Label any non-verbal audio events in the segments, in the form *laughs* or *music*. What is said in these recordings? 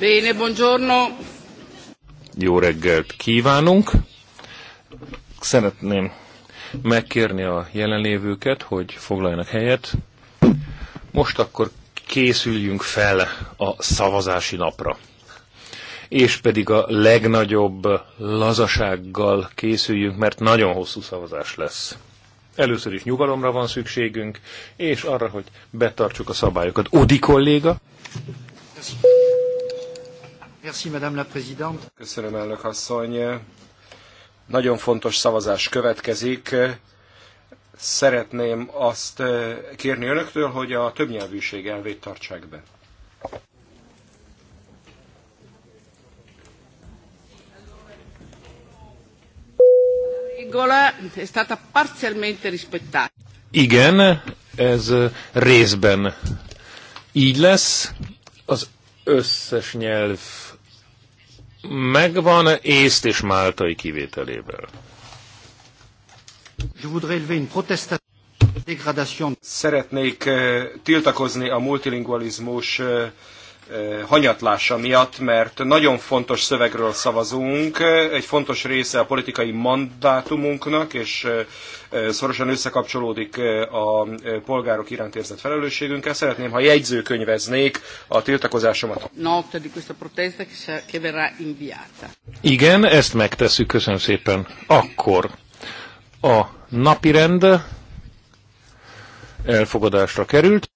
Bene, buongiorno. Jó reggelt kívánunk. Szeretném megkérni a jelenlévőket, hogy foglaljanak helyet. Most akkor készüljünk fel a szavazási napra. És pedig a legnagyobb lazasággal készüljünk, mert nagyon hosszú szavazás lesz először is nyugalomra van szükségünk, és arra, hogy betartsuk a szabályokat. Odi kolléga? Merci, Madame la Présidente. Köszönöm, elnök asszony. Nagyon fontos szavazás következik. Szeretném azt eh, kérni önöktől, hogy a többnyelvűség elvét tartsák be. Igen, ez részben így lesz. Az összes nyelv megvan észt és máltai kivételével. Szeretnék eh, tiltakozni a multilingualizmus eh, eh, hanyatlása miatt, mert nagyon fontos szövegről szavazunk, egy fontos része a politikai mandátumunknak, és szorosan összekapcsolódik a polgárok iránt érzett felelősségünkkel. Szeretném, ha jegyzőkönyveznék a tiltakozásomat. Igen, ezt megtesszük, köszönöm szépen. Akkor a napirend elfogadásra került.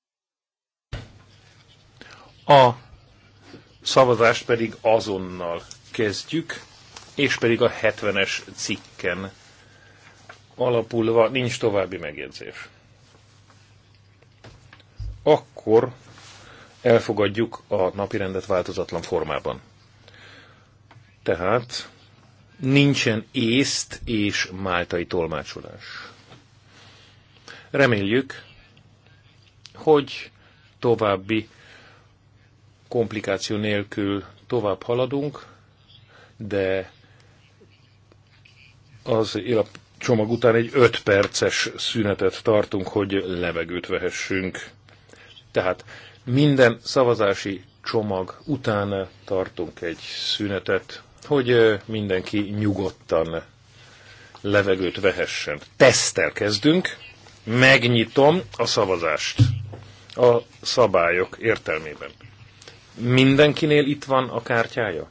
A szavazást pedig azonnal kezdjük, és pedig a 70-es cikken alapulva nincs további megjegyzés. Akkor elfogadjuk a napirendet változatlan formában. Tehát nincsen észt és máltai tolmácsolás. Reméljük, hogy további komplikáció nélkül tovább haladunk, de az csomag után egy 5 perces szünetet tartunk, hogy levegőt vehessünk. Tehát minden szavazási csomag után tartunk egy szünetet, hogy mindenki nyugodtan levegőt vehessen. Tesztel kezdünk, megnyitom a szavazást a szabályok értelmében. Mindenkinél itt van a kártyája?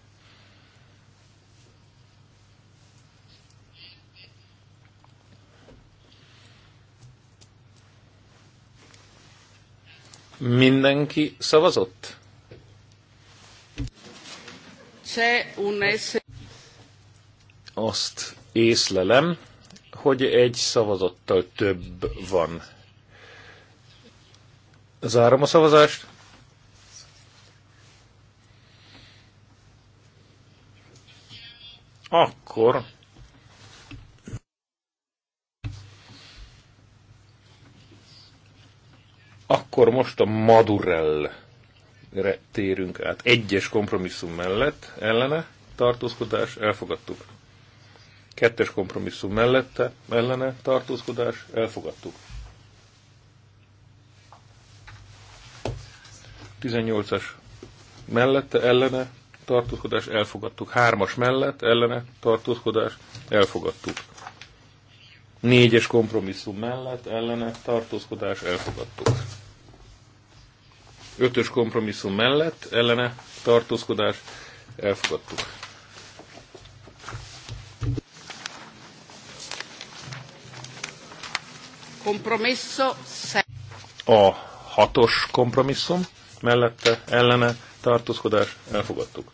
Mindenki szavazott? Azt észlelem, hogy egy szavazattal több van. Zárom a szavazást. Akkor Akkor most a Madurell térünk át. Egyes kompromisszum mellett ellene tartózkodás elfogadtuk. Kettes kompromisszum mellette ellene tartózkodás elfogadtuk. 18-as mellette ellene tartózkodás elfogadtuk. Hármas mellett ellene tartózkodás elfogadtuk. Négyes kompromisszum mellett ellene tartózkodás elfogadtuk. Ötös kompromisszum mellett ellene tartózkodás elfogadtuk. Kompromisso A hatos kompromisszum mellette ellene tartózkodás elfogadtuk.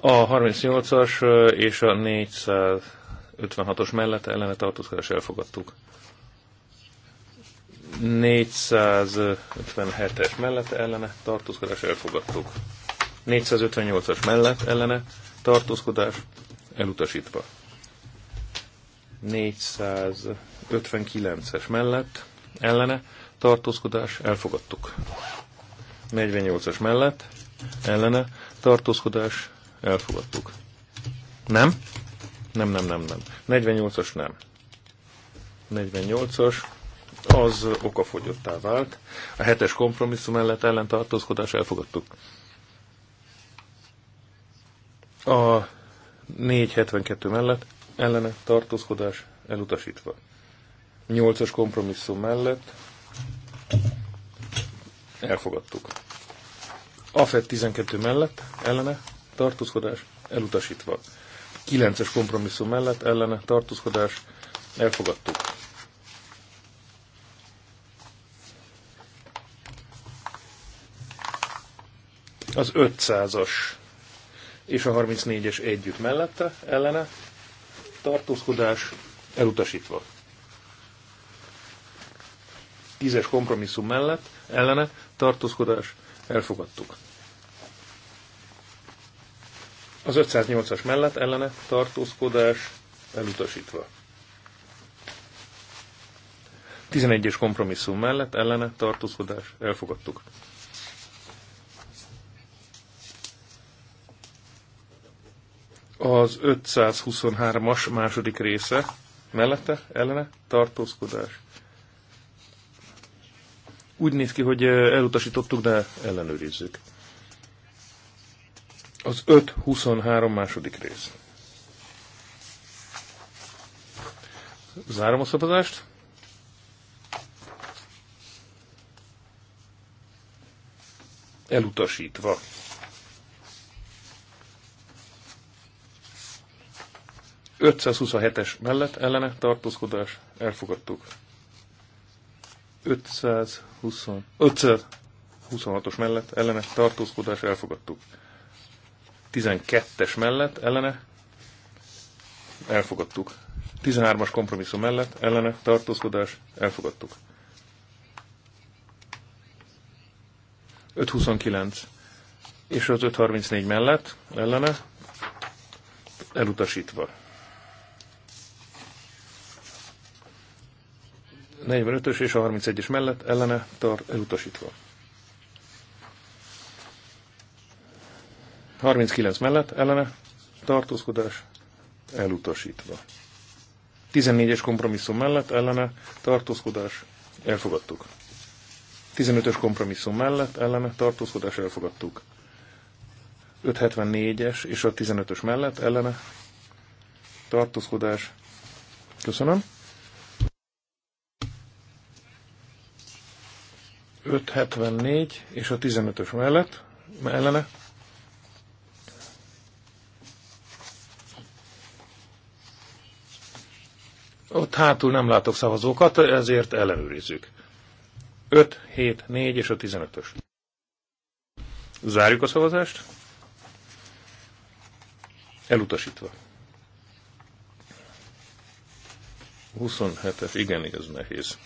A 38-as és a 456-os mellett ellene tartózkodás elfogadtuk. 457-es mellett ellene tartózkodás elfogadtuk. 458-as mellett ellene tartózkodás elutasítva. 459-es mellett ellene tartózkodás elfogadtuk. 48-as mellett ellene tartózkodás elfogadtuk. Nem? Nem, nem, nem, nem. 48-as nem. 48-as az okafogyottá vált. A hetes kompromisszum mellett ellentartózkodás elfogadtuk. A 472 mellett ellene tartózkodás elutasítva. 8-as kompromisszum mellett elfogadtuk. FED 12 mellett ellene tartózkodás elutasítva. 9-es kompromisszum mellett ellene tartózkodás elfogadtuk. Az 500-as és a 34-es együtt mellette, ellene, tartózkodás elutasítva. 10-es kompromisszum mellett, ellene, tartózkodás elfogadtuk. Az 508-as mellett ellene tartózkodás elutasítva. 11-es kompromisszum mellett ellene tartózkodás elfogadtuk. az 523-as második része mellette, ellene, tartózkodás. Úgy néz ki, hogy eh, elutasítottuk, de ellenőrizzük. Az 523 második rész. Zárom a szabadást. Elutasítva. 527-es mellett ellene tartózkodás elfogadtuk. 520, 526-os mellett ellene tartózkodás elfogadtuk. 12-es mellett ellene elfogadtuk. 13-as kompromisszum mellett ellene tartózkodás elfogadtuk. 529 és az 534 mellett ellene elutasítva. 45-ös és a 31-es mellett ellene tart elutasítva. 39 mellett ellene tartózkodás elutasítva. 14-es kompromisszum mellett ellene tartózkodás elfogadtuk. 15-ös kompromisszum mellett ellene tartózkodás elfogadtuk. 574-es és a 15-ös mellett ellene tartózkodás. Köszönöm. 574 és a 15-ös mellett, mellene. Ott hátul nem látok szavazókat, ezért ellenőrizzük. 5, 7, 4 és a 15-ös. Zárjuk a szavazást. Elutasítva. 27-es, igen, igaz, nehéz.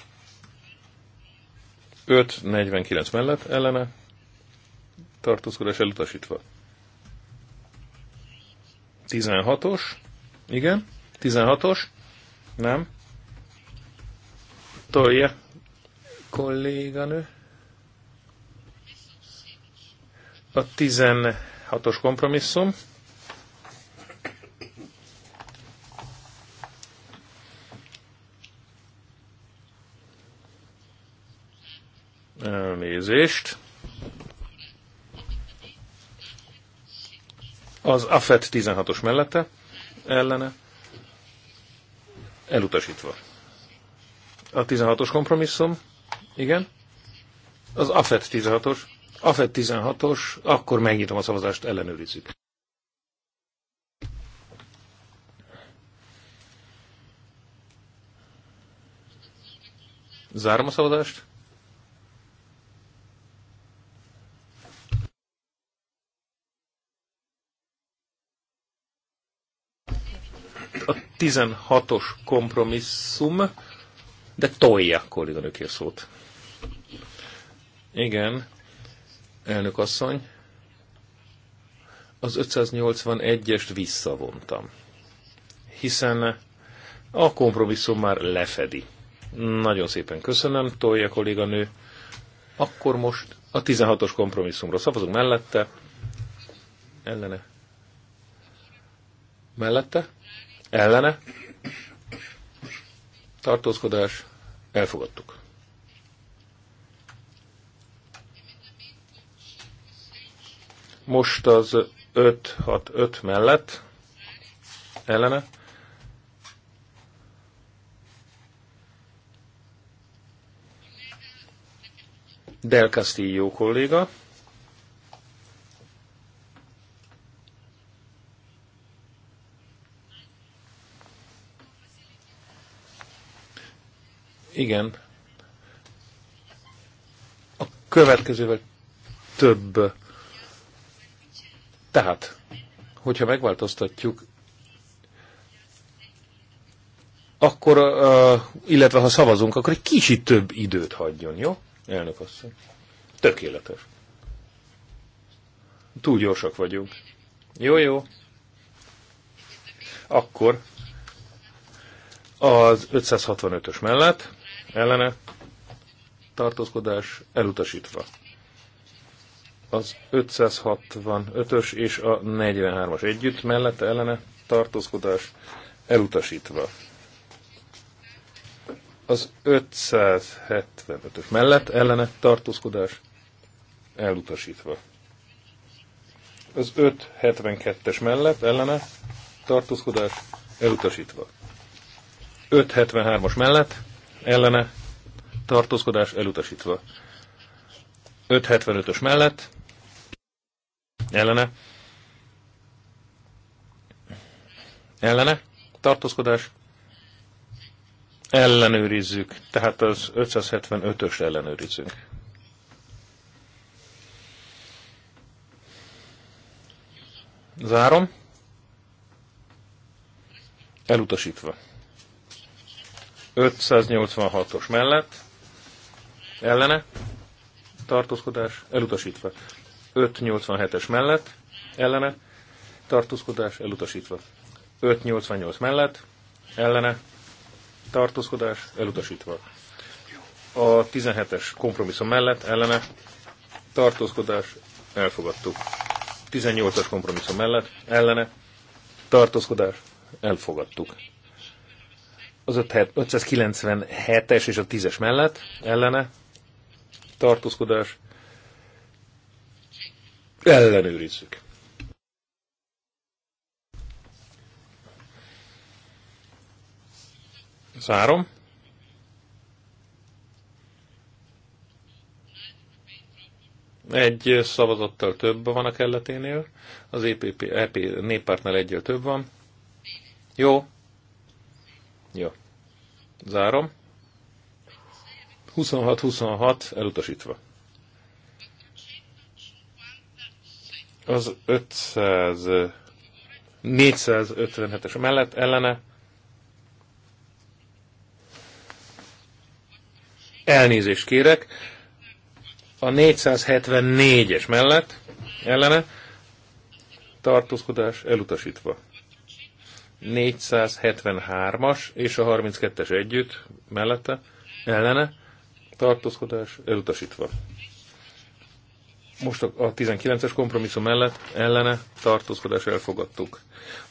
5-49 mellett ellene tartózkodás elutasítva. 16-os, igen, 16-os, nem. Tolja kolléganő. A 16-os kompromisszum elnézést. Az AFET 16-os mellette ellene elutasítva. A 16-os kompromisszum, igen. Az AFET 16-os. AFET 16-os, akkor megnyitom a szavazást, ellenőrizzük. Zárom a szavazást. 16-os kompromisszum, de tolja a szót. Igen, elnök asszony, az 581-est visszavontam, hiszen a kompromisszum már lefedi. Nagyon szépen köszönöm, tolja kolléganő. Akkor most a 16-os kompromisszumra szavazunk mellette. Ellene. Mellette? ellene, tartózkodás, elfogadtuk. Most az 5-6-5 mellett, ellene, Del Castillo kolléga, Igen. A következővel több. Tehát, hogyha megváltoztatjuk, akkor, uh, illetve ha szavazunk, akkor egy kicsit több időt hagyjon, jó? Elnök asszony. Tökéletes. Túl gyorsak vagyunk. Jó, jó. Akkor az 565-ös mellett ellene tartózkodás elutasítva. Az 565-ös és a 43-as együtt mellette ellene tartózkodás elutasítva. Az 575-ös mellett ellene tartózkodás elutasítva. Az 572-es mellett ellene tartózkodás elutasítva. 573-as mellett ellene tartózkodás elutasítva. 575-ös mellett ellene ellene tartózkodás ellenőrizzük, tehát az 575-ös ellenőrizzünk. Zárom. Elutasítva. 586-os mellett ellene tartózkodás elutasítva. 587-es mellett ellene tartózkodás elutasítva. 588 mellett ellene tartózkodás elutasítva. A 17-es kompromisszum mellett ellene tartózkodás elfogadtuk. 18-as kompromisszum mellett ellene tartózkodás elfogadtuk az 597-es és a 10-es mellett ellene tartózkodás ellenőrizzük. Zárom. Egy szavazattal több van a kelleténél, az EPP, EP néppártnál egyel több van. Jó. Jó. Zárom. 26-26 elutasítva. Az 500, 457-es mellett ellene elnézést kérek, a 474-es mellett ellene tartózkodás elutasítva. 473-as és a 32-es együtt mellette ellene tartózkodás elutasítva. Most a 19-es kompromisszum mellett ellene tartózkodás elfogadtuk.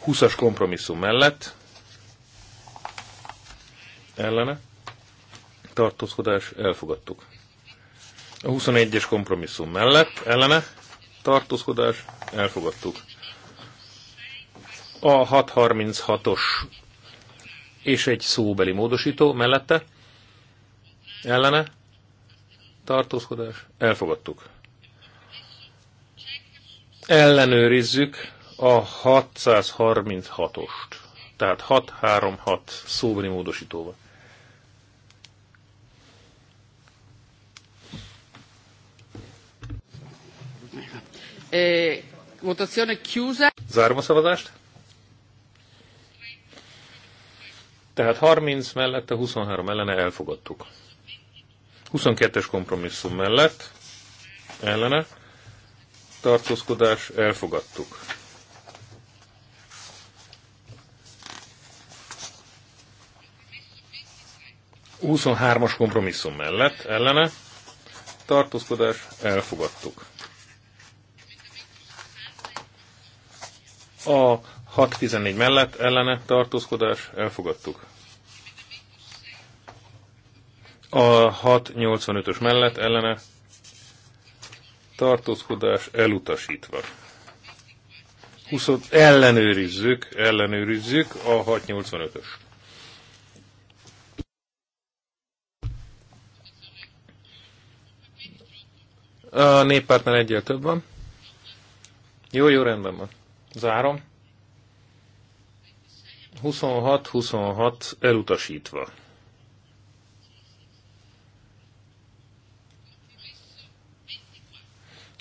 20-as kompromisszum mellett ellene tartózkodás elfogadtuk. A 21-es kompromisszum mellett ellene tartózkodás elfogadtuk. A 636-os és egy szóbeli módosító mellette ellene tartózkodás. Elfogadtuk. Ellenőrizzük a 636-ost. Tehát 636 szóbeli módosítóval. Eh, votazione chiusa. Zárom a szavazást. Tehát 30 mellette, 23 ellene elfogadtuk. 22-es kompromisszum mellett, ellene, tartózkodás, elfogadtuk. as kompromisszum mellett, ellene, tartózkodás, elfogadtuk. A 614 mellett, ellene, tartózkodás, elfogadtuk. A 685-ös mellett ellene tartózkodás elutasítva. 20, ellenőrizzük, ellenőrizzük a 685-ös. A néppártnál egyel több van. Jó, jó, rendben van. Zárom. 26-26 elutasítva.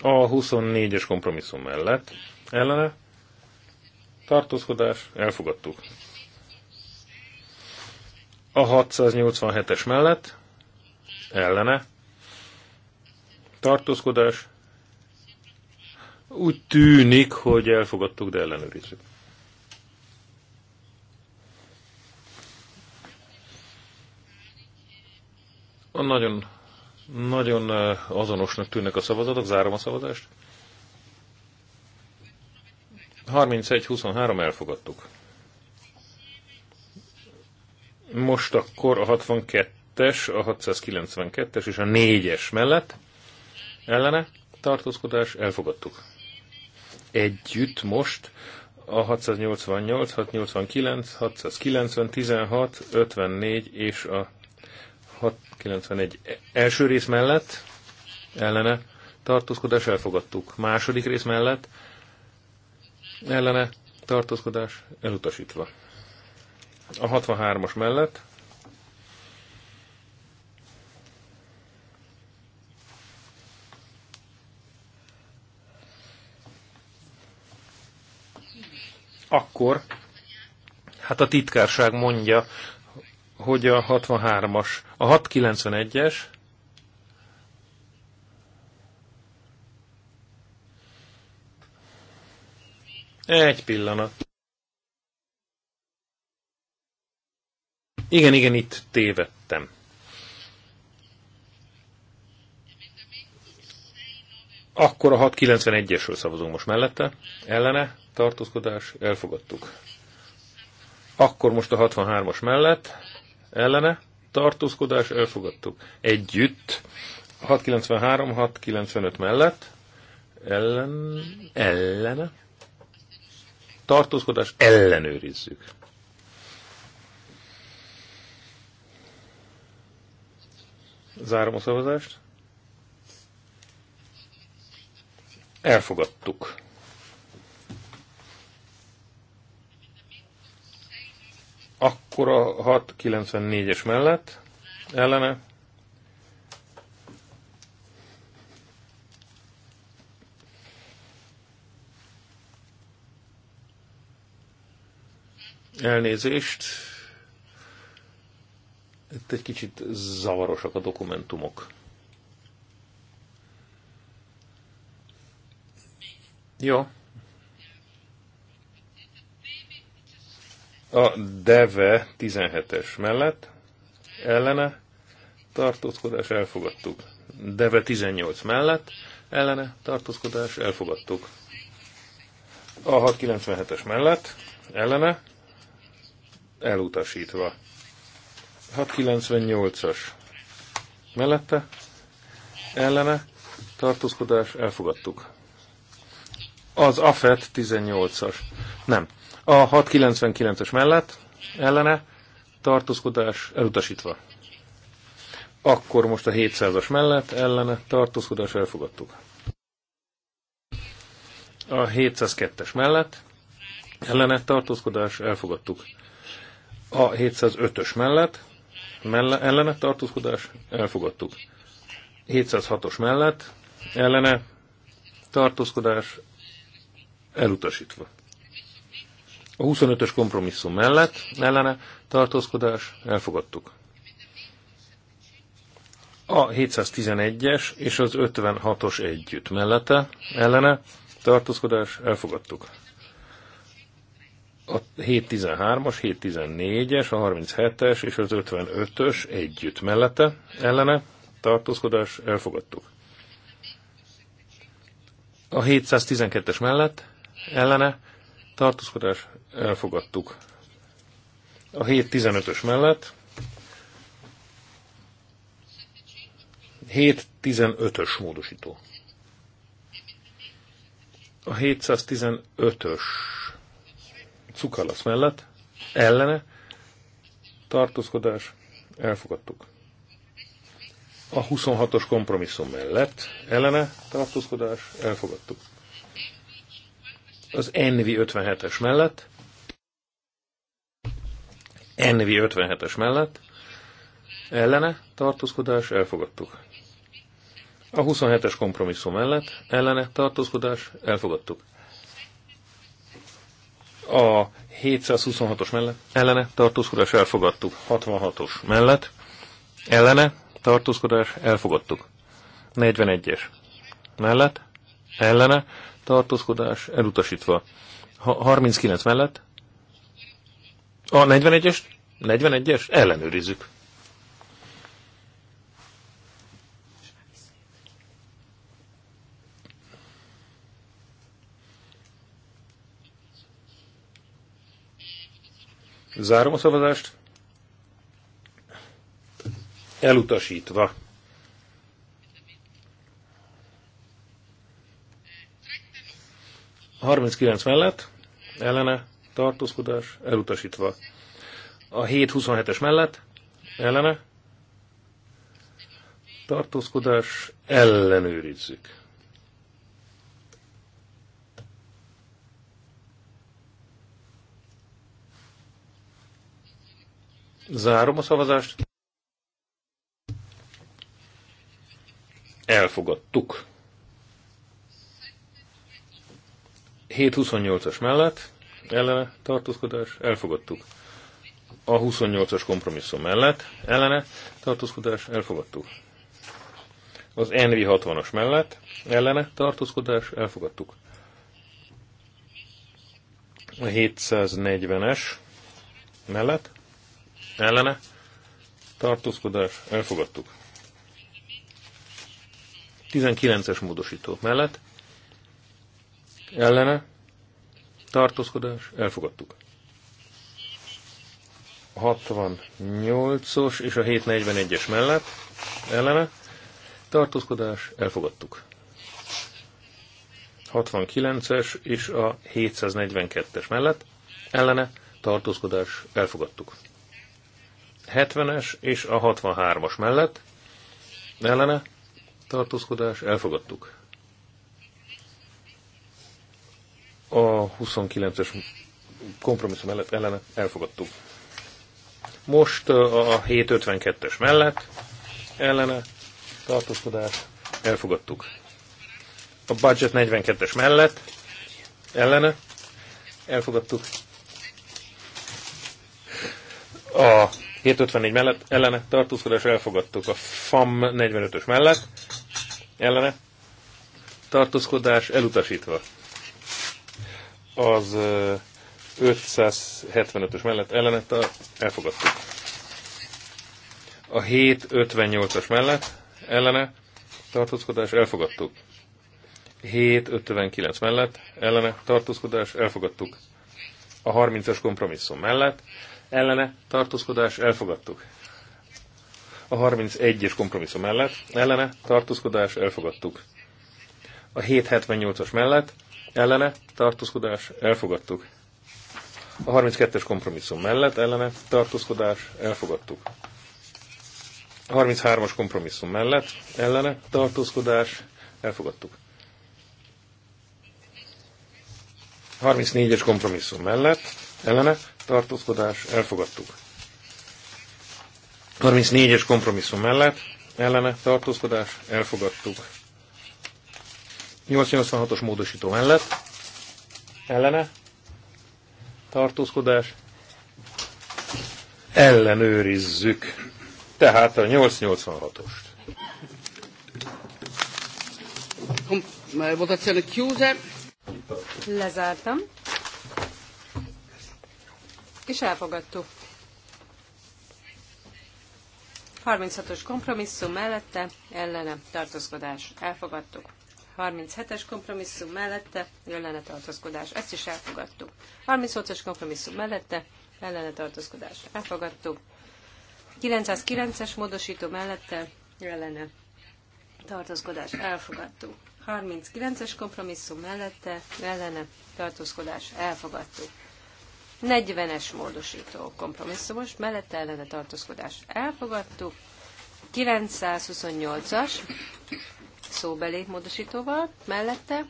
a 24-es kompromisszum mellett ellene tartózkodás elfogadtuk. A 687-es mellett ellene tartózkodás úgy tűnik, hogy elfogadtuk, de ellenőrizzük. A nagyon nagyon azonosnak tűnnek a szavazatok, zárom a szavazást. 31-23 elfogadtuk. Most akkor a 62-es, a 692-es és a 4-es mellett ellene tartózkodás elfogadtuk. Együtt most a 688, 689, 690, 16, 54 és a 691 első rész mellett ellene tartózkodás elfogadtuk. Második rész mellett ellene tartózkodás elutasítva. A 63-as mellett akkor, hát a titkárság mondja, hogy a 63-as, a 691-es, Egy pillanat. Igen, igen, itt tévedtem. Akkor a 691-esről szavazunk most mellette. Ellene, tartózkodás, elfogadtuk. Akkor most a 63-as mellett, ellene, tartózkodás, elfogadtuk. Együtt, 693, 695 mellett, ellen, ellene, tartózkodás, ellenőrizzük. Zárom a szavazást. Elfogadtuk. Akkor a 694-es mellett ellene. Elnézést. Itt egy kicsit zavarosak a dokumentumok. Jó. A DEVE 17-es mellett ellene tartózkodás elfogadtuk. DEVE 18 mellett ellene tartózkodás elfogadtuk. A 697-es mellett ellene elutasítva. 698-as mellette ellene tartózkodás elfogadtuk. Az AFET 18-as. Nem. A 699-es mellett ellene tartózkodás elutasítva. Akkor most a 700-as mellett ellene tartózkodás elfogadtuk. A 702-es mellett ellene tartózkodás elfogadtuk. A 705-ös mellett melle, ellene tartózkodás elfogadtuk. 706-os mellett ellene tartózkodás elutasítva. A 25-ös kompromisszum mellett ellene tartózkodás elfogadtuk. A 711-es és az 56-os együtt mellette ellene tartózkodás elfogadtuk. A 713-as, 714-es, a 37-es és az 55-ös együtt mellette ellene tartózkodás elfogadtuk. A 712-es mellett ellene tartózkodás elfogadtuk. A 7.15-ös mellett 7.15-ös módosító. A 715-ös cukalasz mellett ellene tartózkodás elfogadtuk. A 26-os kompromisszum mellett ellene tartózkodás elfogadtuk az Envi 57-es mellett, Envi 57-es mellett, ellene tartózkodás, elfogadtuk. A 27-es kompromisszum mellett, ellene tartózkodás, elfogadtuk. A 726-os mellett, ellene tartózkodás, elfogadtuk. 66-os mellett, ellene tartózkodás, elfogadtuk. 41-es mellett, ellene tartózkodás elutasítva. Ha 39 mellett? A 41-es? 41-es? Ellenőrizzük. Zárom a szavazást. Elutasítva. 39 mellett, ellene, tartózkodás, elutasítva. A 727-es mellett, ellene, tartózkodás, ellenőrizzük. Zárom a szavazást. Elfogadtuk. 728-as mellett ellene tartózkodás elfogadtuk. A 28-as kompromisszum mellett ellene tartózkodás elfogadtuk. Az NV60-as mellett ellene tartózkodás elfogadtuk. A 740-es mellett ellene tartózkodás elfogadtuk. 19-es módosító mellett ellene, tartózkodás, elfogadtuk. 68-os és a 741-es mellett, ellene, tartózkodás, elfogadtuk. 69-es és a 742-es mellett, ellene, tartózkodás, elfogadtuk. 70-es és a 63-as mellett, ellene, tartózkodás, elfogadtuk. a 29-es kompromisszum mellett ellene elfogadtuk. Most a 752-es mellett ellene tartózkodás elfogadtuk. A budget 42-es mellett ellene elfogadtuk. A 754 mellett ellene tartózkodás elfogadtuk. A FAM 45-ös mellett ellene tartózkodás elutasítva az 575-ös mellett ellenet elfogadtuk. A 758-as mellett ellene tartózkodás elfogadtuk. 759 mellett ellene tartózkodás elfogadtuk. A 30-as kompromisszum mellett ellene tartózkodás elfogadtuk. A 31-es kompromisszum mellett ellene tartózkodás elfogadtuk. A 778-as mellett ellene tartózkodás elfogadtuk. A 32-es kompromisszum mellett ellene tartózkodás elfogadtuk. A 33-as kompromisszum mellett ellene tartózkodás elfogadtuk. 34-es kompromisszum mellett ellene tartózkodás elfogadtuk. 34-es kompromisszum mellett ellene tartózkodás elfogadtuk. 886-os módosító mellett ellene tartózkodás ellenőrizzük. Tehát a 886-ost. a chiusa. Lezártam. És elfogadtuk. 36-os kompromisszum mellette ellene tartózkodás. Elfogadtuk. 37-es kompromisszum mellette ellene tartózkodás. Ezt is elfogadtuk. 38-as kompromisszum mellette ellene tartózkodás. Elfogadtuk. 909-es módosító mellette ellene tartózkodás. Elfogadtuk. 39-es kompromisszum mellette ellene tartózkodás. Elfogadtuk. 40-es módosító kompromisszumos, mellette ellene tartózkodás elfogadtuk. 928-as szóbeli módosítóval mellette,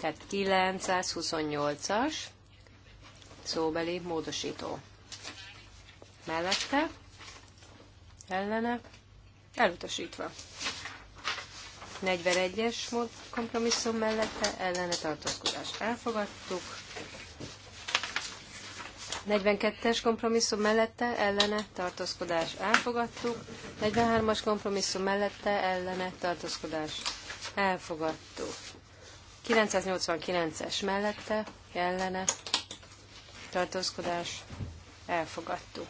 tehát 928-as szóbeli módosító mellette, ellene, elutasítva. 41-es kompromisszum mellette ellene tartózkodás elfogadtuk. 42-es kompromisszum mellette ellene tartózkodás elfogadtuk, 43-as kompromisszum mellette ellene tartózkodás elfogadtuk. 989-es mellette ellene tartózkodás elfogadtuk.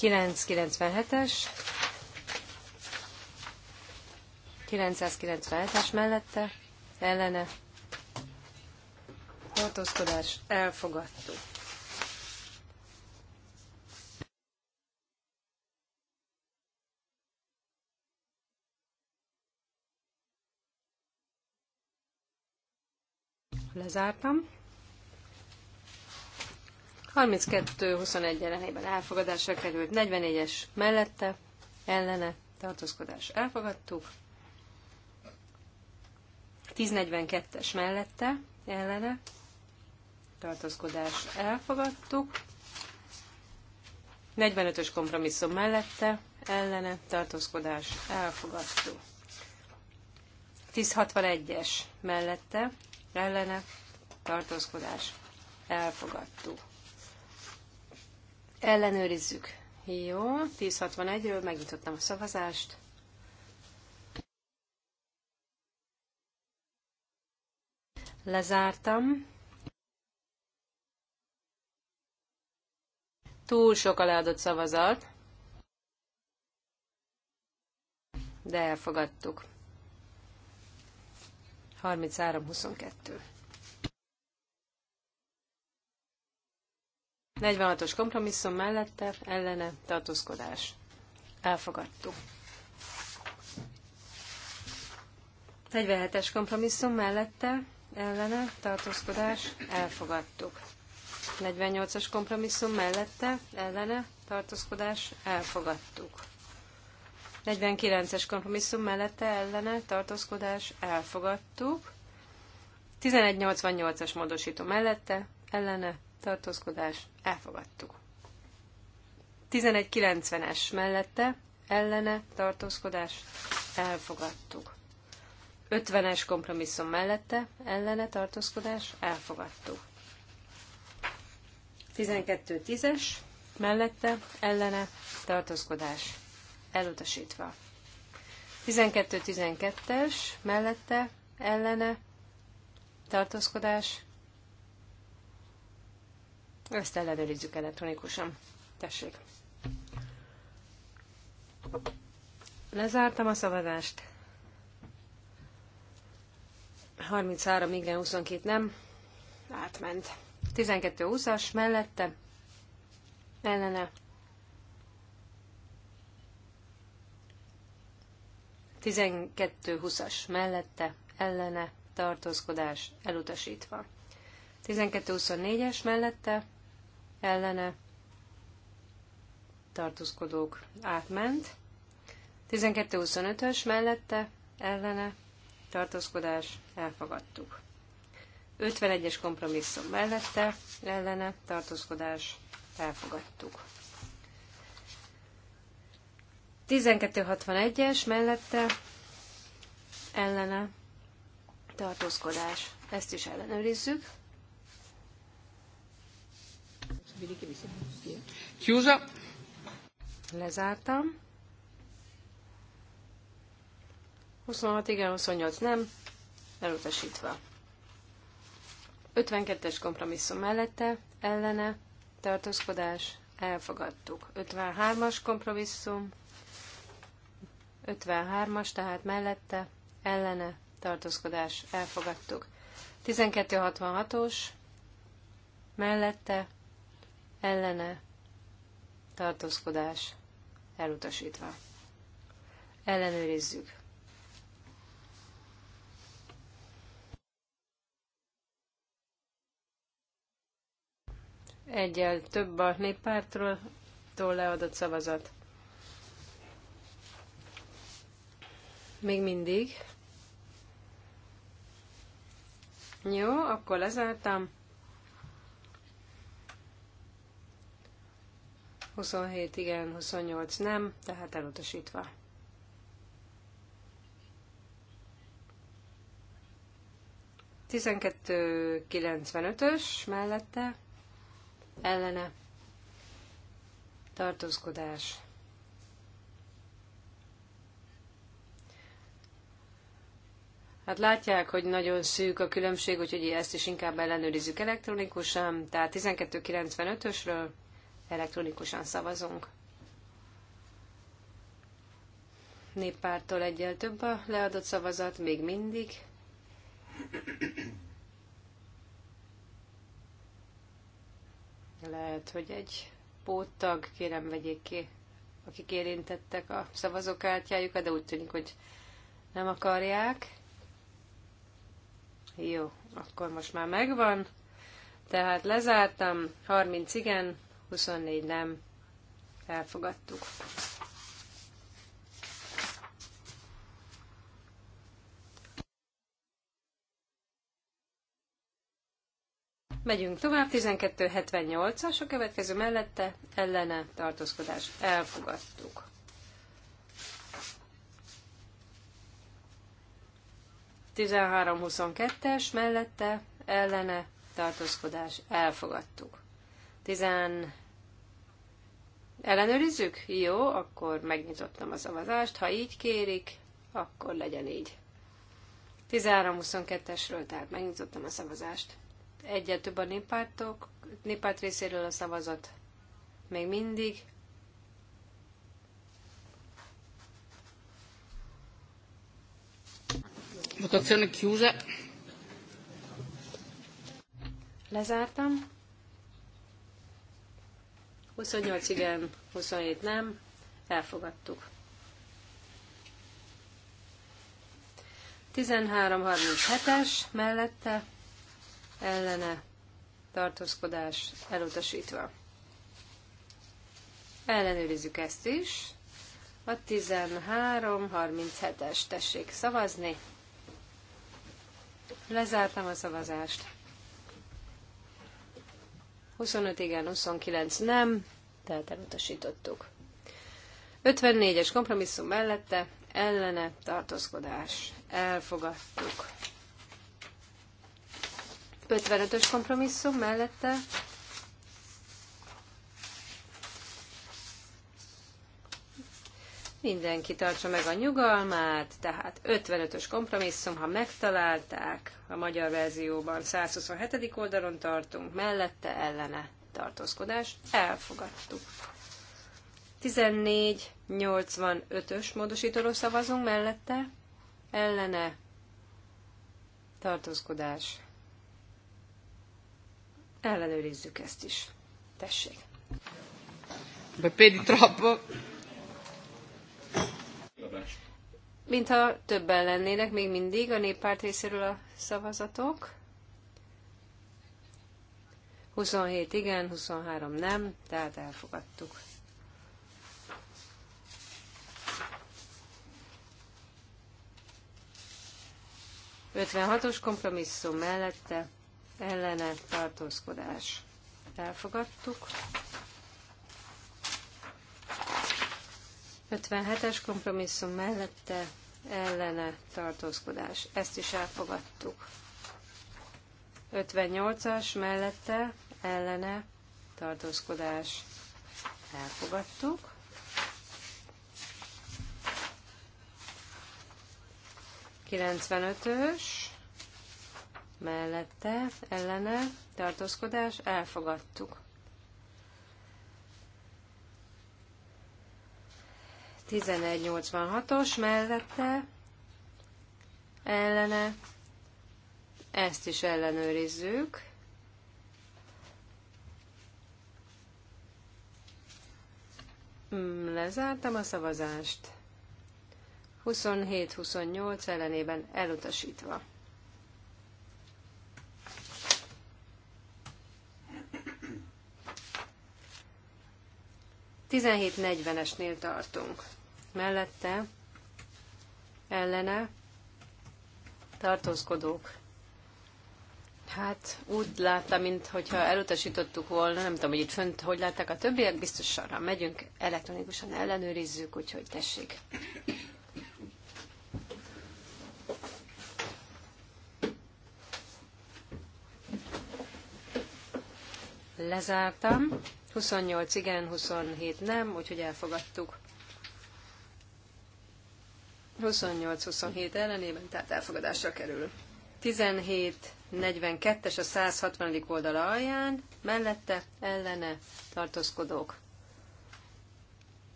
997-es 997-es mellette ellene tartózkodás elfogadtuk. Lezártam. 32-21 ellenében elfogadásra került, 44-es mellette, ellene, tartózkodás elfogadtuk. 10 42 es mellette, ellene, tartózkodás elfogadtuk. 45-ös kompromisszum mellette ellene tartózkodás elfogadtuk. 1061-es mellette ellene tartózkodás elfogadtuk. Ellenőrizzük. Jó, 1061-ről megnyitottam a szavazást. Lezártam. túl sok a leadott szavazat, de elfogadtuk. 33-22. 46-os kompromisszum mellette ellene tartózkodás. Elfogadtuk. 47-es kompromisszum mellette ellene tartózkodás. Elfogadtuk. 48-49. 48-as kompromisszum mellette, ellene, tartózkodás, elfogadtuk. 49-es kompromisszum mellette, ellene, tartózkodás, elfogadtuk. 1188-as módosító mellette, ellene, tartózkodás, elfogadtuk. 1190-es mellette, ellene, tartózkodás, elfogadtuk. 50-es kompromisszum mellette, ellene, tartózkodás, elfogadtuk. 12 es mellette, ellene, tartózkodás, elutasítva. 12 12-es, mellette, ellene, tartózkodás, ezt ellenőrizzük elektronikusan. Tessék. Lezártam a szavazást. 33 igen, 22 nem. Átment. 12-20-as mellette ellene 12-20-as mellette ellene tartózkodás elutasítva. 12-24-es mellette ellene tartózkodók átment. 12-25-ös mellette ellene tartózkodás elfogadtuk. 51-es kompromisszum mellette, ellene, tartózkodás, elfogadtuk. 1261-es mellette, ellene, tartózkodás, ezt is ellenőrizzük. Chiusa. Lezártam. 26 igen, 28 nem. Elutasítva. 52-es kompromisszum mellette, ellene, tartózkodás, elfogadtuk. 53-as kompromisszum, 53-as, tehát mellette, ellene, tartózkodás, elfogadtuk. 1266-os, mellette, ellene, tartózkodás, elutasítva. Ellenőrizzük. egyel több a néppártról leadott szavazat. Még mindig. Jó, akkor lezártam. 27 igen, 28 nem, tehát elutasítva. Tizenkettő kilencvenötös mellette ellene tartózkodás. Hát látják, hogy nagyon szűk a különbség, úgyhogy ezt is inkább ellenőrizzük elektronikusan. Tehát 12.95-ösről elektronikusan szavazunk. Néppártól egyel több a leadott szavazat, még mindig. Lehet, hogy egy póttag, kérem vegyék ki, akik érintettek a szavazókártyájukat, de úgy tűnik, hogy nem akarják. Jó, akkor most már megvan. Tehát lezártam, 30 igen, 24 nem. Elfogadtuk. Megyünk tovább, 1278-as, a következő mellette ellene tartózkodás. Elfogadtuk. es mellette ellene tartózkodás. Elfogadtuk. 10 Ellenőrizzük? Jó, akkor megnyitottam a szavazást. Ha így kérik, akkor legyen így. 1322 esről tehát megnyitottam a szavazást egyet több a népártok, népárt részéről a szavazat még mindig. Votazione chiusa. Lezártam. 28 igen, 27 nem. Elfogadtuk. 13.37-es mellette ellene tartózkodás elutasítva. Ellenőrizzük ezt is. A 13.37-es tessék szavazni. Lezártam a szavazást. 25 igen, 29 nem, tehát elutasítottuk. 54-es kompromisszum mellette ellene tartózkodás. Elfogadtuk. 55-ös kompromisszum mellette mindenki tartsa meg a nyugalmát, tehát 55-ös kompromisszum, ha megtalálták, a magyar verzióban 127. oldalon tartunk, mellette ellene tartózkodás, elfogadtuk. 14.85-ös módosítóról szavazunk mellette, ellene tartózkodás, Ellenőrizzük ezt is. Tessék. Bepédi trappa. Mintha többen lennének még mindig a néppárt részéről a szavazatok. 27 igen, 23 nem, tehát elfogadtuk. Ötvenhatos kompromisszum mellette ellene tartózkodás elfogadtuk. 57-es kompromisszum mellette ellene tartózkodás. Ezt is elfogadtuk. 58-as mellette ellene tartózkodás. Elfogadtuk. ös mellette, ellene, tartózkodás, elfogadtuk. 1186-os mellette, ellene, ezt is ellenőrizzük. Mm, lezártam a szavazást. 27-28 ellenében elutasítva. 17.40-esnél tartunk. Mellette ellene tartózkodók. Hát úgy látta, mint hogyha elutasítottuk volna, nem tudom, hogy itt fönt hogy látták a többiek, biztos arra megyünk, elektronikusan ellenőrizzük, úgyhogy tessék. Lezártam. 28 igen, 27 nem, úgyhogy elfogadtuk. 28-27 ellenében, tehát elfogadásra kerül. 17-42-es a 160. oldala alján, mellette ellene tartózkodók.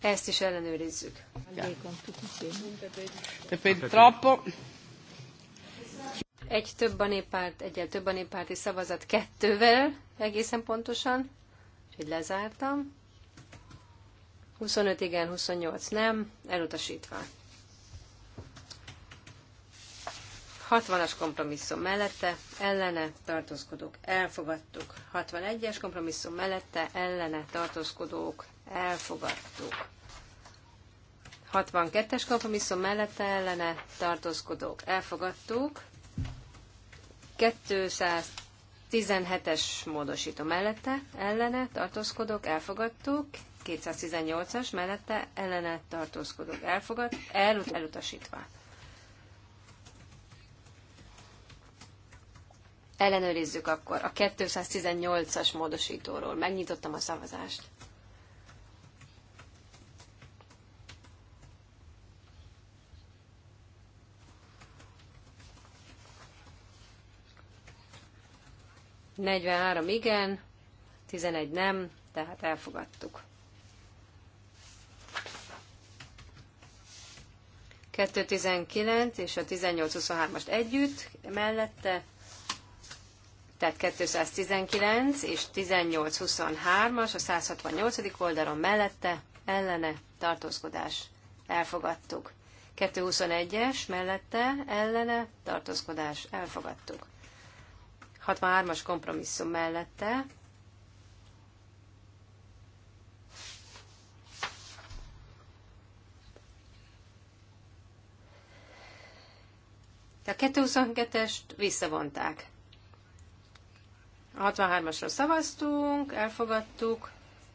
Ezt is ellenőrizzük. Egy több a néppárt, egyel több a néppárti szavazat kettővel, egészen pontosan, úgyhogy lezártam. 25 igen, 28 nem, elutasítva. 60-as kompromisszum mellette, ellene tartózkodók elfogadtuk. 61-es kompromisszum mellette, ellene tartózkodók elfogadtuk. 62-es kompromisszum mellette, ellene tartózkodók elfogadtuk. 200 17-es módosító mellette, ellene, tartózkodok, elfogadtuk. 218-as mellette, ellene, tartózkodok, elfogad, elut- elutasítva. Ellenőrizzük akkor a 218-as módosítóról. Megnyitottam a szavazást. 43 igen, 11 nem, tehát elfogadtuk. 219 és a 1823-ast együtt, mellette, tehát 219 és 1823-as, a 168. oldalon mellette, ellene, tartózkodás, elfogadtuk. 221-es mellette, ellene, tartózkodás, elfogadtuk. 63-as kompromisszum mellette. A 222-est visszavonták. A 63-asra szavaztunk, elfogadtuk,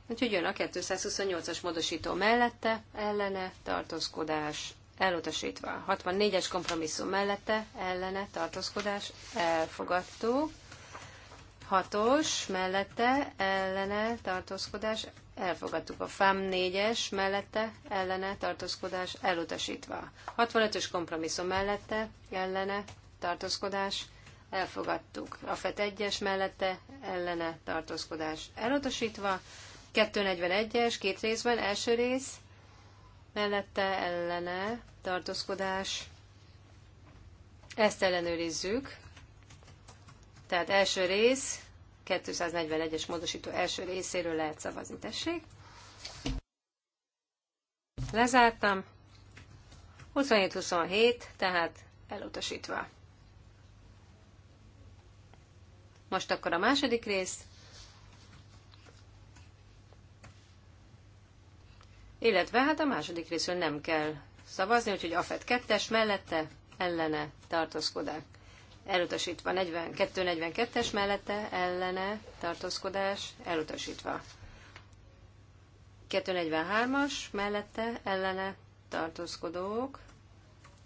úgyhogy jön a 228-as módosító mellette, ellene, tartózkodás, elutasítva. 64-es kompromisszum mellette, ellene, tartózkodás, elfogadtuk. 6-os mellette, ellene, tartózkodás, elfogadtuk. A FAM 4-es mellette, ellene, tartózkodás, elutasítva. 65-ös kompromisszum mellette, ellene, tartózkodás, elfogadtuk. A FET 1-es mellette, ellene, tartózkodás, elutasítva. 241-es, két részben, első rész, mellette ellene tartózkodás. Ezt ellenőrizzük. Tehát első rész, 241-es módosító első részéről lehet szavazni, tessék. Lezártam. 27-27, tehát elutasítva. Most akkor a második rész Illetve hát a második részről nem kell szavazni, úgyhogy AFET 2-es mellette ellene tartózkodás. Elutasítva 42 es mellette ellene tartózkodás elutasítva. 243-as mellette ellene tartózkodók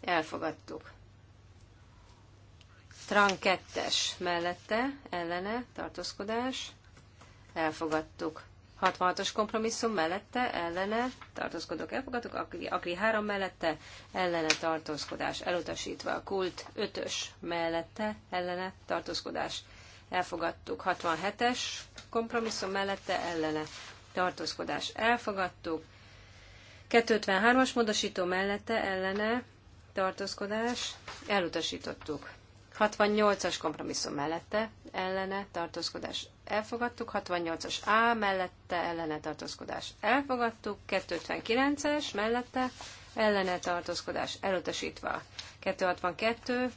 elfogadtuk. Tran 2-es mellette ellene tartózkodás elfogadtuk. 66-os kompromisszum mellette, ellene, tartózkodok, elfogadok, Agri, Agri 3 mellette, ellene tartózkodás elutasítva, Kult 5-ös mellette, ellene tartózkodás elfogadtuk, 67-es kompromisszum mellette, ellene tartózkodás elfogadtuk, 253-as módosító mellette, ellene tartózkodás elutasítottuk. 68-as kompromisszum mellette ellene tartózkodás elfogadtuk, 68-as A mellette ellene tartózkodás elfogadtuk, 259-es mellette ellene tartózkodás elutasítva, 262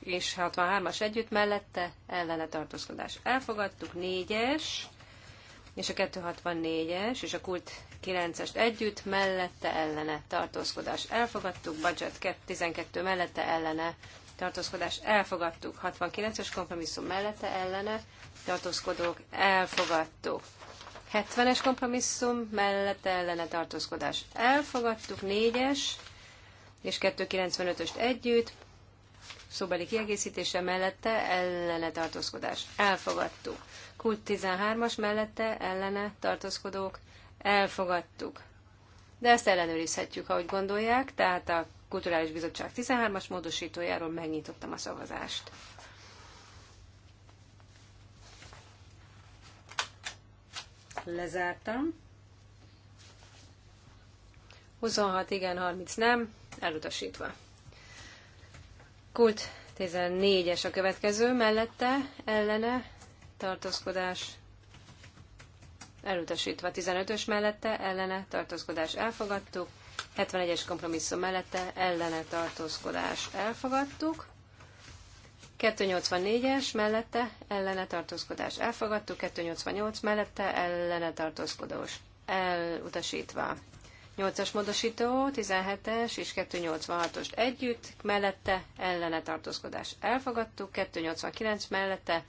és 63-as együtt mellette ellene tartózkodás elfogadtuk, 4-es és a 264-es és a kult 9-est együtt mellette ellene tartózkodás elfogadtuk, budget 12 mellette ellene tartózkodás elfogadtuk. 69-es kompromisszum mellette ellene tartózkodók elfogadtuk. 70-es kompromisszum mellette ellene tartózkodás elfogadtuk. 4-es és 295-öst együtt szóbeli kiegészítése mellette ellene tartózkodás elfogadtuk. Kult 13-as mellette ellene tartózkodók elfogadtuk. De ezt ellenőrizhetjük, ahogy gondolják, tehát a Kulturális Bizottság 13-as módosítójáról megnyitottam a szavazást. Lezártam. 26 igen, 30 nem, elutasítva. Kult 14-es a következő, mellette, ellene, tartózkodás, elutasítva. 15-ös mellette, ellene, tartózkodás elfogadtuk. 71-es kompromisszum mellette ellene tartózkodás elfogadtuk. 284-es mellette ellene tartózkodás elfogadtuk, 288 mellette ellene tartózkodós elutasítva. 8-as módosító, 17-es és 286-ost együtt, mellette ellene tartózkodás elfogadtuk, 289 mellette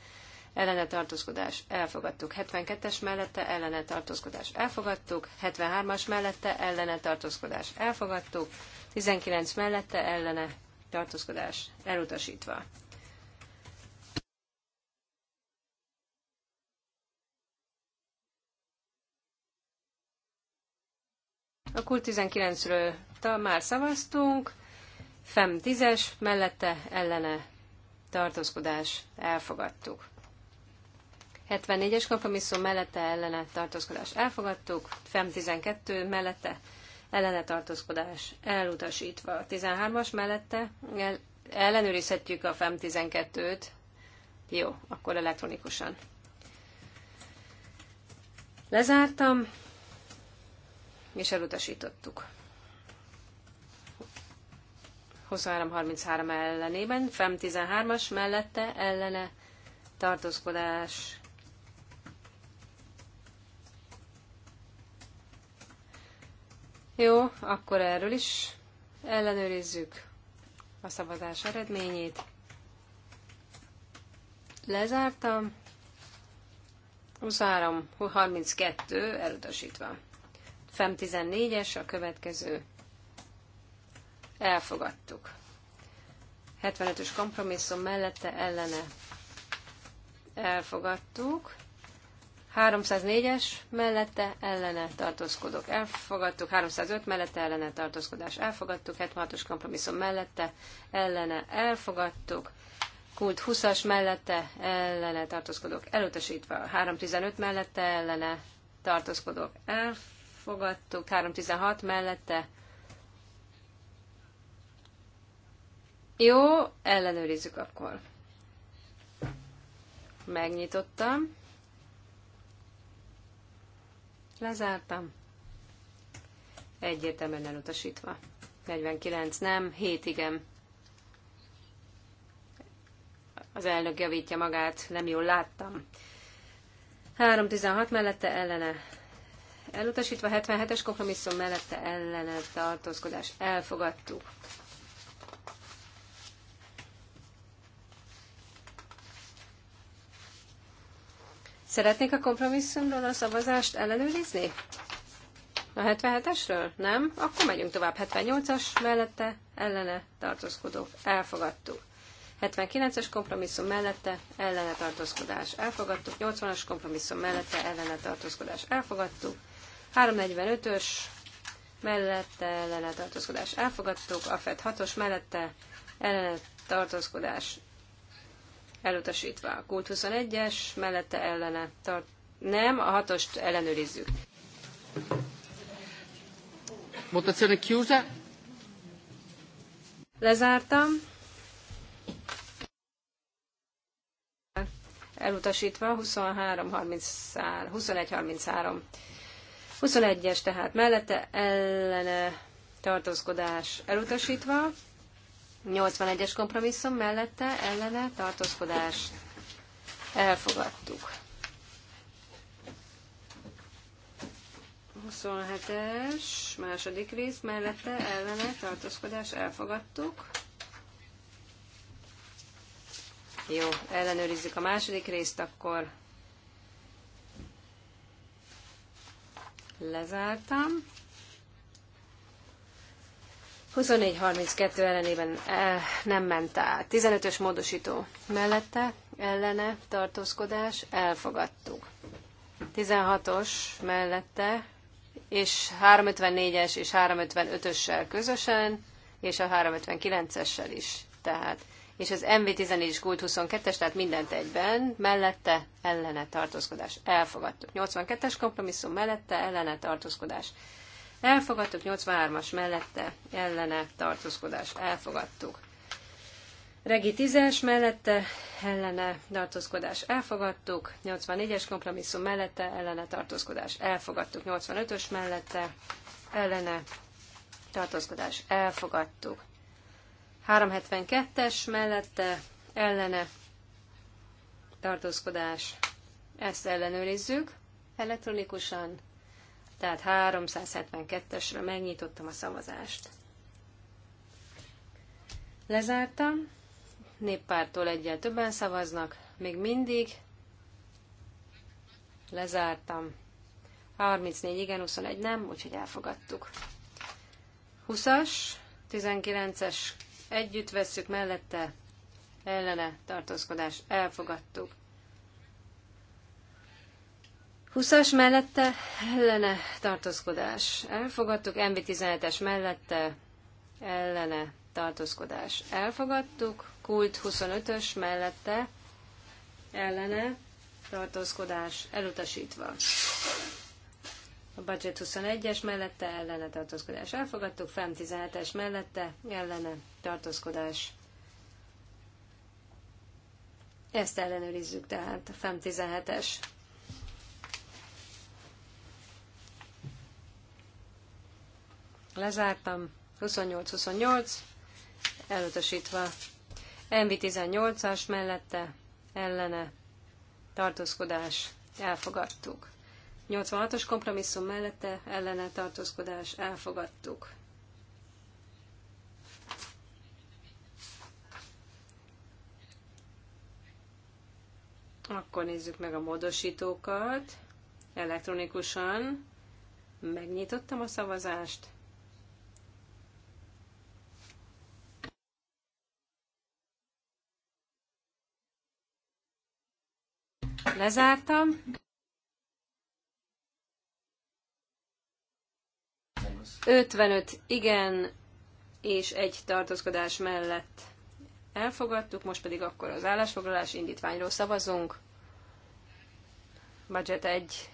ellene tartózkodás elfogadtuk. 72-es mellette ellene tartózkodás elfogadtuk. 73-as mellette ellene tartózkodás elfogadtuk. 19 mellette ellene tartózkodás elutasítva. A kult 19-ről már szavaztunk, FEM 10-es, mellette ellene tartózkodás elfogadtuk. 74-es kompromisszum mellette ellene tartózkodás elfogadtuk, FEM 12 mellette ellene tartózkodás elutasítva. 13-as mellette el, ellenőrizhetjük a FEM 12-t. Jó, akkor elektronikusan. Lezártam, és elutasítottuk. 2333 33 ellenében, FEM 13-as mellette ellene tartózkodás Jó, akkor erről is ellenőrizzük a szavazás eredményét. Lezártam. 23, 32 elutasítva. FEM 14-es a következő. Elfogadtuk. 75-ös kompromisszum mellette ellene elfogadtuk. 304-es mellette ellene tartózkodok, elfogadtuk. 305 mellette ellene tartózkodás, elfogadtuk. 76-os kompromisszum mellette ellene, elfogadtuk. Kult 20-as mellette ellene tartózkodok, elutasítva. 315 mellette ellene tartózkodok, elfogadtuk. 316 mellette Jó, ellenőrizzük akkor. Megnyitottam. Lezártam. Egyértelműen elutasítva. 49 nem, 7 igen. Az elnök javítja magát, nem jól láttam. 316 mellette ellene elutasítva, 77-es kompromisszum mellette ellene tartózkodás elfogadtuk. Szeretnék a kompromisszumról a szavazást ellenőrizni? A 77-esről? Nem? Akkor megyünk tovább. 78-as mellette ellene tartózkodók. Elfogadtuk. 79-es kompromisszum mellette ellene tartózkodás. Elfogadtuk. 80-as kompromisszum mellette ellene tartózkodás. Elfogadtuk. 345-ös mellette ellene tartózkodás. Elfogadtuk. A FED 6-os mellette ellene tartózkodás elutasítva. A kult 21-es, mellette ellene tart. Nem, a hatost ellenőrizzük. Votazione chiusa. Lezártam. Elutasítva 23-33, 21-33. 21-es tehát mellette ellene tartózkodás elutasítva. 81-es kompromisszum mellette ellene tartózkodás elfogadtuk. 27-es második rész mellette ellene tartózkodás elfogadtuk. Jó, ellenőrizzük a második részt, akkor lezártam. 24-32 ellenében eh, nem ment át. 15-ös módosító mellette, ellene, tartózkodás, elfogadtuk. 16-os mellette, és 354-es és 355-össel közösen, és a 359-essel is. Tehát és az MV14 és Gult 22-es, tehát mindent egyben, mellette ellene tartózkodás. Elfogadtuk. 82-es kompromisszum mellette ellene tartózkodás. Elfogadtuk 83-as mellette, ellene tartózkodás. Elfogadtuk. Regi 10-es mellette, ellene tartózkodás. Elfogadtuk. 84-es kompromisszum mellette, ellene tartózkodás. Elfogadtuk. 85-ös mellette, ellene tartózkodás. Elfogadtuk. 372-es mellette, ellene tartózkodás. Ezt ellenőrizzük elektronikusan tehát 372-esre megnyitottam a szavazást. Lezártam, néppártól egyel többen szavaznak, még mindig lezártam. 34 igen, 21 nem, úgyhogy elfogadtuk. 20-as, 19-es együtt veszük mellette, ellene tartózkodás, elfogadtuk. 20-as mellette ellene tartózkodás. Elfogadtuk. mb 17 es mellette ellene tartózkodás. Elfogadtuk. Kult 25-ös mellette ellene tartózkodás elutasítva. A budget 21-es mellette ellene tartózkodás elfogadtuk, FEM 17-es mellette ellene tartózkodás. Ezt ellenőrizzük tehát, a FEM 17-es. lezártam. 28-28, elutasítva. MV18-as mellette, ellene, tartózkodás, elfogadtuk. 86-os kompromisszum mellette, ellene, tartózkodás, elfogadtuk. Akkor nézzük meg a módosítókat elektronikusan. Megnyitottam a szavazást. lezártam. 55 igen és egy tartózkodás mellett elfogadtuk, most pedig akkor az állásfoglalás indítványról szavazunk. Budget 1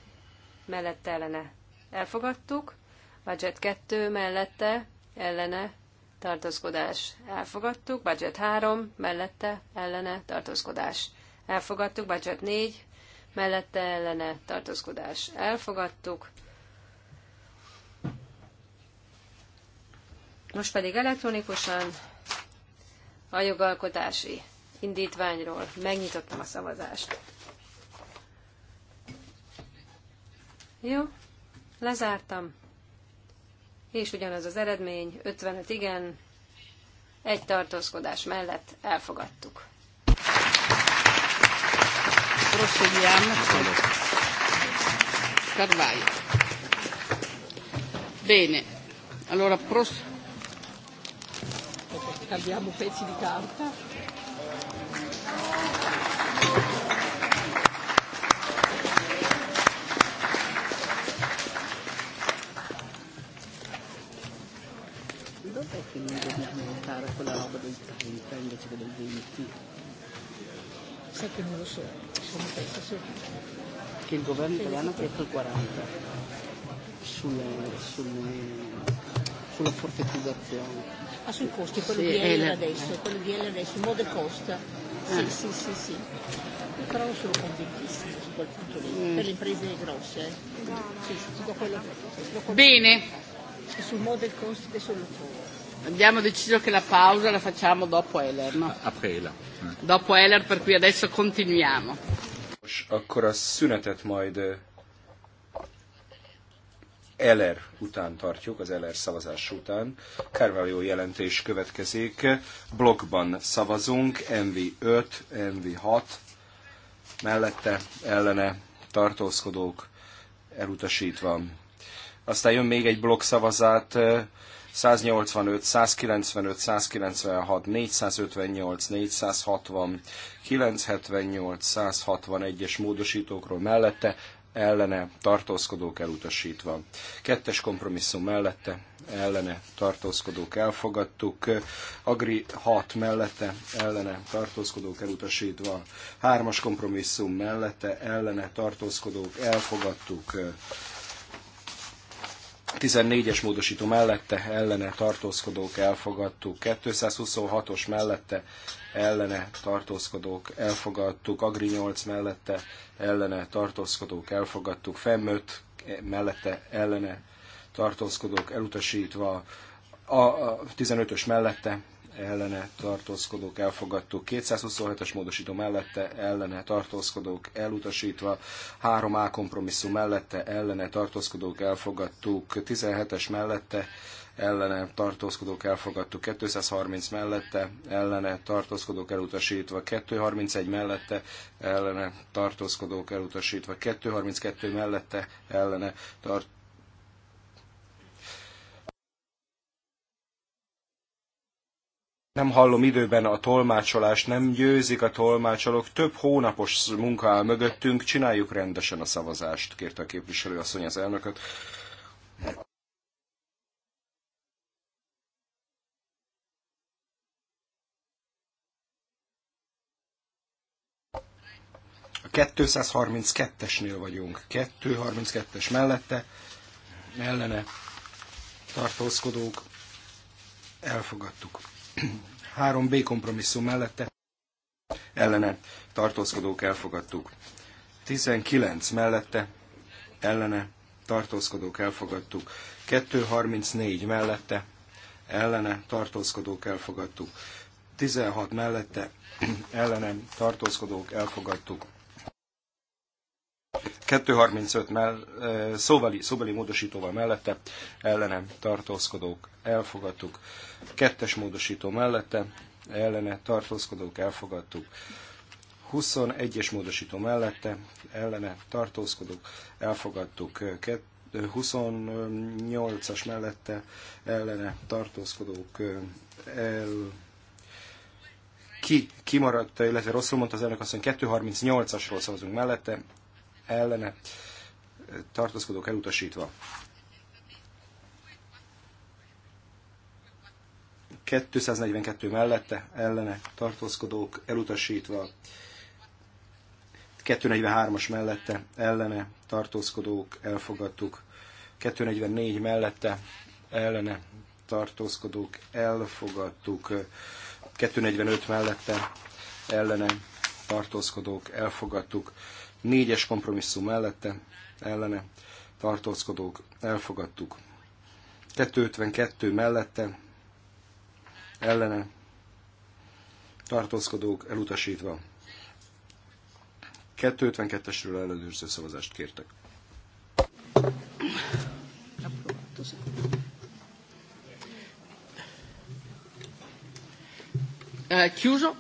mellette ellene elfogadtuk, budget 2 mellette ellene tartózkodás elfogadtuk, budget 3 mellette ellene tartózkodás elfogadtuk, budget 4 mellette ellene tartózkodás elfogadtuk. Most pedig elektronikusan a jogalkotási indítványról megnyitottam a szavazást. Jó, lezártam. És ugyanaz az eredmény, 55 igen, egy tartózkodás mellett elfogadtuk. Proseguiamo. Carvaio. Bene, allora pros- abbiamo pezzi di carta. Dov'è che noi dobbiamo votare quella roba del 30 invece che del 20? Sai che non lo so que el gobierno italiano ha chiesto el 40 sulle, sulle, sulla forfettizzazione. Ah, sui costi, quello sì, di L adesso, eh. quello di L adesso, mode costa. Sì, eh. sì, sì, sì. sì però non sono convintissima su quel punto lì, mm. per le imprese grosse. Eh. Sì, sì, quello, quello Bene. Sul model cost adesso lo trovo. Abbiamo deciso che la pausa la facciamo dopo Heller, no? Après Heller. Eh. Dopo Heller, per cui adesso continuiamo. És akkor a szünetet majd eh, Eller után tartjuk, az Eller szavazás után. Carvalho jelentés következik. Blokkban szavazunk, MV5, MV6, mellette, ellene, tartózkodók, elutasítva. Aztán jön még egy blokk blokkszavazát, eh, 185, 195, 196, 458, 460, 978, 161-es módosítókról mellette ellene tartózkodók elutasítva. Kettes kompromisszum mellette ellene tartózkodók elfogadtuk, Agri 6 mellette ellene tartózkodók elutasítva, hármas kompromisszum mellette ellene tartózkodók elfogadtuk, 14-es módosító mellette ellene tartózkodók elfogadtuk, 226-os mellette ellene tartózkodók elfogadtuk, Agri 8 mellette ellene tartózkodók elfogadtuk, FEM 5 mellette ellene tartózkodók elutasítva, a 15-ös mellette ellene tartózkodók elfogadtuk, 227-es módosító mellette ellene tartózkodók elutasítva, 3A kompromisszum mellette ellene tartózkodók elfogadtuk, 17-es mellette ellene tartózkodók elfogadtuk, 230 mellette ellene tartózkodók elutasítva, 231 mellette ellene tartózkodók elutasítva, 232 mellette ellene tartózkodók nem hallom időben a tolmácsolást, nem győzik a tolmácsolók. Több hónapos munka áll mögöttünk, csináljuk rendesen a szavazást, kérte a képviselő asszony az elnököt. A 232-esnél vagyunk. 232-es mellette, ellene tartózkodók, elfogadtuk. 3B kompromisszum mellette ellene tartózkodók elfogadtuk. 19 mellette ellene tartózkodók elfogadtuk. 234 mellette ellene tartózkodók elfogadtuk. 16 mellette ellene tartózkodók elfogadtuk. 235 mell, szóbeli, szóbeli módosítóval mellette ellenem tartózkodók elfogadtuk. Kettes módosító mellette ellene tartózkodók elfogadtuk. 21-es módosító mellette ellene tartózkodók elfogadtuk. 28-as mellette ellene tartózkodók el, ki, kimaradt, illetve rosszul mondta az elnök azt, hogy 238-asról szavazunk mellette, ellene tartózkodók elutasítva. ...242 mellette ellene tartózkodók elutasítva, 243-as mellette ellene tartózkodók elfogadtuk, 244 mellette ellene tartózkodók elfogadtuk, 245 mellette ellene tartózkodók elfogadtuk, Négyes kompromisszum mellette, ellene, tartózkodók, elfogadtuk. 252 mellette, ellene, tartózkodók, elutasítva. 252-esről ellenőrző szavazást kértek. Eh, chiuso.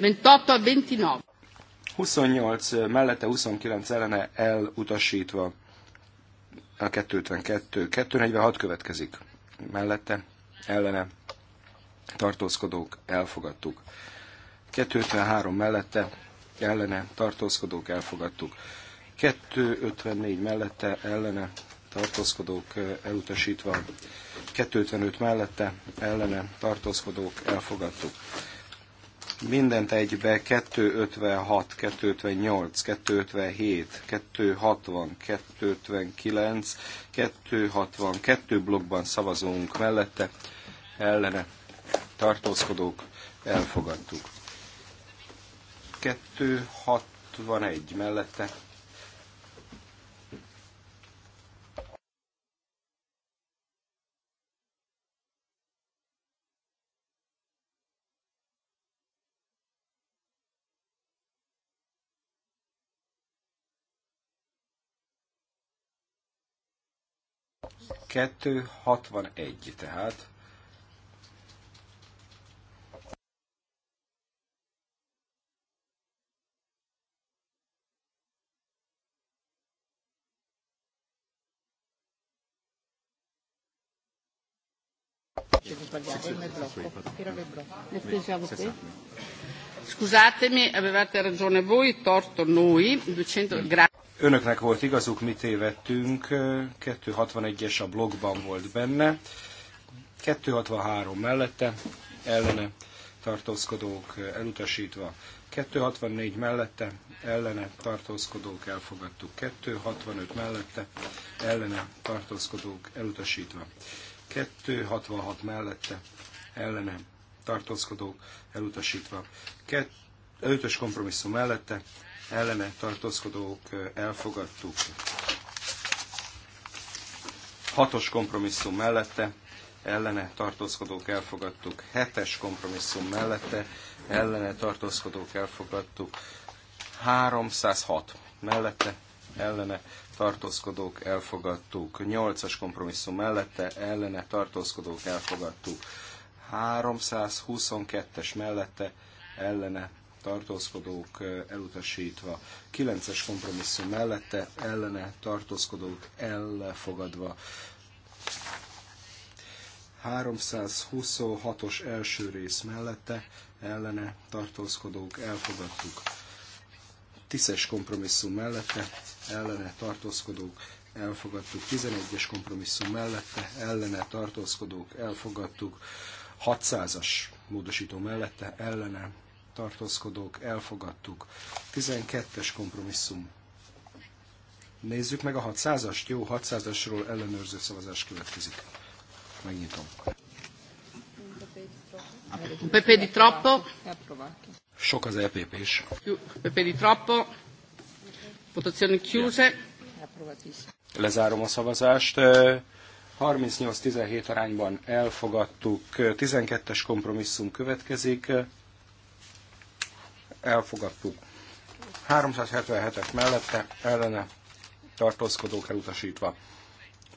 28 a 28 mellette, 29 ellene elutasítva. A 252, 246 következik mellette, ellene tartózkodók elfogadtuk. 253 mellette, ellene tartózkodók elfogadtuk. 254 mellette, ellene tartózkodók elutasítva. 255 mellette, ellene tartózkodók elfogadtuk mindent egybe 256, 258, 257, 260, 259, 262 blokkban szavazunk mellette, ellene tartózkodók elfogadtuk. 261 mellette 261 tehát. Scusatemi, avevate ragione voi, torto noi, 200 gradi. Önöknek volt igazuk, mi tévedtünk, 261-es a blogban volt benne, 263 mellette, ellene tartózkodók elutasítva, 264 mellette, ellene tartózkodók elfogadtuk, 265 mellette, ellene tartózkodók elutasítva, 266 mellette, ellene tartózkodók elutasítva, 2 ös kompromisszum mellette, ellene tartózkodók elfogadtuk. Hatos kompromisszum mellette ellene tartózkodók elfogadtuk. Hetes kompromisszum mellette ellene tartózkodók elfogadtuk. 306 mellette ellene tartózkodók elfogadtuk. 8-as kompromisszum mellette ellene tartózkodók elfogadtuk. 322-es mellette ellene tartózkodók elutasítva, 9-es kompromisszum mellette ellene tartózkodók elfogadva, 326-os első rész mellette ellene tartózkodók elfogadtuk, 10-es kompromisszum mellette ellene tartózkodók elfogadtuk, 11-es kompromisszum mellette ellene tartózkodók elfogadtuk, 600-as módosító mellette ellene tartózkodók, elfogadtuk. 12-es kompromisszum. Nézzük meg a 600-ast. Jó, 600-asról ellenőrző szavazás következik. Megnyitom. Pepe di troppo. Sok az EPP is. Pepe di troppo. Votazione chiuse. Lezárom a szavazást. 38-17 arányban elfogadtuk. 12-es kompromisszum következik elfogadtuk. 377-es mellette ellene tartózkodók elutasítva.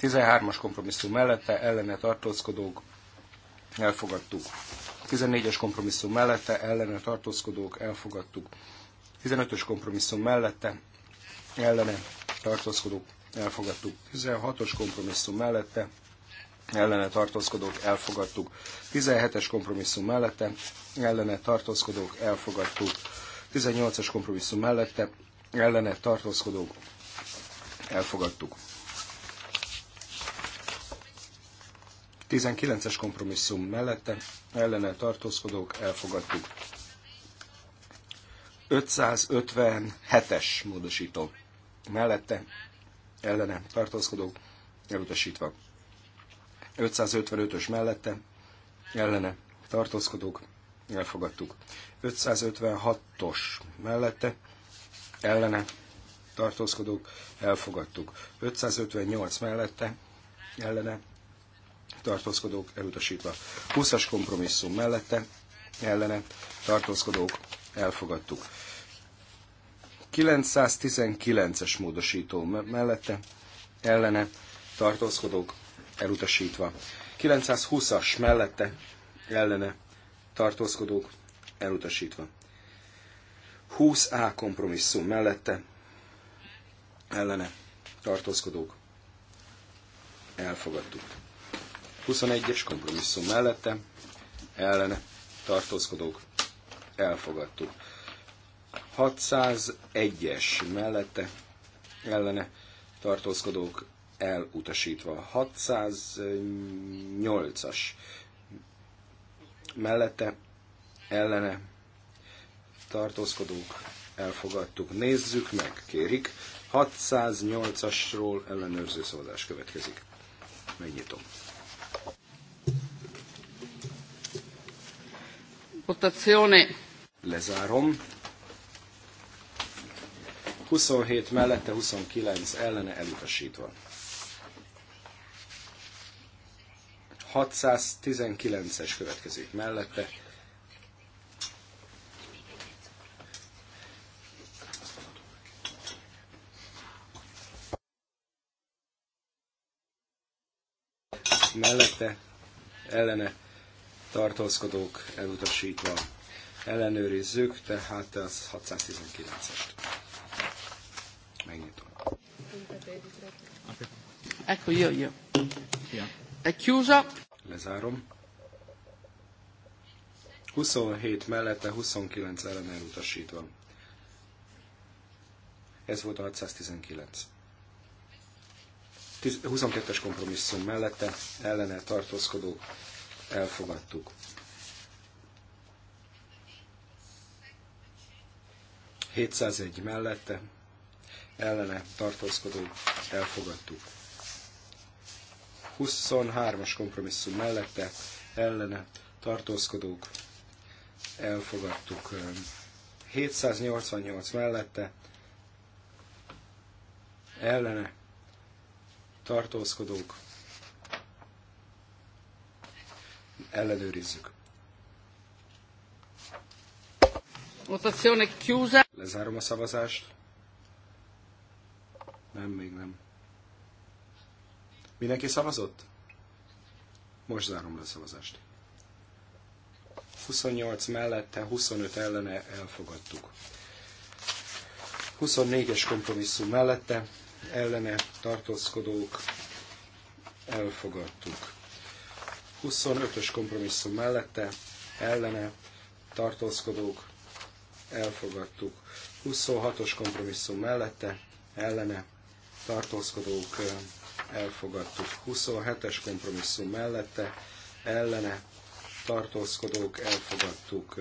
13-as kompromisszum mellette ellene tartózkodók elfogadtuk. 14-es kompromisszum mellette ellene tartózkodók elfogadtuk. 15-ös kompromisszum mellette ellene tartózkodók elfogadtuk. 16-os kompromisszum mellette ellene tartózkodók elfogadtuk. 17-es kompromisszum mellette ellene tartózkodók elfogadtuk. 18-as kompromisszum mellette ellene tartózkodók elfogadtuk. 19-es kompromisszum mellette ellene tartózkodók elfogadtuk. 557-es módosító mellette ellene tartózkodók elutasítva. 555-ös mellette ellene tartózkodók elfogadtuk. 556-os mellette ellene tartózkodók, elfogadtuk. 558 mellette ellene tartózkodók, elutasítva. 20-as kompromisszum mellette ellene tartózkodók, elfogadtuk. 919-es módosító mellette ellene tartózkodók, elutasítva. 920-as mellette ellene tartózkodók elutasítva. 20A kompromisszum mellette ellene tartózkodók elfogadtuk. 21-es kompromisszum mellette ellene tartózkodók elfogadtuk. 601-es mellette ellene tartózkodók elutasítva. 608-as mellette ellene tartózkodók elfogadtuk. Nézzük meg, kérik. 608-asról ellenőrző szavazás következik. Megnyitom. Votazione. Lezárom. 27 mellette, 29 ellene elutasítva. 619-es következik mellette. Mellette ellene tartózkodók elutasítva ellenőrizzük, tehát az 619-est. Megnyitom. Ecco, io, io. È chiusa. Lezárom. 27 mellette, 29 ellen elutasítva. Ez volt a 619. 22-es kompromisszum mellette ellene tartózkodó elfogadtuk. 701 mellette ellene tartózkodó elfogadtuk. 23-as kompromisszum mellette ellene tartózkodók elfogadtuk. 788 mellette ellene tartózkodók ellenőrizzük. Votazione chiusa. Lezárom a szavazást. Nem, még nem. Mindenki szavazott? Most zárom le a szavazást. 28 mellette, 25 ellene elfogadtuk. 24-es kompromisszum mellette, ellene tartózkodók elfogadtuk. 25-ös kompromisszum mellette, ellene tartózkodók elfogadtuk. 26-os kompromisszum mellette, ellene tartózkodók elfogadtuk elfogadtuk. 27-es kompromisszum mellette, ellene tartózkodók elfogadtuk.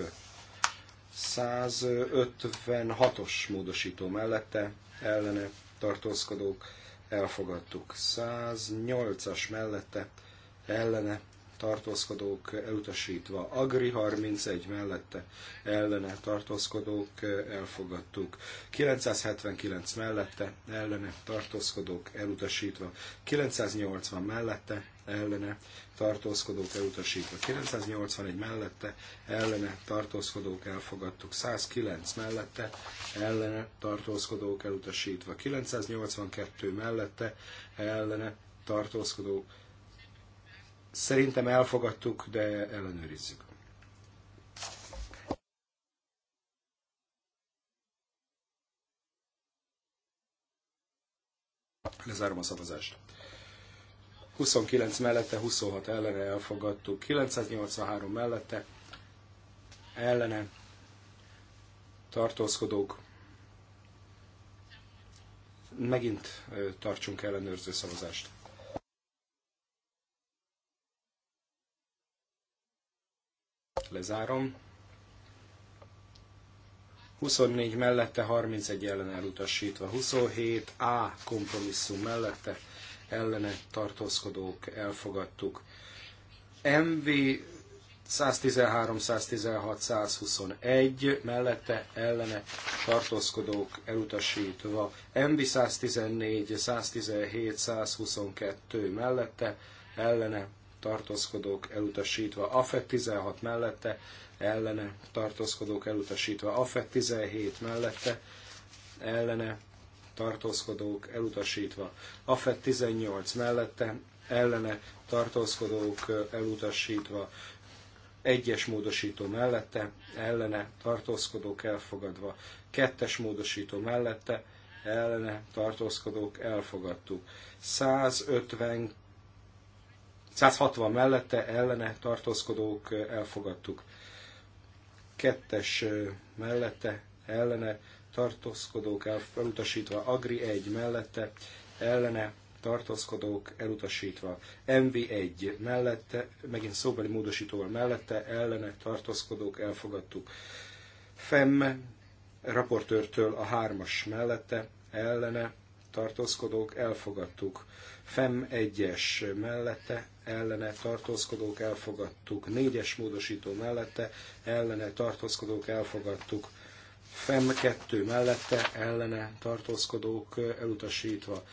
156-os módosító mellette, ellene tartózkodók elfogadtuk. 108-as mellette, ellene tartózkodók elutasítva. Agri 31 eh, mellette ellene tartózkodók elfogadtuk. 979 mellette ellene tartózkodók elutasítva. 980 mellette ellene tartózkodók elutasítva. 981 mellette ellene tartózkodók elfogadtuk. 109 mellette ellene tartózkodók elutasítva. 982 mellette ellene tartózkodók Szerintem elfogadtuk, de ellenőrizzük. Lezárom a szavazást. 29 mellette, 26 ellene elfogadtuk, 983 mellette, ellene tartózkodók. Megint tartsunk ellenőrző szavazást. lezárom. 24 mellette, 31 ellen elutasítva, 27 A kompromisszum mellette, ellene tartózkodók elfogadtuk. MV 113, 116, 121 mellette ellene tartózkodók elutasítva, MV 114, 117, 122 mellette ellene tartózkodók elutasítva, AFET 16 mellette, ellene tartózkodók elutasítva, AFET 17 mellette, ellene tartózkodók elutasítva, AFET 18 mellette, ellene tartózkodók elutasítva, egyes módosító mellette, ellene tartózkodók elfogadva, kettes módosító mellette, ellene tartózkodók elfogadtuk. 152 160 mellette ellene tartózkodók elfogadtuk. Kettes mellette ellene tartózkodók elutasítva. Agri 1 mellette ellene tartózkodók elutasítva. MV1 mellette, megint szóbeli módosítóval mellette, ellene tartózkodók elfogadtuk. FEM raportőrtől a hármas mellette, ellene tartózkodók elfogadtuk. FEM 1-es mellette, ellene tartózkodók elfogadtuk. Négyes módosító mellette ellene tartózkodók elfogadtuk. FEM 2 mellette ellene tartózkodók elutasítva.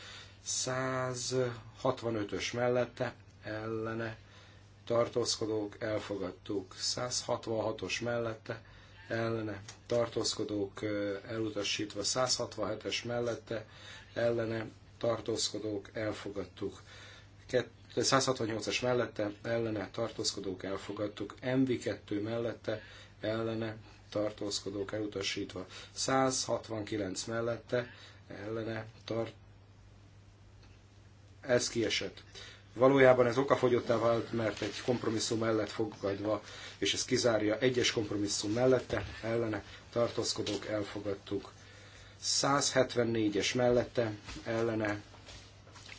165-ös mellette ellene tartózkodók elfogadtuk. 166-os mellette ellene tartózkodók elutasítva. 167-es mellette ellene tartózkodók elfogadtuk. 168-as mellette ellene tartózkodók elfogadtuk, MV2 mellette ellene tartózkodók elutasítva, 169 mellette ellene tart... Ez kiesett. Valójában ez okafogyottá vált, mert egy kompromisszum mellett fogadva, és ez kizárja egyes kompromisszum mellette, ellene tartózkodók elfogadtuk. 174-es mellette, ellene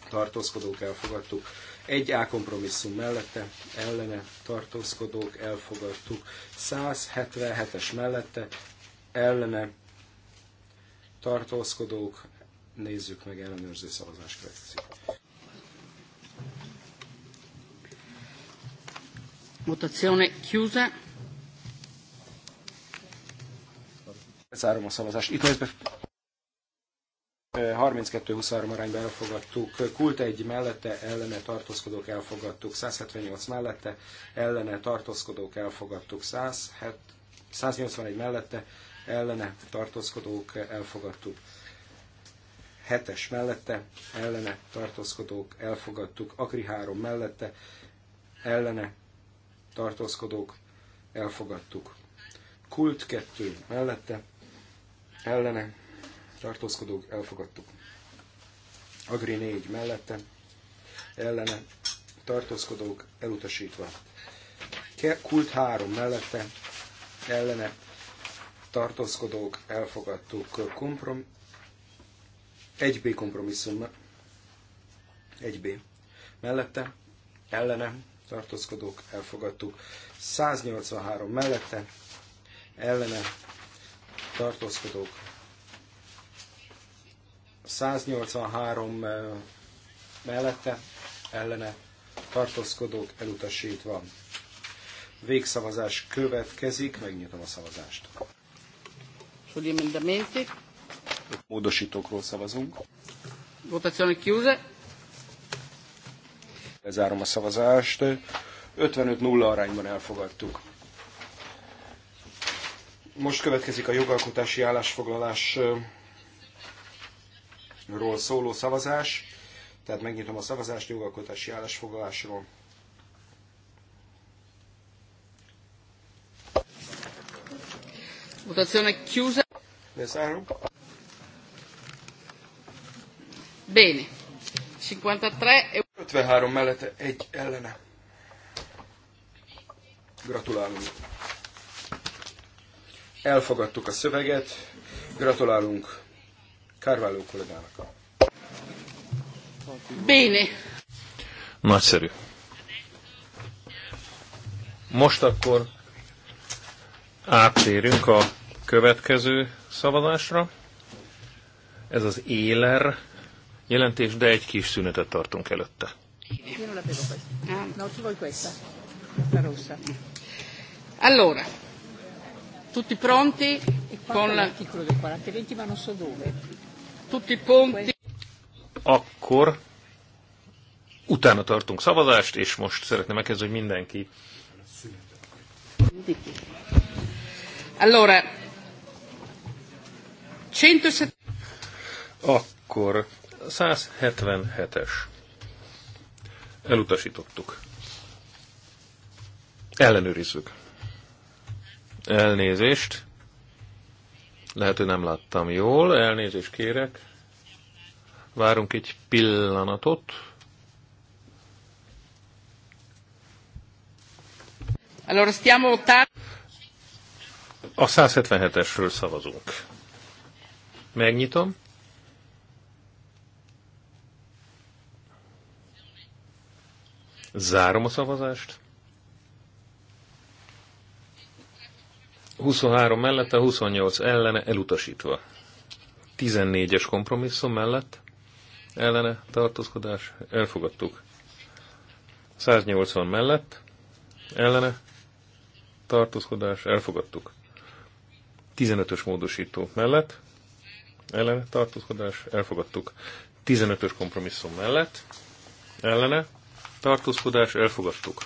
tartózkodók elfogadtuk. Egy A kompromisszum mellette ellene tartózkodók elfogadtuk. 177-es mellette ellene tartózkodók, nézzük meg ellenőrző szavazás következik. Votazione chiusa. Zárom a szavazást. Itt 32-23 arányban elfogadtuk, Kult egy mellette ellene tartózkodók elfogadtuk, 178 mellette ellene tartózkodók elfogadtuk, 107, 181 mellette ellene tartózkodók elfogadtuk. 7-es mellette ellene tartózkodók elfogadtuk, Akri 3 mellette ellene tartózkodók elfogadtuk. Kult 2 mellette ellene tartózkodók, elfogadtuk. Agri 4 mellette, ellene, tartózkodók, elutasítva. Kult 3 mellette, ellene, tartózkodók, elfogadtuk. Komprom 1B kompromisszum, 1B mellette, ellene, tartózkodók, elfogadtuk. 183 mellette, ellene, tartózkodók, 183 eh, mellette ellene tartózkodók elutasítva. Végszavazás következik, megnyitom a szavazást. Módosítókról szavazunk. Votazione chiuse. Lezárom a szavazást. 55-0 arányban elfogadtuk. Most következik a jogalkotási állásfoglalás eh, ról szóló szavazás. Tehát megnyitom a szavazást jogalkotási állásfoglalásról. Votazione chiusa. Lezárom. Bene. 53. 53 e- mellette, egy ellene. Gratulálunk. Elfogadtuk a szöveget. Gratulálunk Carvalho kollégának. Béni. Nagyszerű. Most akkor áttérünk a következő szavazásra. Ez az éler jelentés, de egy kis szünetet tartunk előtte. Allora, tutti pronti? Con l'articolo del 40 e ma non so dove. Akkor utána tartunk szavazást, és most szeretném megkezdeni, hogy mindenki. Allora, 170... Akkor 177-es. Elutasítottuk. Ellenőrizzük. Elnézést. Lehet, hogy nem láttam jól, elnézést kérek. Várunk egy pillanatot. Allora stiamo A 177-esről szavazunk. Megnyitom. Zárom a szavazást. 23 a 28 ellene elutasítva. 14-es kompromisszum mellett ellene tartózkodás elfogadtuk. 180 mellett ellene tartózkodás elfogadtuk. 15-ös módosító mellett ellene tartózkodás elfogadtuk. 15-ös kompromisszum mellett ellene tartózkodás elfogadtuk.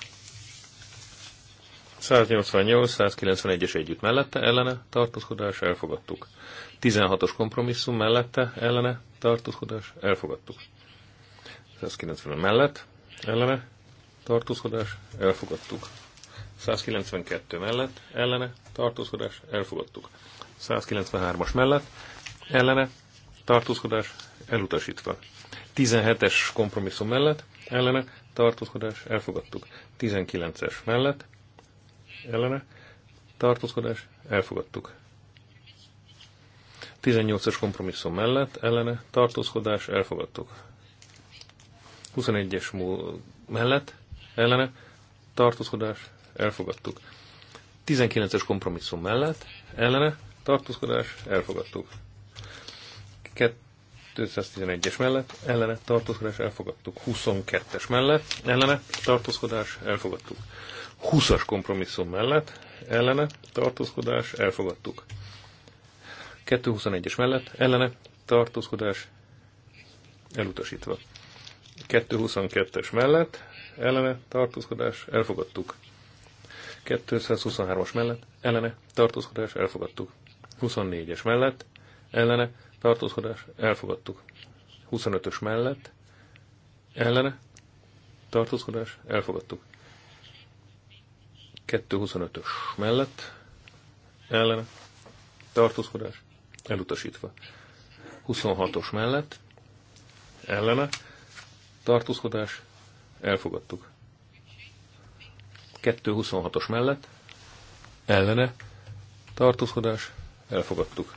188-191-es együtt mellette, ellene, tartózkodás, elfogadtuk. 16-os kompromisszum mellette, ellene, tartózkodás, elfogadtuk. 190 mellett, ellene, tartózkodás, elfogadtuk. 192 mellett, ellene, tartózkodás, elfogadtuk. 193-as mellett, ellene, tartózkodás, elutasítva. 17-es kompromisszum mellett, ellene, tartózkodás, elfogadtuk. 19-es mellett, ellene tartózkodás elfogadtuk. 18-as kompromisszum mellett ellene tartózkodás elfogadtuk. 21-es mellett ellene tartózkodás elfogadtuk. 19-es kompromisszum mellett ellene tartózkodás elfogadtuk. 211-es mellett ellene tartózkodás elfogadtuk. 22-es mellett ellene tartózkodás elfogadtuk. 20-as kompromisszum mellett ellene tartózkodás elfogadtuk. 221-es mellett ellene tartózkodás elutasítva. 222-es mellett ellene tartózkodás elfogadtuk. 223-as mellett ellene tartózkodás elfogadtuk. 24-es mellett ellene tartózkodás elfogadtuk. 25-ös mellett ellene tartózkodás elfogadtuk. 225-ös mellett ellene tartózkodás elutasítva. 26-os mellett ellene tartózkodás elfogadtuk. 226-os mellett ellene tartózkodás elfogadtuk.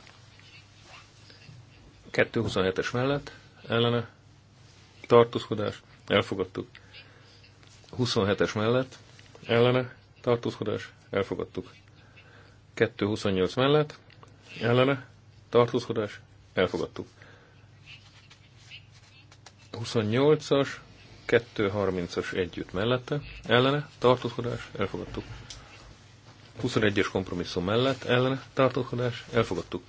227-es mellett ellene tartózkodás elfogadtuk. 27-es mellett ellene tartózkodás, elfogadtuk. 228 mellett, ellene, tartózkodás, elfogadtuk. 28-as, 230-as együtt mellette, ellene, tartózkodás, elfogadtuk. 21-es kompromisszum mellett, ellene, tartózkodás, elfogadtuk.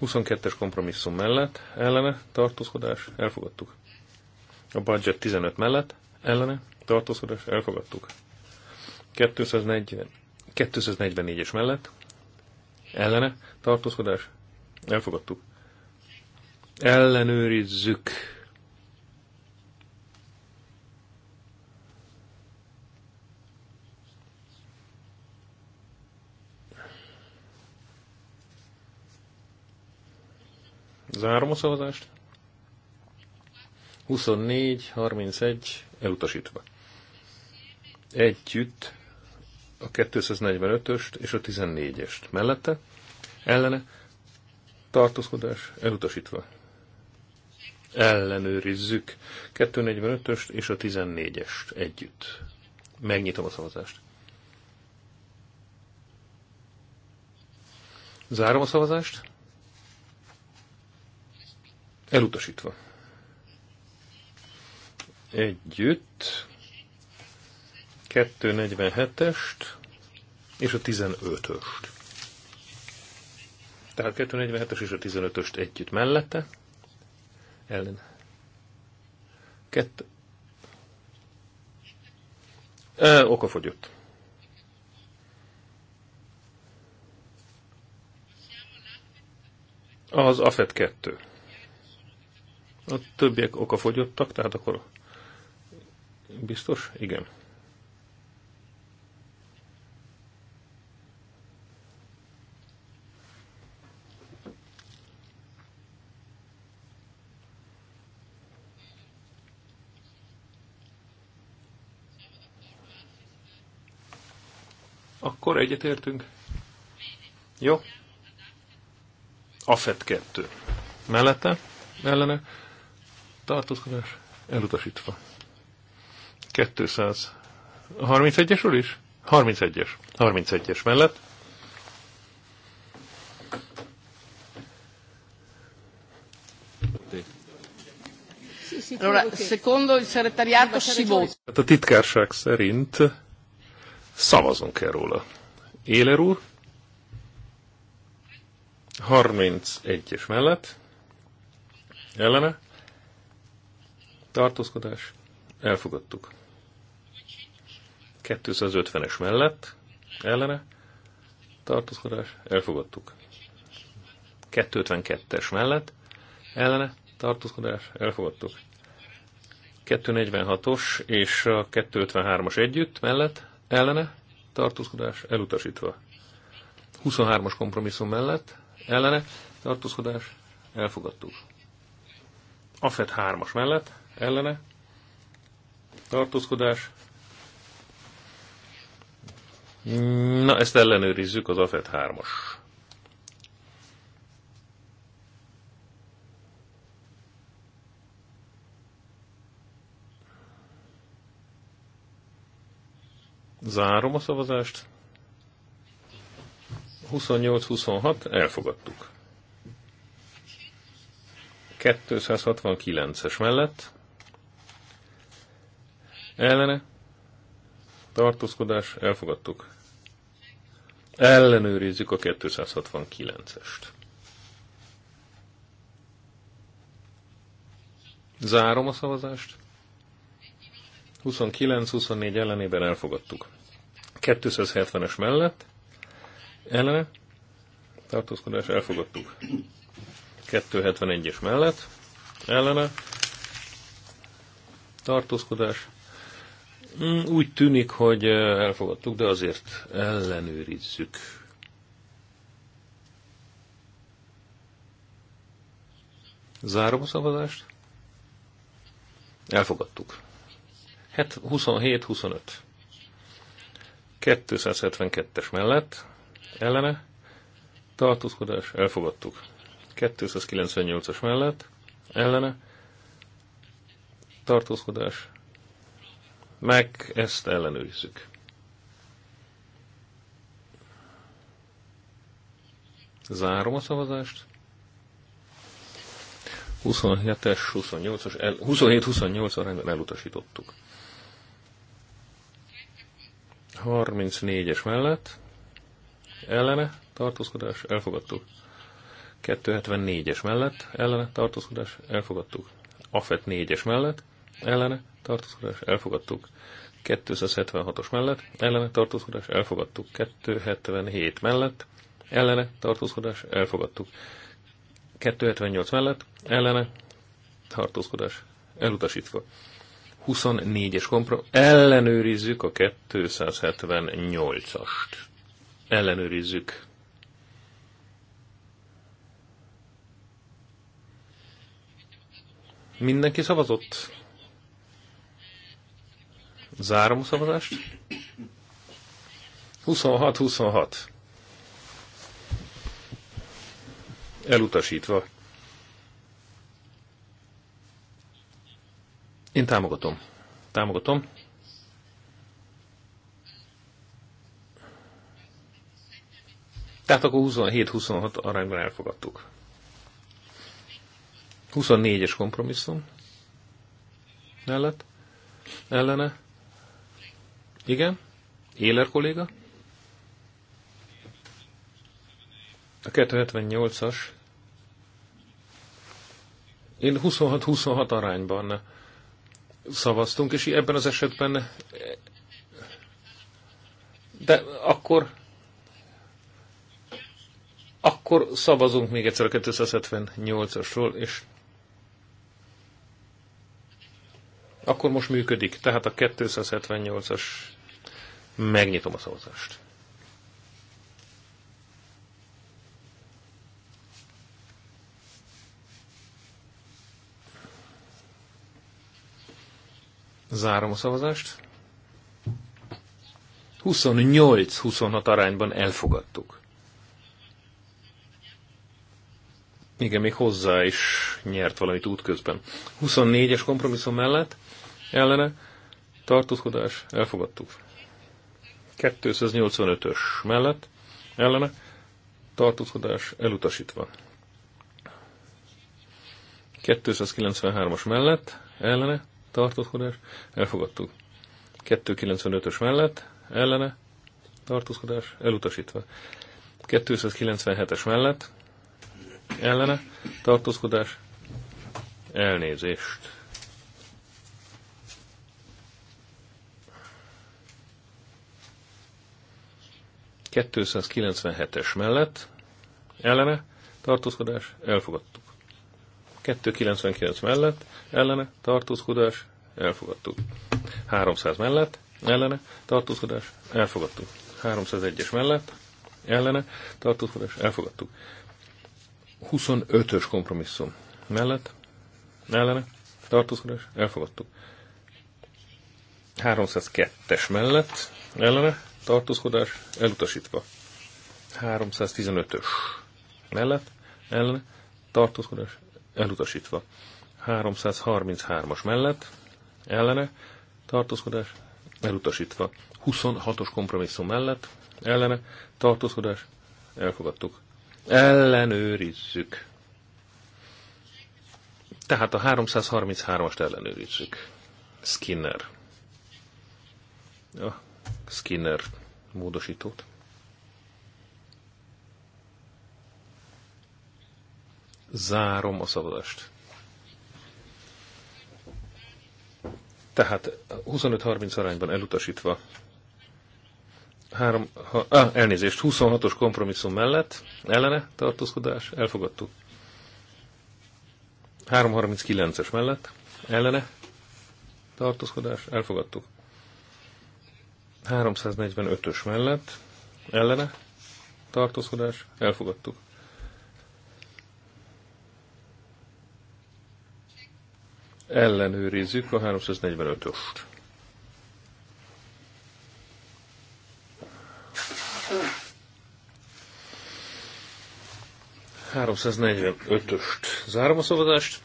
22-es kompromisszum mellett, ellene, tartózkodás, elfogadtuk. A budget 15 mellett, ellene, tartózkodás, elfogadtuk. 240, 244-es mellett ellene tartózkodás elfogadtuk. Ellenőrizzük. Zárom a szavazást. 24, 31, elutasítva. Együtt a 245-öst és a 14-est. Mellette ellene tartózkodás elutasítva. Ellenőrizzük 245-öst és a 14-est együtt. Megnyitom a szavazást. Zárom a szavazást. Elutasítva. Együtt 247-est és a 15-öst. Tehát 247-es és a 15-öst együtt mellette. Ellen. Kettő. E, oka fogyott. Az AFET 2. A többiek oka fogyottak, tehát akkor biztos? Igen. egyetértünk? Jó. AFET 2. Mellette? Ellene? Tartózkodás elutasítva. 200. 31 úr is? 31-es. 31-es mellett. Allora, secondo il segretariato si vota. Hát a titkárság szerint szavazunk kell róla. Éler úr. 31-es mellett. Ellene. Tartózkodás. Elfogadtuk. 250-es mellett. Ellene. Tartózkodás. Elfogadtuk. 252-es mellett. Ellene. Tartózkodás. Elfogadtuk. 246-os és a 253-as együtt mellett. Ellene tartózkodás elutasítva. 23-as kompromisszum mellett ellene tartózkodás elfogadtuk. FED 3-as mellett ellene tartózkodás. Na, ezt ellenőrizzük az AFET 3-as Zárom a szavazást. 28-26, elfogadtuk. 269-es mellett ellene tartózkodás, elfogadtuk. Ellenőrizzük a 269-est. Zárom a szavazást. 29-24 ellenében elfogadtuk. 270-es mellett ellene tartózkodás elfogadtuk. 271-es mellett ellene tartózkodás. Hmm, úgy tűnik, hogy eh, elfogadtuk, de azért ellenőrizzük. Zárom a szavazást. Elfogadtuk. 27-25. 272-es mellett ellene tartózkodás elfogadtuk. 298-as mellett ellene tartózkodás meg ezt ellenőrizzük. Zárom a szavazást. 27-es, 28-as, 27-28 rendben elutasítottuk. 34-es mellett ellene tartózkodás elfogadtuk. 274-es mellett ellene tartózkodás elfogadtuk. AFET 4-es mellett ellene tartózkodás elfogadtuk. 276-os mellett ellene tartózkodás elfogadtuk. 277 mellett ellene tartózkodás elfogadtuk. 278 mellett ellene tartózkodás elutasítva. 24-es komprom, ellenőrizzük a 278-ast. Ellenőrizzük. Mindenki szavazott? Zárom a szavazást. 26-26. Elutasítva. Én támogatom. Támogatom. Tehát akkor 27-26 arányban elfogadtuk. 24-es kompromisszum mellett, ellene. Igen, Éler kolléga. A 278-as. Én 26-26 arányban szavaztunk, és ebben az esetben de akkor akkor szavazunk még egyszer a 278-asról, és akkor most működik. Tehát a 278-as megnyitom a szavazást. Zárom a szavazást. 28-26 arányban elfogadtuk. Igen, még hozzá is nyert valamit útközben. 24-es kompromisszum mellett ellene tartózkodás elfogadtuk. 285-ös mellett ellene tartózkodás elutasítva. 293-as mellett ellene tartózkodás, elfogadtuk. 295-ös mellett, ellene, tartózkodás, elutasítva. 297-es mellett, ellene, tartózkodás, elnézést. 2697-es mellett ellene tartózkodás elfogadtuk. 299 mellett, ellene, tartózkodás, elfogadtuk. 300 mellett, ellene, tartózkodás, elfogadtuk. 301-es mellett, ellene, tartózkodás, elfogadtuk. 25-ös kompromisszum mellett, ellene, tartózkodás, elfogadtuk. 302-es mellett, ellene, tartózkodás, elutasítva. 315-ös mellett, ellene, tartózkodás, elutasítva. 333-as mellett, ellene, tartózkodás, elutasítva. 26-os kompromisszum mellett, ellene, tartózkodás, elfogadtuk. Ellenőrizzük. Tehát a 333-ast ellenőrizzük. Skinner. A Skinner módosítót. Zárom a szavazást. Tehát 25-30 arányban elutasítva. Három, ha, ah, elnézést, 26-os kompromisszum mellett ellene tartózkodás, elfogadtuk. 339-es mellett ellene tartózkodás, elfogadtuk. 345-ös mellett ellene tartózkodás, elfogadtuk. ellenőrizzük a 345-öst. öst zárom a szavazást.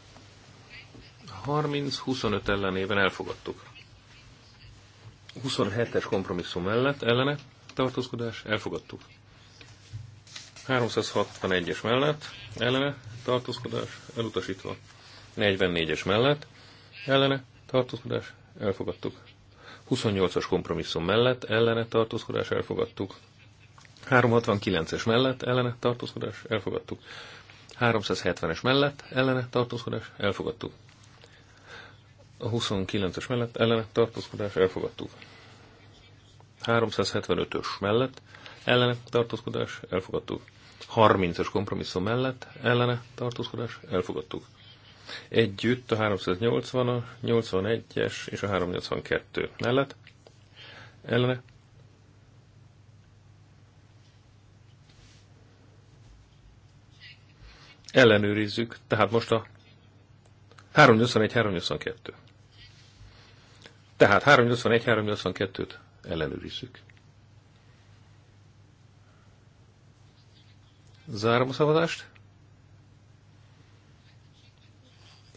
30-25 ellenében elfogadtuk. 27-es kompromisszum mellett ellene tartózkodás elfogadtuk. 361-es mellett ellene tartózkodás elutasítva. 44-es mellett ellene tartózkodás elfogadtuk. 28-as kompromisszum mellett ellene tartózkodás elfogadtuk. 369-es mellett ellene tartózkodás elfogadtuk. 370-es mellett ellene tartózkodás elfogadtuk. A 29-es mellett ellene tartózkodás elfogadtuk. 375-ös mellett ellene tartózkodás elfogadtuk. 30-as kompromisszum mellett ellene tartózkodás elfogadtuk. Együtt a 380, a 81-es és a 382 mellett. Ellene. Ellenőrizzük, tehát most a 381-382. Tehát 381-382-t ellenőrizzük. Zárom a szavazást.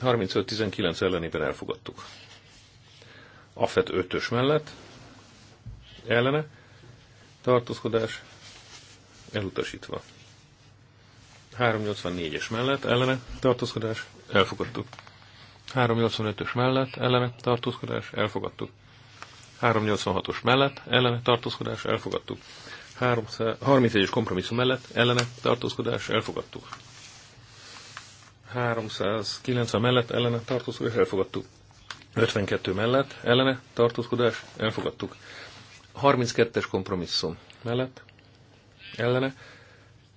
35-19 ellenében elfogadtuk. Afet 5-ös mellett ellene tartózkodás elutasítva. 384-es mellett ellene tartózkodás elfogadtuk. 385-ös mellett ellene tartózkodás elfogadtuk. 386-os mellett ellene tartózkodás elfogadtuk. 31-es kompromisszum mellett ellene tartózkodás elfogadtuk. 390 mellett ellene tartózkodás elfogadtuk. 52 mellett ellene tartózkodás elfogadtuk. 32-es kompromisszum mellett ellene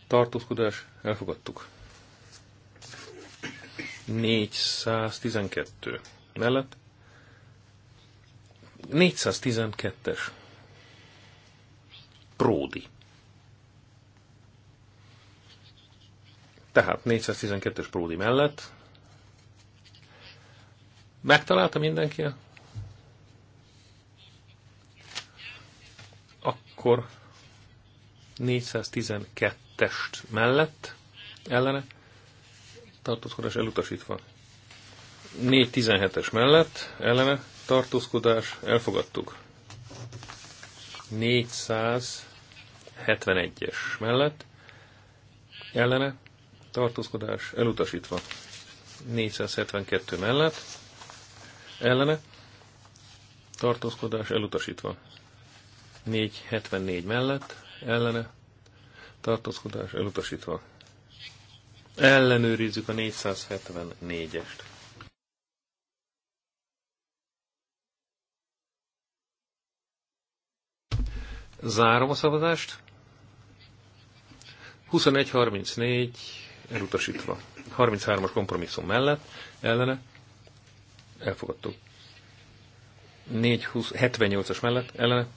tartózkodás elfogadtuk. 412 mellett 412-es Pródi Tehát 412-es Pródi mellett. Megtalálta mindenki? Akkor 412-est mellett ellene tartózkodás elutasítva. 417-es mellett ellene tartózkodás elfogadtuk. 471-es mellett ellene tartózkodás elutasítva. 472 mellett, ellene, tartózkodás elutasítva. 474 mellett, ellene, tartózkodás elutasítva. Ellenőrizzük a 474-est. Zárom a szavazást. 21.34 elutasítva. 33-as kompromisszum mellett, ellene, elfogadtuk. 78-as mellett, ellene,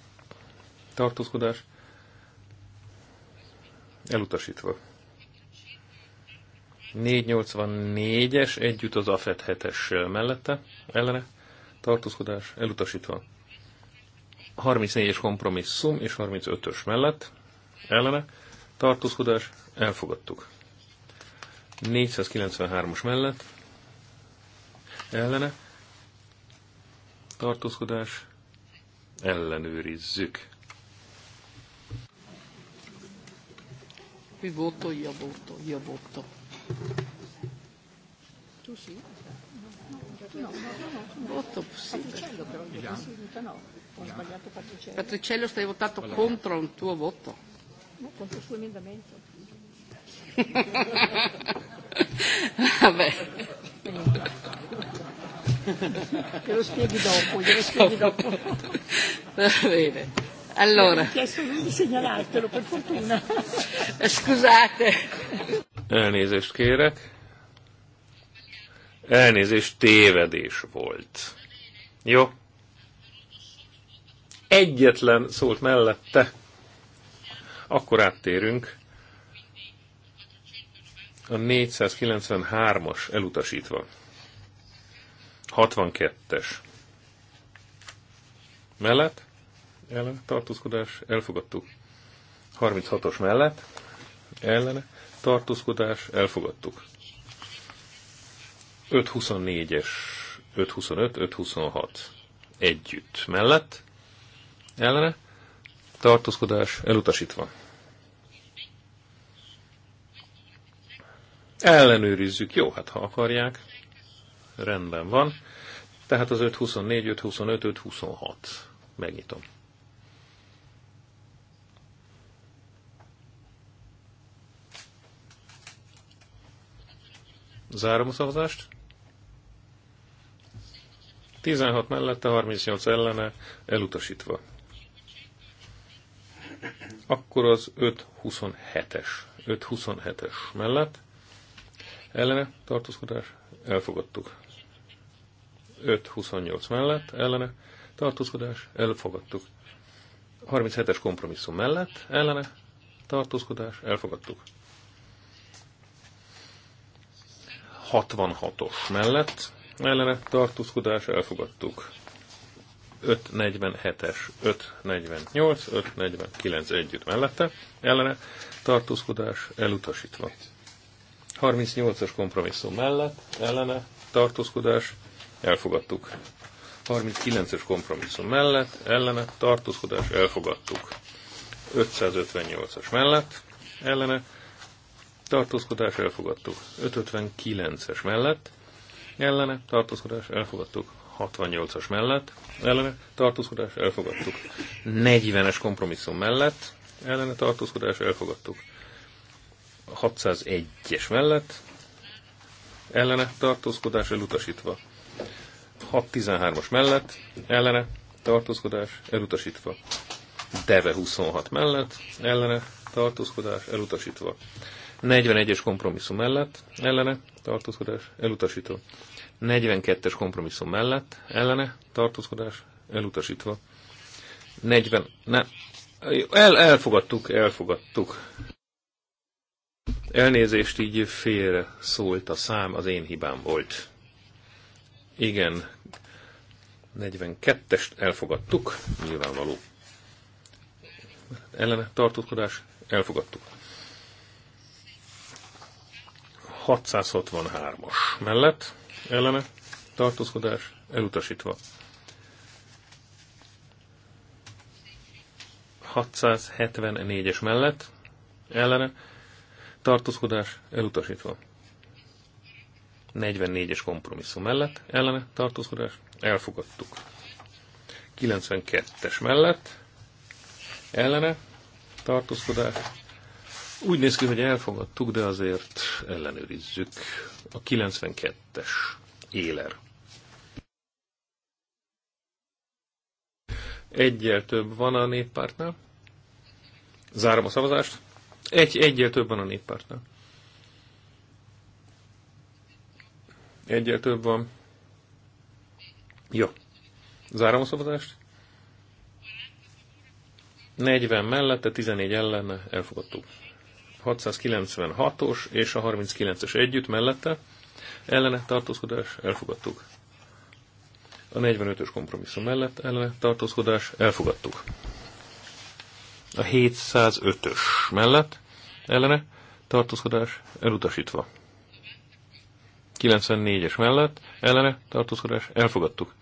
tartózkodás, elutasítva. 484-es együtt az AFET 7-es mellette, ellene, tartózkodás, elutasítva. 34-es kompromisszum és 35-ös mellett, ellene, tartózkodás, elfogadtuk. 493-as mellett ellene tartózkodás ellenőrizzük. Mi voto, io voto, io voto. Tu sì? No, no, no. Voto Patriciello però, stai votato contro un tuo voto. No, contro il suo emendamento. *laughs* Vabbè. Te lo spieghi dopo, glielo spieghi dopo. Va bene. Allora. chiesto lui di segnalartelo, per fortuna. Scusate. Elnézést kérek. Elnézést, tévedés volt. Jó. Egyetlen szólt mellette. Akkor áttérünk a 493-as elutasítva. 62-es. Mellett? Ellen tartózkodás, elfogadtuk. 36-os mellett? Ellene tartózkodás, elfogadtuk. 524-es, 525, 526 együtt mellett, ellene, tartózkodás elutasítva. Ellenőrizzük. Jó, hát ha akarják. Rendben van. Tehát az 524, 525, 526. Megnyitom. Zárom a szavazást. 16 mellette, 38 ellene, elutasítva. Akkor az 527-es. 527-es mellett ellene tartózkodás elfogadtuk. 5-28 mellett ellene tartózkodás elfogadtuk. 37-es kompromisszum mellett ellene tartózkodás elfogadtuk. 66-os mellett ellene tartózkodás elfogadtuk. 547-es, 548, 549 együtt mellette, ellene tartózkodás elutasítva. 38-as kompromisszum mellett, ellene, tartózkodás, elfogadtuk. 39-es kompromisszum mellett, ellene, tartózkodás, elfogadtuk. 558-as mellett, ellene, tartózkodás, elfogadtuk. 559-es mellett, ellene, tartózkodás, elfogadtuk. 68-as mellett, ellene, tartózkodás, elfogadtuk. 40-es kompromisszum mellett, ellene tartózkodás, elfogadtuk. 601-es mellett ellene tartózkodás elutasítva. 613-as mellett ellene tartózkodás elutasítva. Deve 26 mellett ellene tartózkodás elutasítva. 41-es kompromisszum mellett ellene tartózkodás elutasítva. 42-es kompromisszum mellett ellene tartózkodás elutasítva. 40, ne, el, elfogadtuk, elfogadtuk. Elnézést így félre szólt a szám, az én hibám volt. Igen, 42-est elfogadtuk, nyilvánvaló. Ellene tartózkodás, elfogadtuk. 663-as mellett ellene tartózkodás elutasítva. 674-es mellett ellene tartózkodás elutasítva. 44-es kompromisszum mellett ellene tartózkodás elfogadtuk. 92-es mellett ellene tartózkodás. Úgy néz ki, hogy elfogadtuk, de azért ellenőrizzük. A 92-es éler. Egyel több van a néppártnál. Zárom a szavazást. Egy, egyel több van a néppártnál. Egyel több van. Jó. Zárom a szavazást. 40 mellette, 14 ellen elfogadtuk. 696-os és a 39-es együtt mellette ellene tartózkodás elfogadtuk. A 45-ös kompromisszum mellett ellene tartózkodás elfogadtuk a 705-ös mellett ellene tartózkodás elutasítva. 94-es mellett ellene tartózkodás elfogadtuk.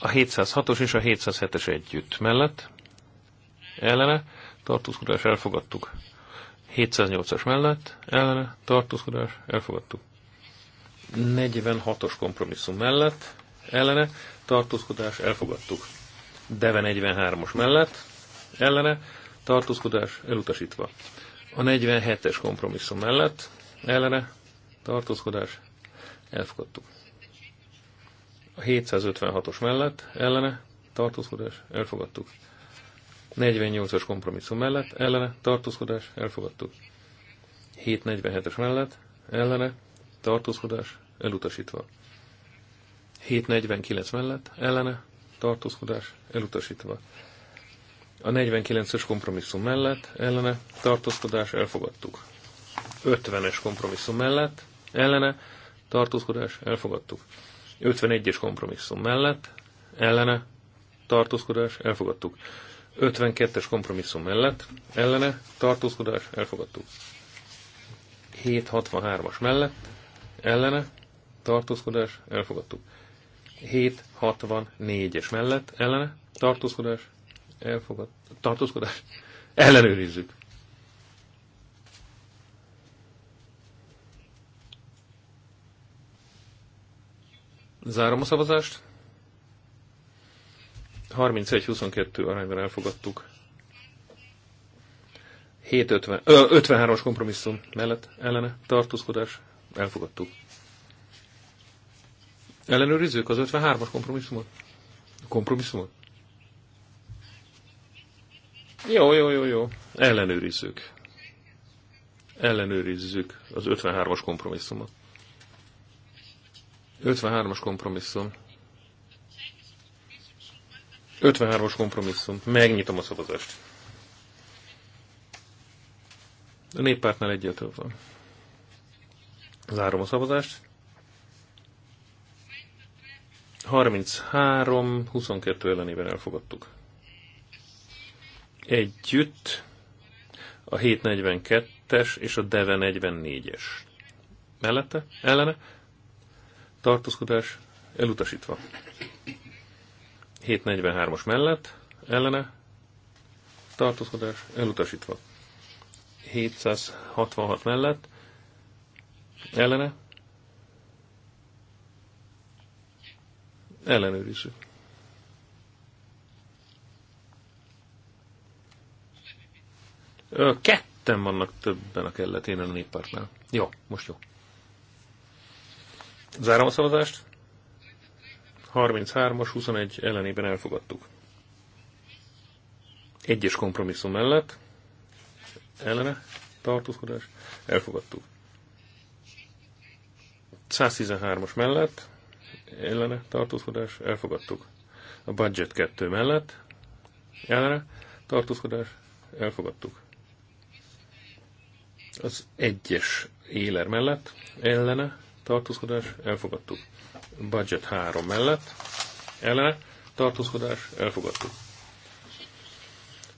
A 706-os és a 707-es együtt mellett ellene tartózkodás elfogadtuk. 708-as mellett ellene tartózkodás elfogadtuk. 46-os kompromisszum mellett ellene tartózkodás elfogadtuk. Deve 43-os mellett, ellene, tartózkodás elutasítva. A 47-es kompromisszum mellett, ellene, tartózkodás, elfogadtuk. A 756-os mellett, ellene, tartózkodás, elfogadtuk. 48-as kompromisszum mellett, ellene, tartózkodás, elfogadtuk. 747-es mellett, ellene, tartózkodás, elutasítva. 749 mellett, ellene, tartózkodás elutasítva. A 49-es kompromisszum mellett ellene tartózkodás elfogadtuk. 50-es kompromisszum mellett ellene tartózkodás elfogadtuk. 51-es kompromisszum mellett ellene tartózkodás elfogadtuk. 52-es kompromisszum mellett ellene tartózkodás elfogadtuk. 763-as mellett ellene tartózkodás elfogadtuk. 764-es mellett ellene tartózkodás, elfogad, tartózkodás, *laughs* ellenőrizzük. Zárom a szavazást. 31-22 arányban elfogadtuk. 753 as kompromisszum mellett ellene tartózkodás elfogadtuk. Ellenőrizzük az 53-as kompromisszumot? Kompromisszumot? Jó, jó, jó, jó. Ellenőrizzük. Ellenőrizzük az 53-as kompromisszumot. 53-as kompromisszum. 53-as kompromisszum. Megnyitom a szavazást. A néppártnál egyet van. Zárom a szavazást. 33, 22 ellenében elfogadtuk. Együtt a 742-es és a Deve 44-es. Mellette? Ellene? Tartózkodás elutasítva. 743-as mellett? Ellene? Tartózkodás elutasítva. 766 mellett? Ellene? Ellenőrizzük. ketten vannak többen a kelletén a néppartnál. Jó, most jó. Zárom a szavazást. 33-as, 21 ellenében elfogadtuk. Egyes kompromisszum mellett ellene tartózkodás elfogadtuk. 113-as mellett ellene tartózkodás elfogadtuk. A budget 2 mellett ellene tartózkodás elfogadtuk. Az egyes éler mellett ellene tartózkodás elfogadtuk. Budget 3 mellett ellene tartózkodás elfogadtuk.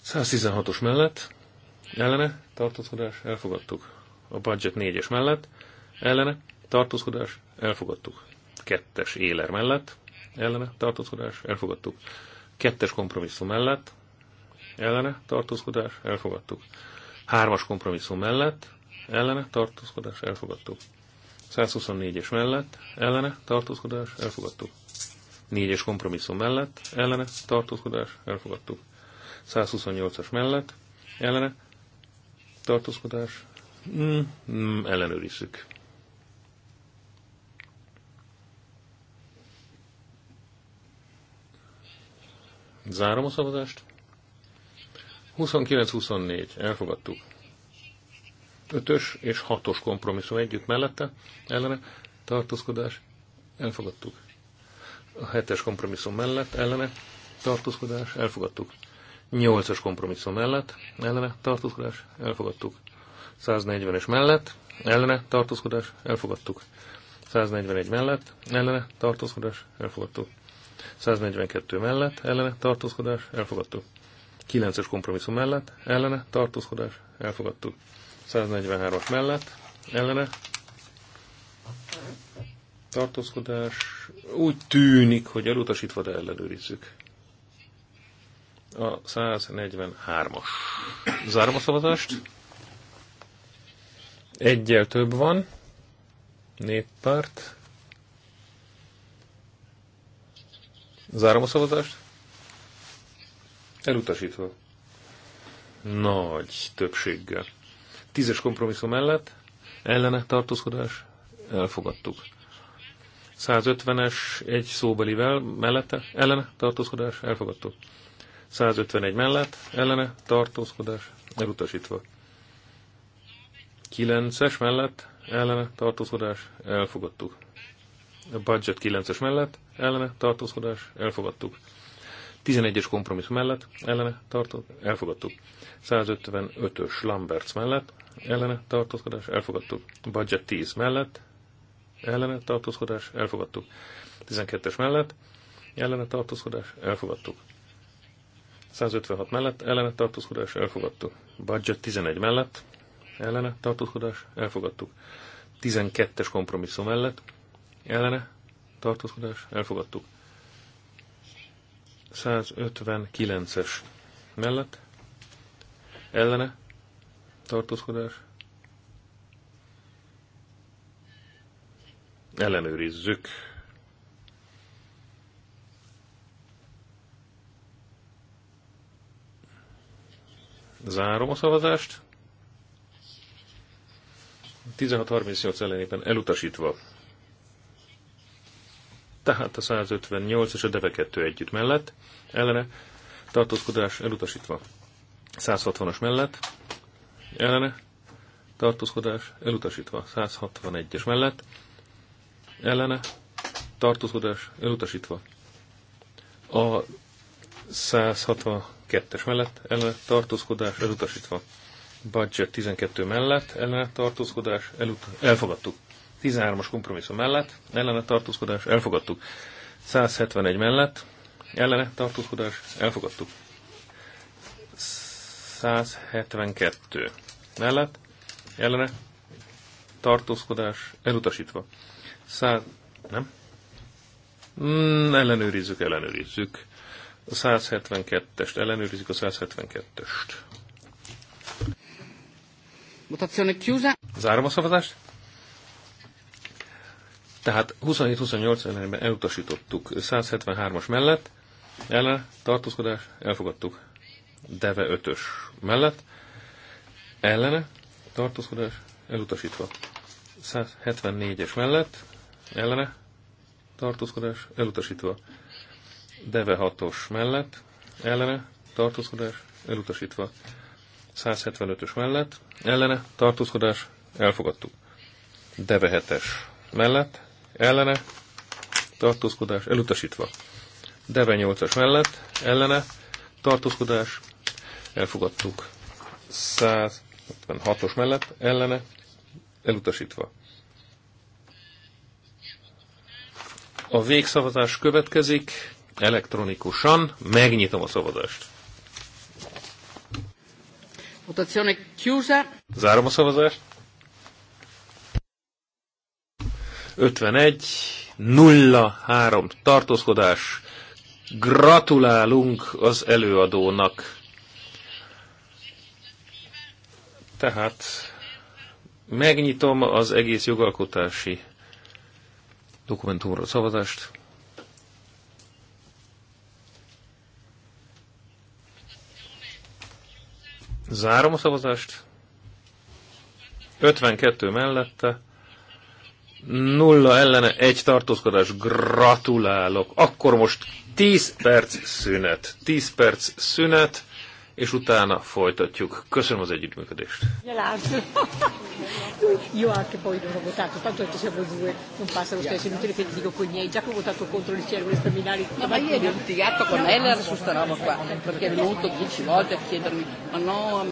116-os mellett ellene tartózkodás elfogadtuk. A budget 4-es mellett ellene tartózkodás elfogadtuk kettes éler mellett, ellene tartózkodás, elfogadtuk. Kettes kompromisszum mellett, ellene tartózkodás, elfogadtuk. Hármas kompromisszum mellett, ellene tartózkodás, elfogadtuk. 124-es mellett, ellene tartózkodás, elfogadtuk. 4-es kompromisszum mellett, ellene tartózkodás, elfogadtuk. 128-as mellett, ellene tartózkodás, mm, mm, ellenőrizzük. Zárom a szavazást. 29-24. Elfogadtuk. 5-ös és 6-os kompromisszum együtt mellette. Ellene. Tartózkodás. Elfogadtuk. A 7-es kompromisszum mellett. Ellene. Tartózkodás. Elfogadtuk. 8-as kompromisszum mellett. Ellene. Tartózkodás. Elfogadtuk. 140-es mellett. Ellene. Tartózkodás. Elfogadtuk. 141 mellett. Ellene. Tartózkodás. Elfogadtuk. 142 mellett ellene tartózkodás elfogadtuk. 9-es kompromisszum mellett ellene tartózkodás elfogadtuk. 143-as mellett ellene tartózkodás úgy tűnik, hogy elutasítva, de ellenőrizzük. A 143-as. Zárom a szavazást. Egyel több van. Néppárt. Zárom a szavazást. Elutasítva. Nagy többséggel. Tízes kompromisszum mellett ellene tartózkodás elfogadtuk. 150-es egy szóbelivel mellette ellene tartózkodás elfogadtuk. 151 mellett ellene tartózkodás elutasítva. 9-es mellett ellene tartózkodás elfogadtuk. A budget 9-es mellett ellene tartózkodás elfogadtuk. 11-es kompromisszum mellett ellene tartott, elfogadtuk. 155-ös Lamberts mellett ellene tartózkodás elfogadtuk. Budget 10 mellett ellene tartózkodás elfogadtuk. 12-es mellett ellene tartózkodás elfogadtuk. 156 mellett ellene tartózkodás elfogadtuk. Budget 11 mellett ellene tartózkodás elfogadtuk. 12-es kompromisszum mellett ellene tartózkodás, elfogadtuk. 159-es mellett, ellene, tartózkodás, ellenőrizzük. Zárom a szavazást. 16.38 ellenében elutasítva tehát a 158 és a DEVE 2 együtt mellett, ellene tartózkodás elutasítva. 160-as mellett, ellene tartózkodás elutasítva. 161-es mellett, ellene tartózkodás elutasítva. A 162-es mellett ellene tartózkodás elutasítva. Budget 12 mellett ellene tartózkodás elut- elfogadtuk. 13-as kompromisszum mellett, ellene tartózkodás, elfogadtuk. 171 mellett, ellene tartózkodás, elfogadtuk. 172 mellett, ellene tartózkodás, elutasítva. 100, nem? Mm, ellenőrizzük, ellenőrizzük. A 172-est, ellenőrizzük a 172-est. Mutazione chiusa. Zárom a szavazást. Tehát 27-28 ben elutasítottuk 173-as mellett, ellen tartózkodás, elfogadtuk Deve 5-ös mellett, ellene tartózkodás, elutasítva 174-es mellett, ellene tartózkodás, elutasítva Deve 6-os mellett, ellene tartózkodás, elutasítva 175-ös mellett, ellene tartózkodás, elfogadtuk. Deve 7-es mellett, ellene, tartózkodás elutasítva. Deve 8-as mellett, ellene, tartózkodás, elfogadtuk. 156-os mellett, ellene, elutasítva. A végszavazás következik elektronikusan. Megnyitom a szavazást. Votazione chiusa. Zárom a szavazást. 51, 03 tartózkodás. Gratulálunk az előadónak. Tehát megnyitom az egész jogalkotási dokumentumra szavazást. Zárom a szavazást. 52 mellette, nulla ellene egy tartózkodás. Gratulálok! Akkor most 10 perc szünet. 10 perc szünet, és utána folytatjuk. Köszönöm az együttműködést. Io anche poi non ho votato, tanto ci siamo due, non passa lo stesso, inutile che ti dico con niente, già che ho votato contro il cervello staminale. No, ma io ho litigato con Heller su sta roba qua, perché è venuto dieci volte a chiedermi, ma no,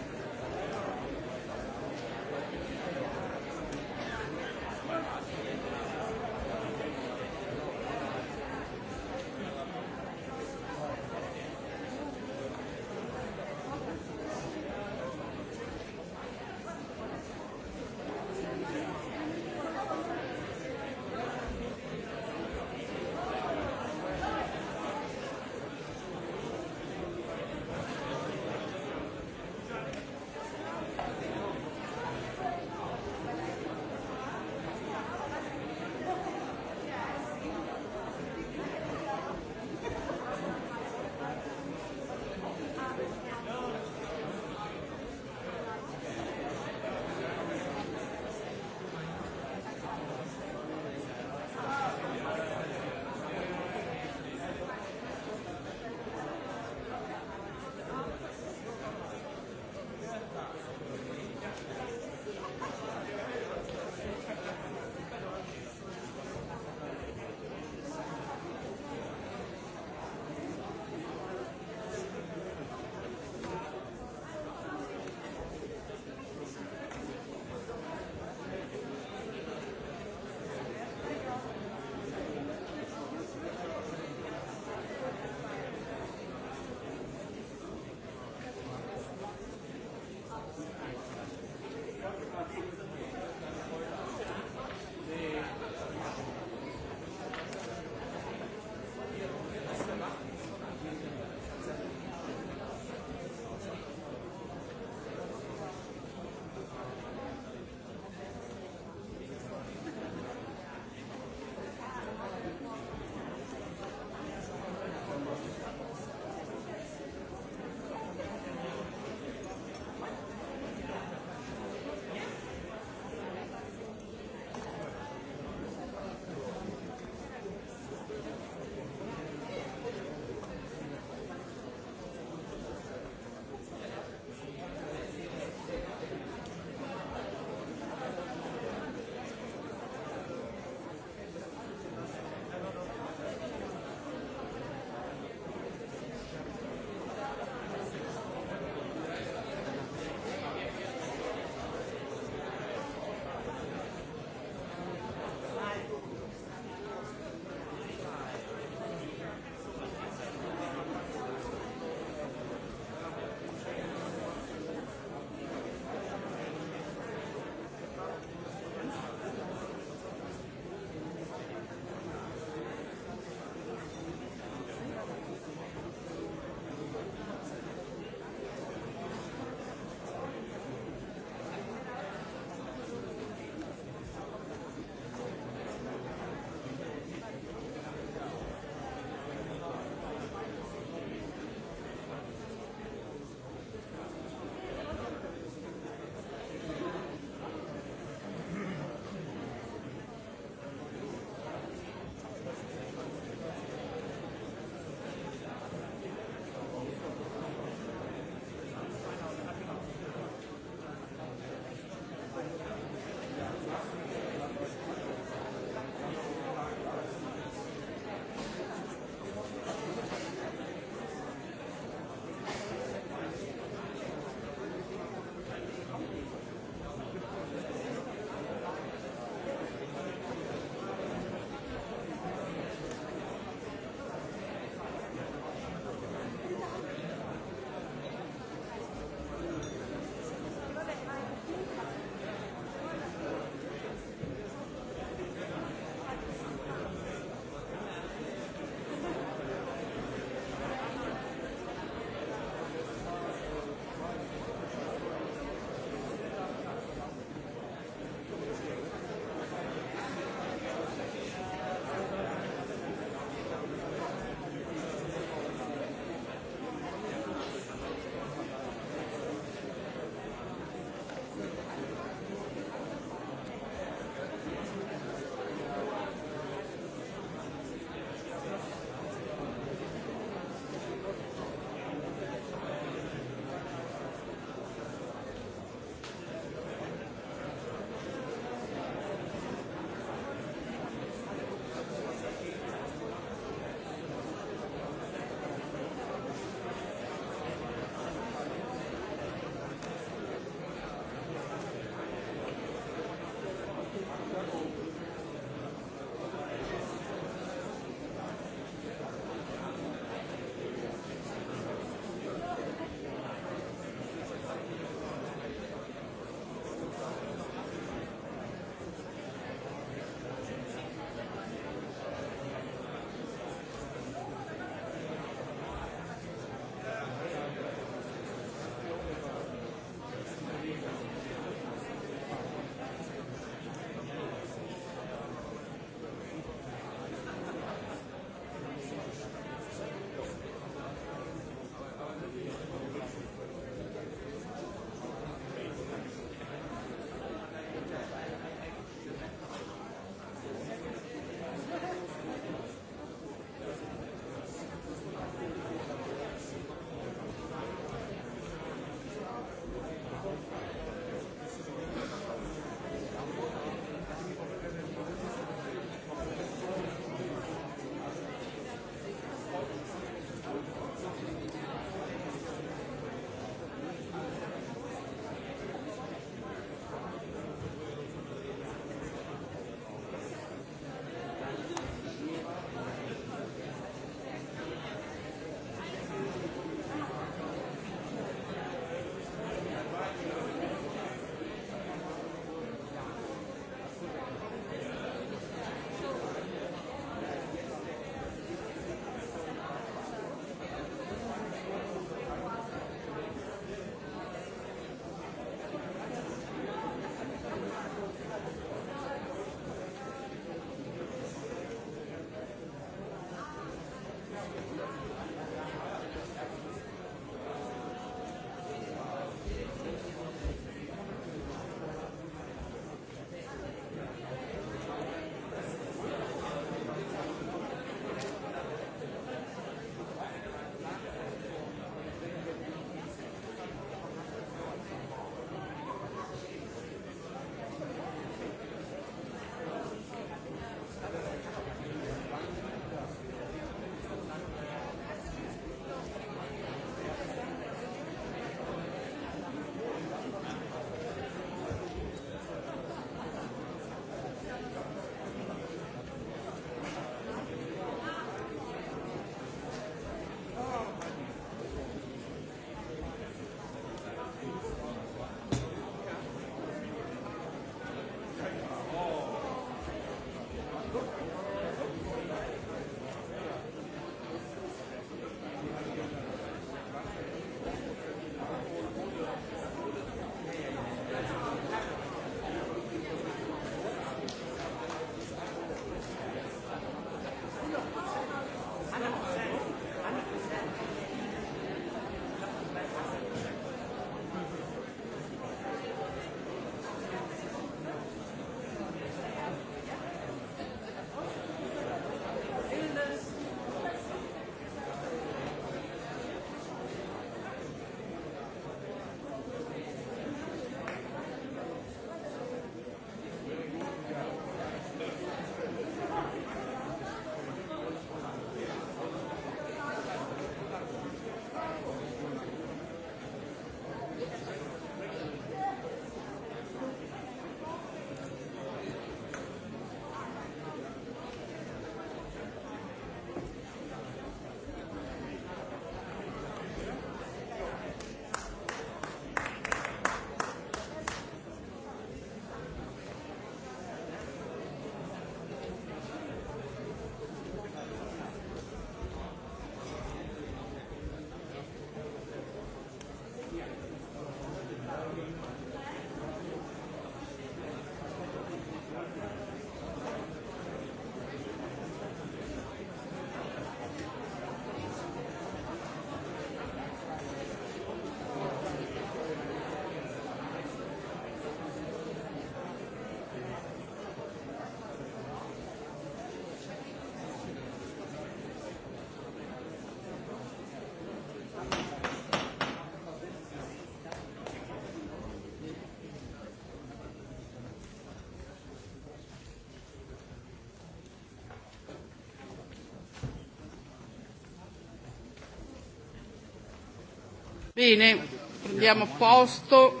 Bene, prendiamo posto,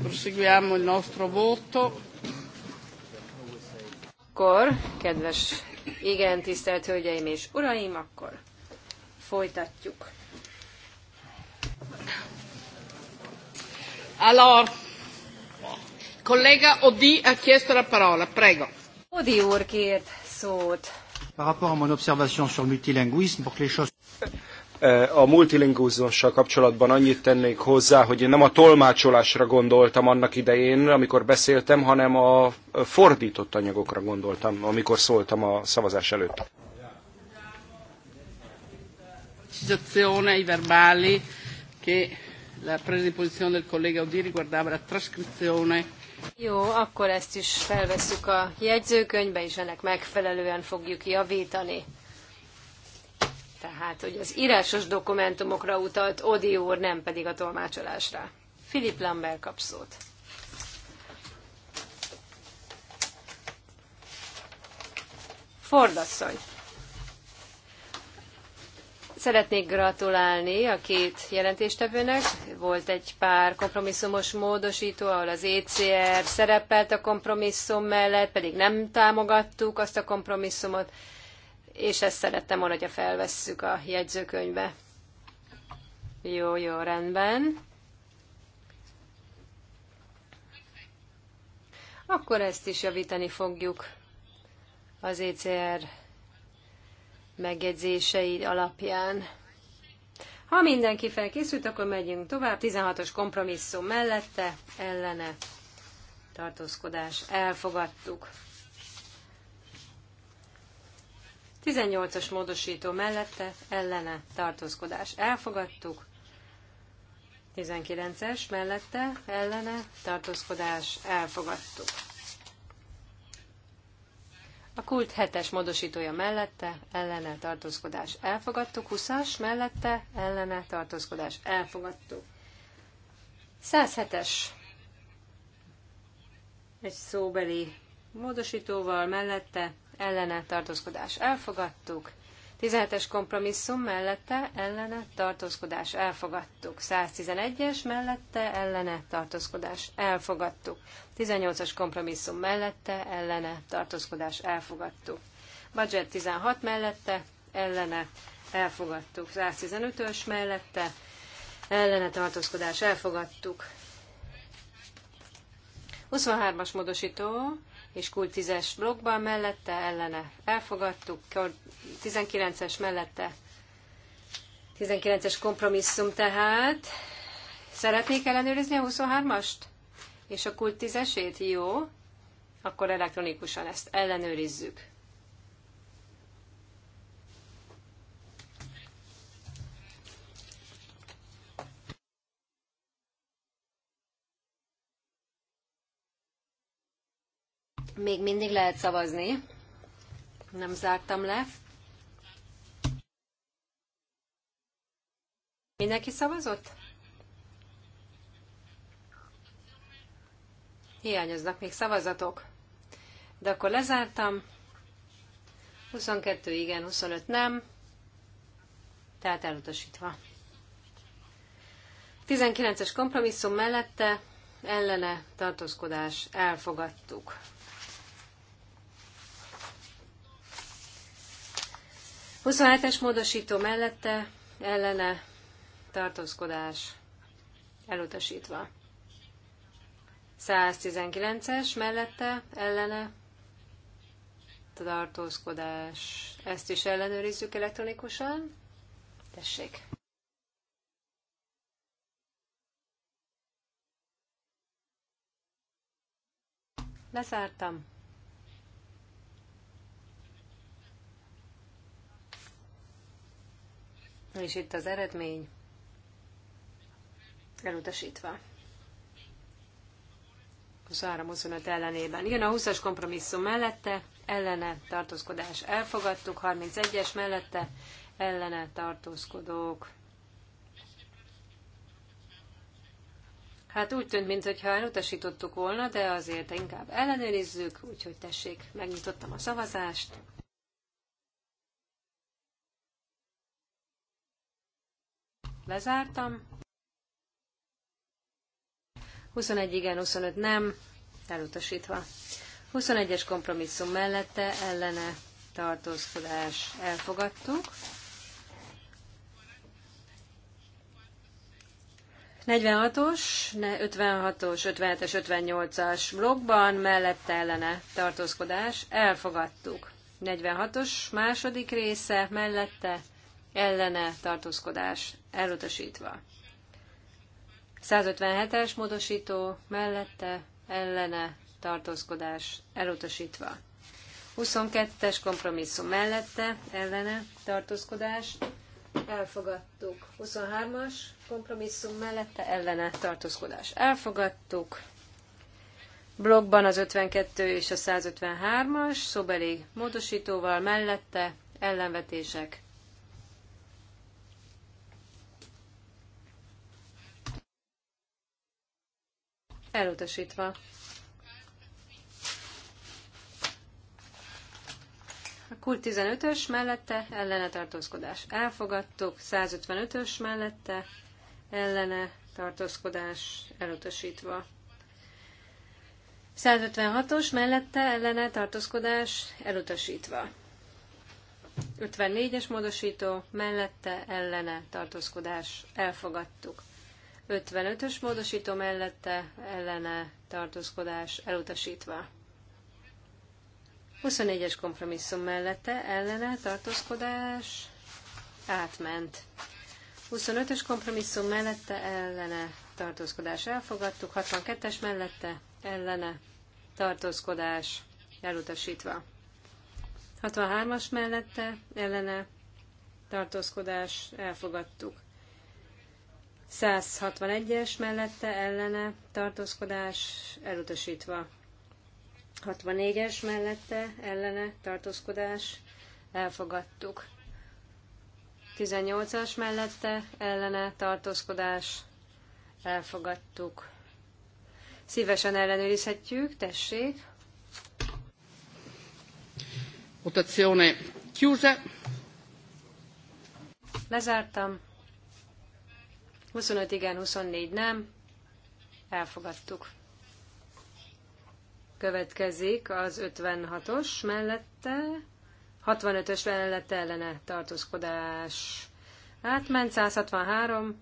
proseguiamo il nostro voto. Akkor, kedves, igen, tisztelt hölgyeim és uraim, akkor folytatjuk. Alors, collega Odi ha chiesto la parola, prego. Odi úr kért szót. Par rapport à mon observation sur le multilinguisme, pour que les choses a multilingvizmussal kapcsolatban annyit tennék hozzá, hogy én nem a tolmácsolásra gondoltam annak idején, amikor beszéltem, hanem a fordított anyagokra gondoltam, amikor szóltam a szavazás előtt. Citazione verbali che la presa di posizione del collega Odi riguardava la trascrizione. Jó, akkor ezt is felveszük a jegyzőkönyvbe, és ennek megfelelően fogjuk javítani. Tehát, hogy az írásos dokumentumokra utalt Odi úr, nem pedig a tolmácsolásra. Philip Lambert kap szót. Fordasszony. Szeretnék gratulálni a két jelentéstevőnek. Volt egy pár kompromisszumos módosító, ahol az ECR szerepelt a kompromisszum mellett, pedig nem támogattuk azt a kompromisszumot és ezt szerettem volna, hogyha felvesszük a jegyzőkönyvbe. Jó, jó, rendben. Akkor ezt is javítani fogjuk az ECR megjegyzései alapján. Ha mindenki felkészült, akkor megyünk tovább. 16-os kompromisszum mellette, ellene tartózkodás. Elfogadtuk. 18-as módosító mellette ellene tartózkodás elfogadtuk. 19-es mellette ellene tartózkodás elfogadtuk. A kult 7-es módosítója mellette ellene tartózkodás elfogadtuk, 20-as mellette ellene tartózkodás elfogadtuk. 107-es egy szóbeli módosítóval mellette ellene tartózkodás elfogadtuk. 17-es kompromisszum mellette ellene tartózkodás elfogadtuk. 111-es mellette ellene tartózkodás elfogadtuk. 18-as kompromisszum mellette ellene tartózkodás elfogadtuk. Budget 16 mellette ellene elfogadtuk. 115-ös mellette ellene tartózkodás elfogadtuk. 23-as módosító és kult 10-es blokkban mellette, ellene elfogadtuk, 19-es mellette, 19-es kompromisszum tehát. Szeretnék ellenőrizni a 23-ast? És a kult 10-esét? Jó. Akkor elektronikusan ezt ellenőrizzük. Még mindig lehet szavazni. Nem zártam le. Mindenki szavazott? Hiányoznak még szavazatok. De akkor lezártam. 22 igen, 25 nem. Tehát elutasítva. 19-es kompromisszum mellette ellene tartózkodás elfogadtuk. 27-es módosító mellette ellene tartózkodás elutasítva. 119-es mellette ellene tartózkodás. Ezt is ellenőrizzük elektronikusan. Tessék! Lezártam. és itt az eredmény elutasítva. 23-25 ellenében. Jön a 20-as kompromisszum mellette, ellene tartózkodás elfogadtuk, 31-es mellette, ellene tartózkodók. Hát úgy tűnt, mintha elutasítottuk volna, de azért inkább ellenőrizzük, úgyhogy tessék, megnyitottam a szavazást. Lezártam. 21 igen, 25 nem, elutasítva. 21-es kompromisszum mellette ellene tartózkodás elfogadtuk. 46-os, 56-os, 57-es, 58-as blokkban mellette ellene tartózkodás elfogadtuk. 46-os második része mellette ellene tartózkodás elutasítva. 157-es módosító mellette ellene tartózkodás elutasítva. 22-es kompromisszum mellette ellene tartózkodás elfogadtuk. 23-as kompromisszum mellette ellene tartózkodás elfogadtuk. Blogban az 52 és a 153-as szobeli módosítóval mellette ellenvetések elutasítva. A kult 15-ös mellette ellene tartózkodás elfogadtuk, 155-ös mellette ellene tartózkodás elutasítva. 156-os mellette ellene tartózkodás elutasítva. 54-es módosító mellette ellene tartózkodás elfogadtuk. 55-ös módosító mellette ellene tartózkodás elutasítva. 24-es kompromisszum mellette ellene tartózkodás átment. 25-ös kompromisszum mellette ellene tartózkodás elfogadtuk, 62-es mellette ellene tartózkodás elutasítva. 63-as mellette ellene tartózkodás elfogadtuk. 161-es mellette ellene tartózkodás elutasítva. 64-es mellette ellene tartózkodás elfogadtuk. 18-as mellette ellene tartózkodás elfogadtuk. Szívesen ellenőrizhetjük, tessék. Votazione chiusa. Lezártam. 25 igen, 24 nem. Elfogadtuk. Következik az 56-os mellette, 65-ös mellette ellene tartózkodás. Átment 163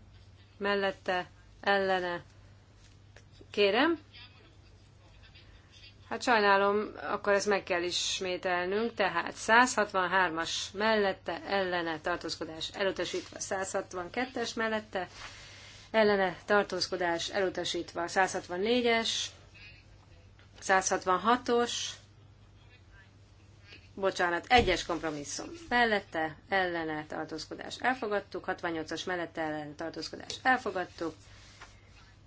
mellette ellene. Kérem. Hát sajnálom, akkor ezt meg kell ismételnünk, tehát 163-as mellette ellene tartózkodás elutasítva, 162-es mellette ellene tartózkodás elutasítva. 164-es, 166-os, bocsánat, egyes kompromisszum. Mellette ellene tartózkodás elfogadtuk, 68-as mellette ellene tartózkodás elfogadtuk,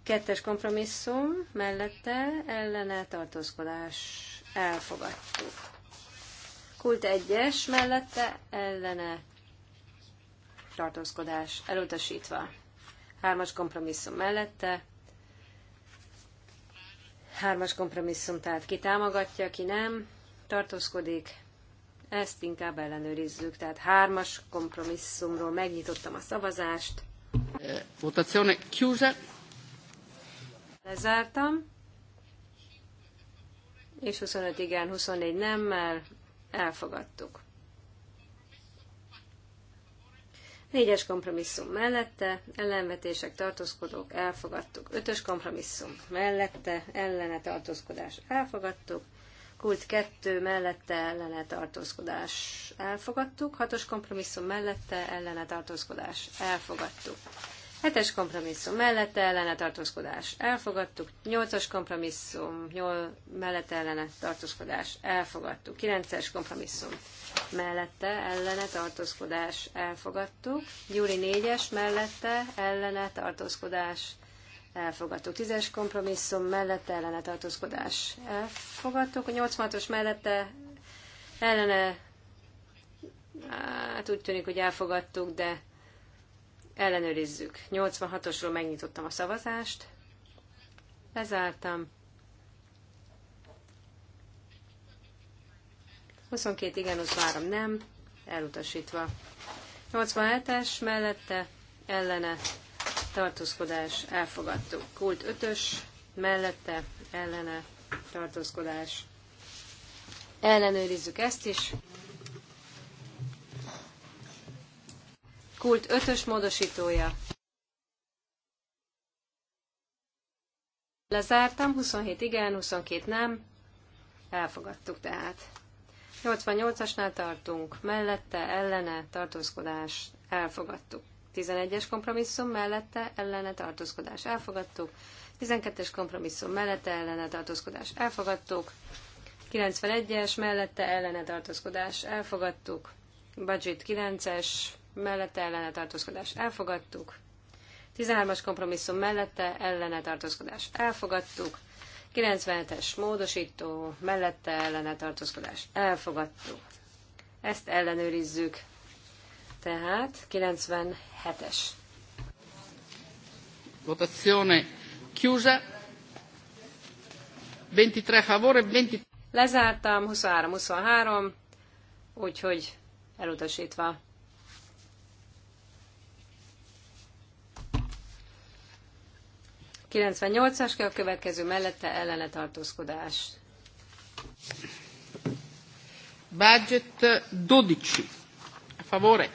kettes kompromisszum, mellette ellene tartózkodás elfogadtuk. Kult egyes, mellette ellene tartózkodás elutasítva. Hármas kompromisszum mellette. Hármas kompromisszum, tehát ki támogatja, ki nem tartózkodik. Ezt inkább ellenőrizzük. Tehát hármas kompromisszumról megnyitottam a szavazást. Eh, votazione chiusa. Lezártam. És 25 igen, 24 nemmel elfogadtuk. Négyes kompromisszum mellette, ellenvetések, tartózkodók, elfogadtuk. Ötös kompromisszum mellette, ellene tartózkodás, elfogadtuk. Kult kettő mellette, ellene tartózkodás, elfogadtuk. Hatos kompromisszum mellette, ellene tartózkodás, elfogadtuk. Hetes kompromisszum mellette ellene tartózkodás elfogadtuk, nyolcas kompromisszum nyol mellette ellene tartózkodás elfogadtuk, kilences kompromisszum mellette ellene tartózkodás elfogadtuk. Gyuri 4-es mellette ellene tartózkodás elfogadtuk. 10-es kompromisszum mellette ellene tartózkodás elfogadtuk. A 86-os mellette ellene, hát úgy tűnik, hogy elfogadtuk, de ellenőrizzük. 86-osról megnyitottam a szavazást, lezártam, 22 igen, 23 nem, elutasítva. 87-es mellette ellene tartózkodás elfogadtuk. Kult 5-ös mellette ellene tartózkodás. Ellenőrizzük ezt is. Kult 5-ös módosítója. Lezártam, 27 igen, 22 nem. Elfogadtuk tehát. 88-asnál tartunk, mellette, ellene, tartózkodás, elfogadtuk. 11-es kompromisszum mellette, ellene, tartózkodás, elfogadtuk. 12-es kompromisszum mellette, ellene, tartózkodás, elfogadtuk. 91-es mellette, ellene, tartózkodás, elfogadtuk. Budget 9-es mellette, ellene, tartózkodás, elfogadtuk. 13-as kompromisszum mellette, ellene, tartózkodás, elfogadtuk. 97-es módosító, mellette ellene tartózkodás. Elfogadtuk. Ezt ellenőrizzük. Tehát 97-es. Votazione chiusa. 23 favore, 20... Lezártam, 23-23, úgyhogy elutasítva. 98-as a következő mellette ellene tartózkodás. Budget 12. Favore.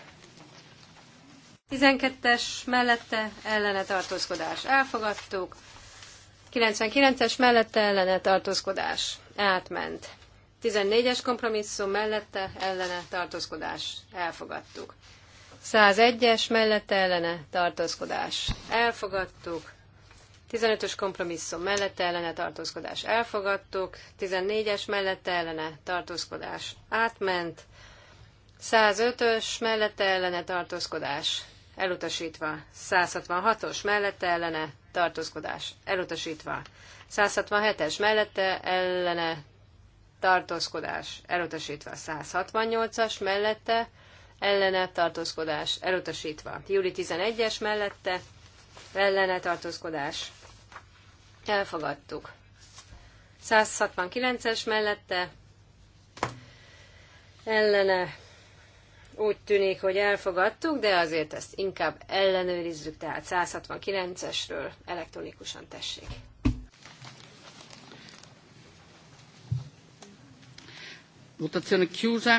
12-es mellette ellene tartózkodás. Elfogadtuk. 99-es mellette ellene tartózkodás. Átment. 14-es kompromisszum mellette ellene tartózkodás. Elfogadtuk. 101-es mellette ellene tartózkodás. Elfogadtuk. 15-ös kompromisszum mellette ellene tartózkodás elfogadtuk, 14-es mellette ellene tartózkodás átment, 105-ös mellette ellene tartózkodás elutasítva, 166-os mellette ellene tartózkodás elutasítva, 167-es mellette ellene tartózkodás elutasítva, 168-as mellette ellene tartózkodás elutasítva, júli 11-es mellette ellene tartózkodás Elfogadtuk. 169-es mellette ellene úgy tűnik, hogy elfogadtuk, de azért ezt inkább ellenőrizzük, tehát 169-esről elektronikusan tessék. Votazione chiusa.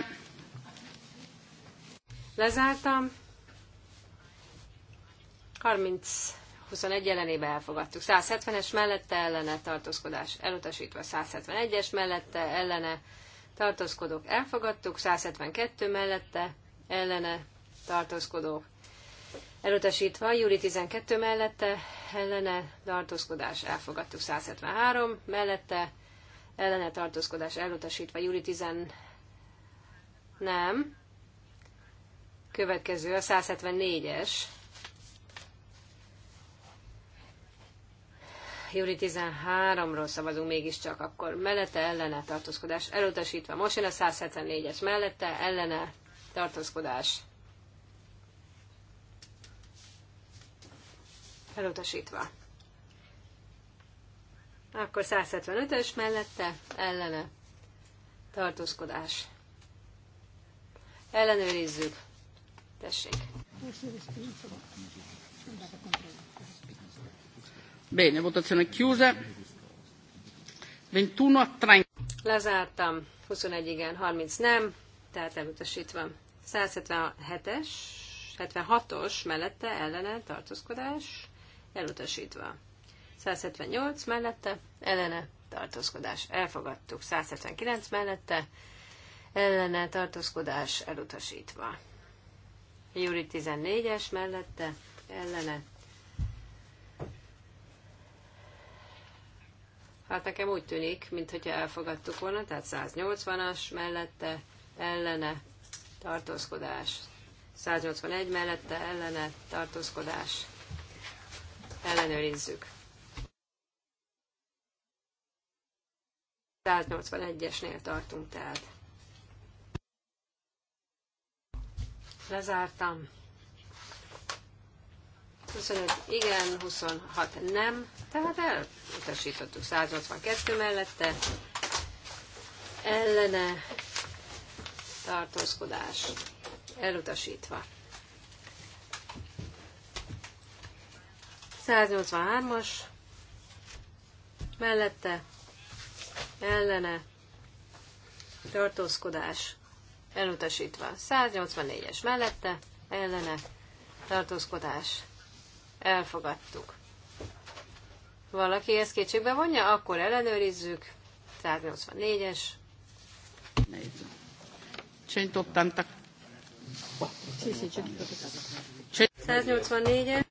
Lezártam. 30 21 ellenébe elfogadtuk. 170-es mellette ellene tartózkodás elutasítva. 171-es mellette ellene tartózkodók elfogadtuk. 172 mellette ellene tartózkodók elutasítva. Júli 12 mellette ellene tartózkodás elfogadtuk. 173 mellette ellene tartózkodás elutasítva. Júli 10 nem. Következő a 174-es júli 13-ról szavazunk mégiscsak, akkor mellette ellene tartózkodás elutasítva. Most jön a 174-es mellette ellene tartózkodás elutasítva. Akkor 175-ös mellette ellene tartózkodás. Ellenőrizzük. Tessék. Köszönöm. Bene, votazione chiusa. 21 a 30. Lezártam. 21 igen, 30 nem. Tehát elutasítva. 177-es, 76-os mellette ellene tartózkodás. Elutasítva. 178 mellette ellene tartózkodás. Elfogadtuk. 179 mellette ellene tartózkodás elutasítva. Júri 14-es mellette ellene Hát nekem úgy tűnik, mintha elfogadtuk volna, tehát 180-as mellette ellene tartózkodás. 181 mellette ellene tartózkodás. Ellenőrizzük. 181-esnél tartunk tehát. Lezártam. 25 igen, 26 nem, tehát elutasítottuk 182 mellette, ellene tartózkodás elutasítva. 183-as mellette ellene tartózkodás elutasítva. 184-es mellette ellene tartózkodás elfogadtuk. Valaki ezt kétségbe vonja, akkor ellenőrizzük. 184-es. 184-es.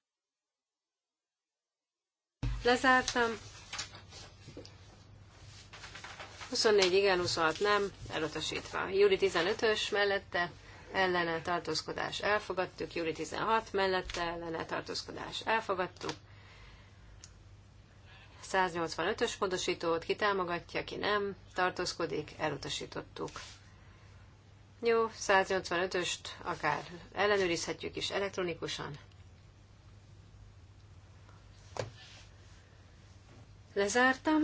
Lezártam. 24 igen, 26 nem, elutasítva. Júli 15-ös mellette ellene tartózkodás elfogadtuk, Júli 16 mellette ellene tartózkodás elfogadtuk, 185-ös módosítót, ki támogatja, ki nem, tartózkodik, elutasítottuk. Jó, 185-öst akár ellenőrizhetjük is elektronikusan. Lezártam.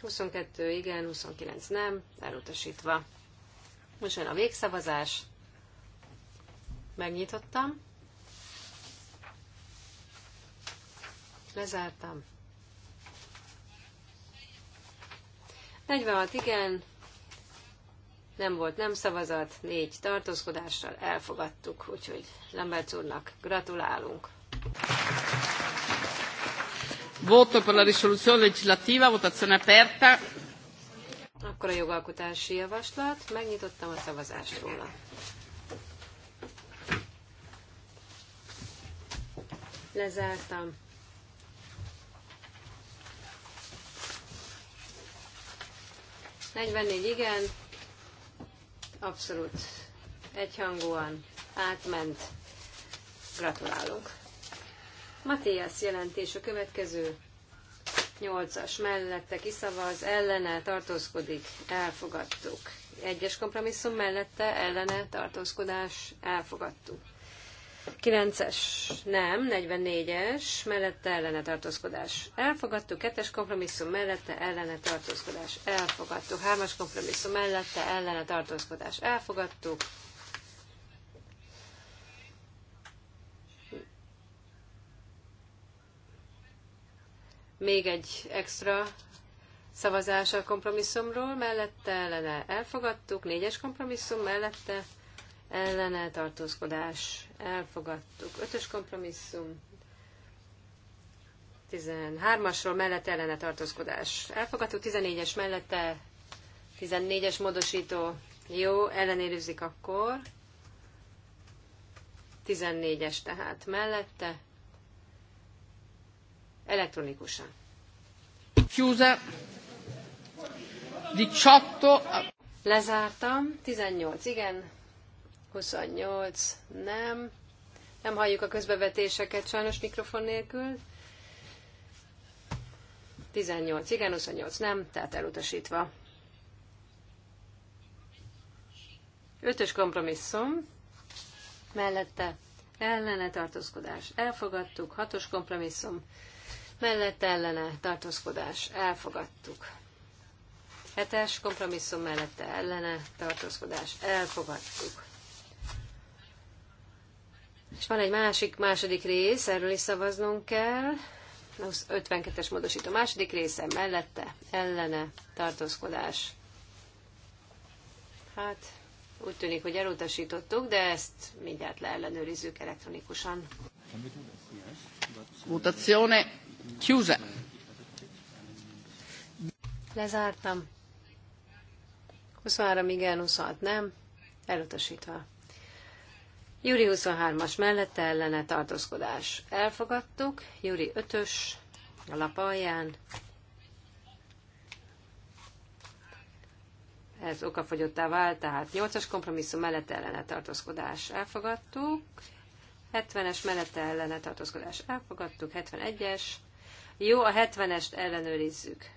22 igen, 29 nem, elutasítva. Most jön a végszavazás. Megnyitottam. Lezártam. 46 igen, nem volt nem szavazat, négy tartózkodással elfogadtuk, úgyhogy Lambert úrnak gratulálunk. Voto per la risoluzione legislativa, votazione aperta. Akkor a jogalkotási javaslat, megnyitottam a szavazást róla. Lezártam. Negyvennégy igen, abszolút egyhangúan átment. Gratulálunk. Matthias jelentés a következő. 8-as mellette kiszavaz, ellene tartózkodik, elfogadtuk. Egyes kompromisszum mellette ellene tartózkodás, elfogadtuk. 9-es nem, 44-es mellette ellene tartózkodás, elfogadtuk. 2-es kompromisszum mellette ellene tartózkodás, elfogadtuk. 3-as kompromisszum mellette ellene tartózkodás, elfogadtuk. még egy extra szavazás a kompromisszumról, mellette ellene elfogadtuk, négyes kompromisszum mellette ellene tartózkodás elfogadtuk, ötös kompromisszum, 13-asról mellette ellene tartózkodás elfogadtuk, 14-es mellette 14-es módosító, jó, ellenérőzik akkor, 14-es tehát mellette, elektronikusan. Chiusa. 18. Lezártam. 18 igen, 28 nem. Nem halljuk a közbevetéseket sajnos mikrofon nélkül. 18 igen, 28 nem, tehát elutasítva. Ötös kompromisszum, mellette ellene tartózkodás. Elfogadtuk, hatos kompromisszum, mellett ellene tartózkodás elfogadtuk. Hetes kompromisszum mellette ellene tartózkodás elfogadtuk. És van egy másik, második rész, erről is szavaznunk kell. 52-es módosító második része mellette ellene tartózkodás. Hát, úgy tűnik, hogy elutasítottuk, de ezt mindjárt leellenőrizzük elektronikusan. Mutazione Chiusa. Lezártam. 23 igen, 26 nem. Elutasítva. Júri 23-as mellette ellene tartózkodás. Elfogadtuk. Júri 5-ös a lap alján. Ez okafogyottá vált, tehát 8-as kompromisszum mellette ellene tartózkodás. Elfogadtuk. 70-es mellette ellene tartózkodás. Elfogadtuk. 71-es jó, a 70-est ellenőrizzük.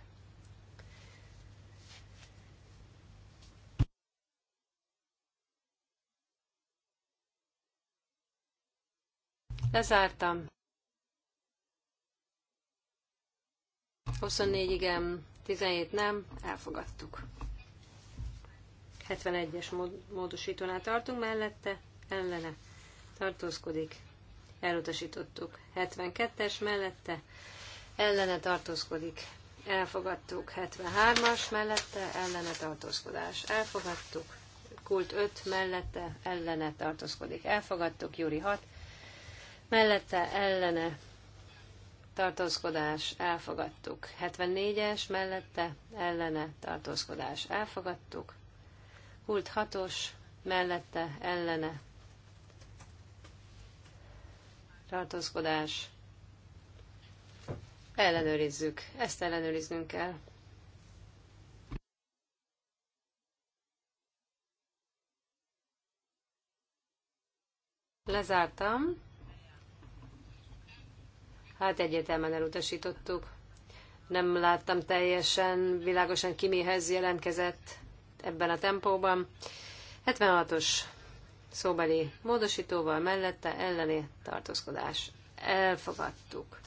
Lezártam. 24 igen, 17 nem, elfogadtuk. 71-es módosítónál tartunk mellette, ellene tartózkodik, elutasítottuk. 72-es mellette, ellene tartózkodik, elfogadtuk. 73-as mellette ellene tartózkodás, elfogadtuk. Kult 5 mellette ellene tartózkodik, elfogadtuk. Júri 6 mellette ellene tartózkodás, elfogadtuk. 74-es mellette ellene tartózkodás, elfogadtuk. Kult 6-os mellette ellene tartózkodás, Ellenőrizzük. Ezt ellenőriznünk kell. Lezártam. Hát egyértelműen elutasítottuk. Nem láttam teljesen világosan ki mihez jelentkezett ebben a tempóban. 76-os szóbeli módosítóval mellette elleni tartózkodás. Elfogadtuk.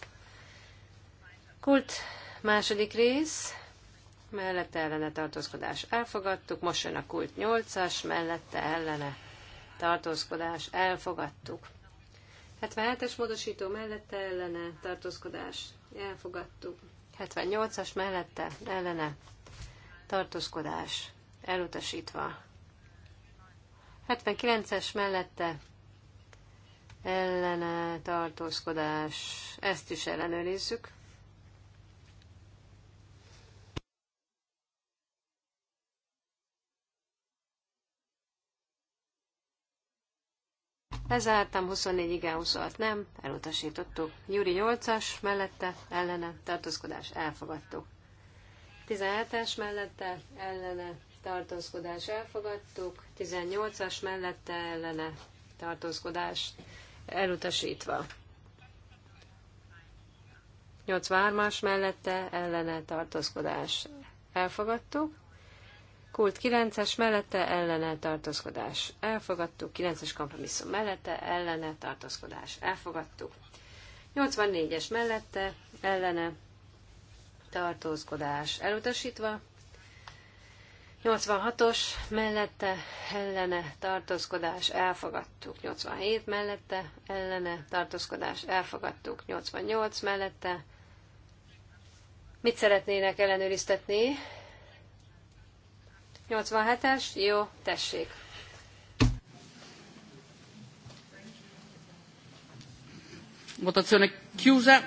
Kult második rész, mellette ellene tartózkodás elfogadtuk, most jön a kult nyolcas mellette ellene tartózkodás elfogadtuk. 77-es módosító mellette ellene tartózkodás elfogadtuk. 78-as mellette ellene tartózkodás elutasítva. 79-es mellette ellene tartózkodás, ezt is ellenőrizzük. Lezártam, 24 igen, 26 nem, elutasítottuk. Júri 8-as, mellette, ellene, tartózkodás, elfogadtuk. 17-es mellette, ellene, tartózkodás, elfogadtuk. 18-as mellette, ellene, tartózkodás, elutasítva. 83-as mellette, ellene, tartózkodás, elfogadtuk. Kult 9-es mellette ellene tartózkodás. Elfogadtuk. 9-es kompromisszum mellette ellene tartózkodás. Elfogadtuk. 84-es mellette ellene tartózkodás elutasítva. 86-os mellette ellene tartózkodás elfogadtuk. 87 mellette ellene tartózkodás elfogadtuk. 88 mellette Mit szeretnének ellenőriztetni? 87-es? Jó, tessék. Votazione chiusa.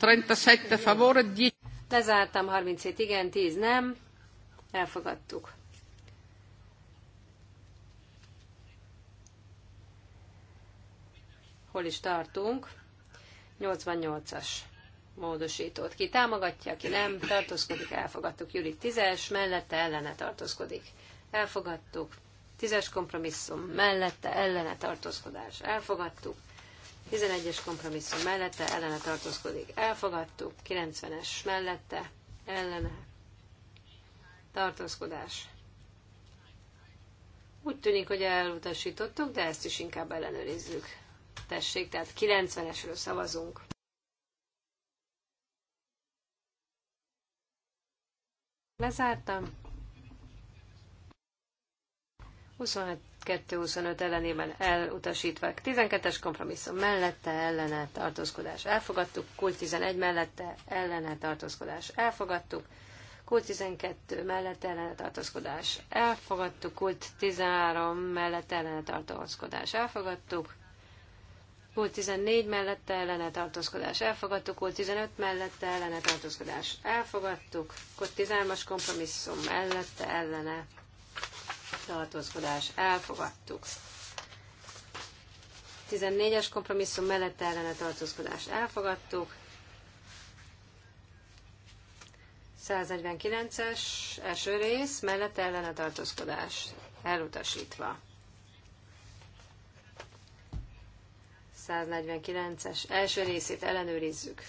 37 favore, 10. Lezártam 37 igen, 10 nem. Elfogadtuk. Hol is tartunk? 88-as módosítót. Ki támogatja, ki nem, tartózkodik, elfogadtuk. Júli tízes, mellette ellene tartózkodik. Elfogadtuk. Tízes kompromisszum, mellette ellene tartózkodás. Elfogadtuk. 11-es kompromisszum mellette ellene tartózkodik. Elfogadtuk. 90-es mellette ellene tartózkodás. Úgy tűnik, hogy elutasítottuk, de ezt is inkább ellenőrizzük. Tessék, tehát 90-esről szavazunk. Lezártam. 22-25 ellenében elutasítva. 12-es kompromisszum mellette ellene tartózkodás elfogadtuk. Kult 11 mellette ellene tartózkodás elfogadtuk. Kult 12 mellette ellene tartózkodás elfogadtuk. Kult 13 mellette ellene tartózkodás elfogadtuk. Kult 14 mellette ellene tartózkodás elfogadtuk, Kult 15 mellette ellene tartózkodás elfogadtuk, Kult 13-as kompromisszum mellette ellene tartózkodás elfogadtuk. 14-es kompromisszum mellette ellene tartózkodás elfogadtuk. 149-es első rész mellette ellene tartózkodás elutasítva. 149-es első részét ellenőrizzük.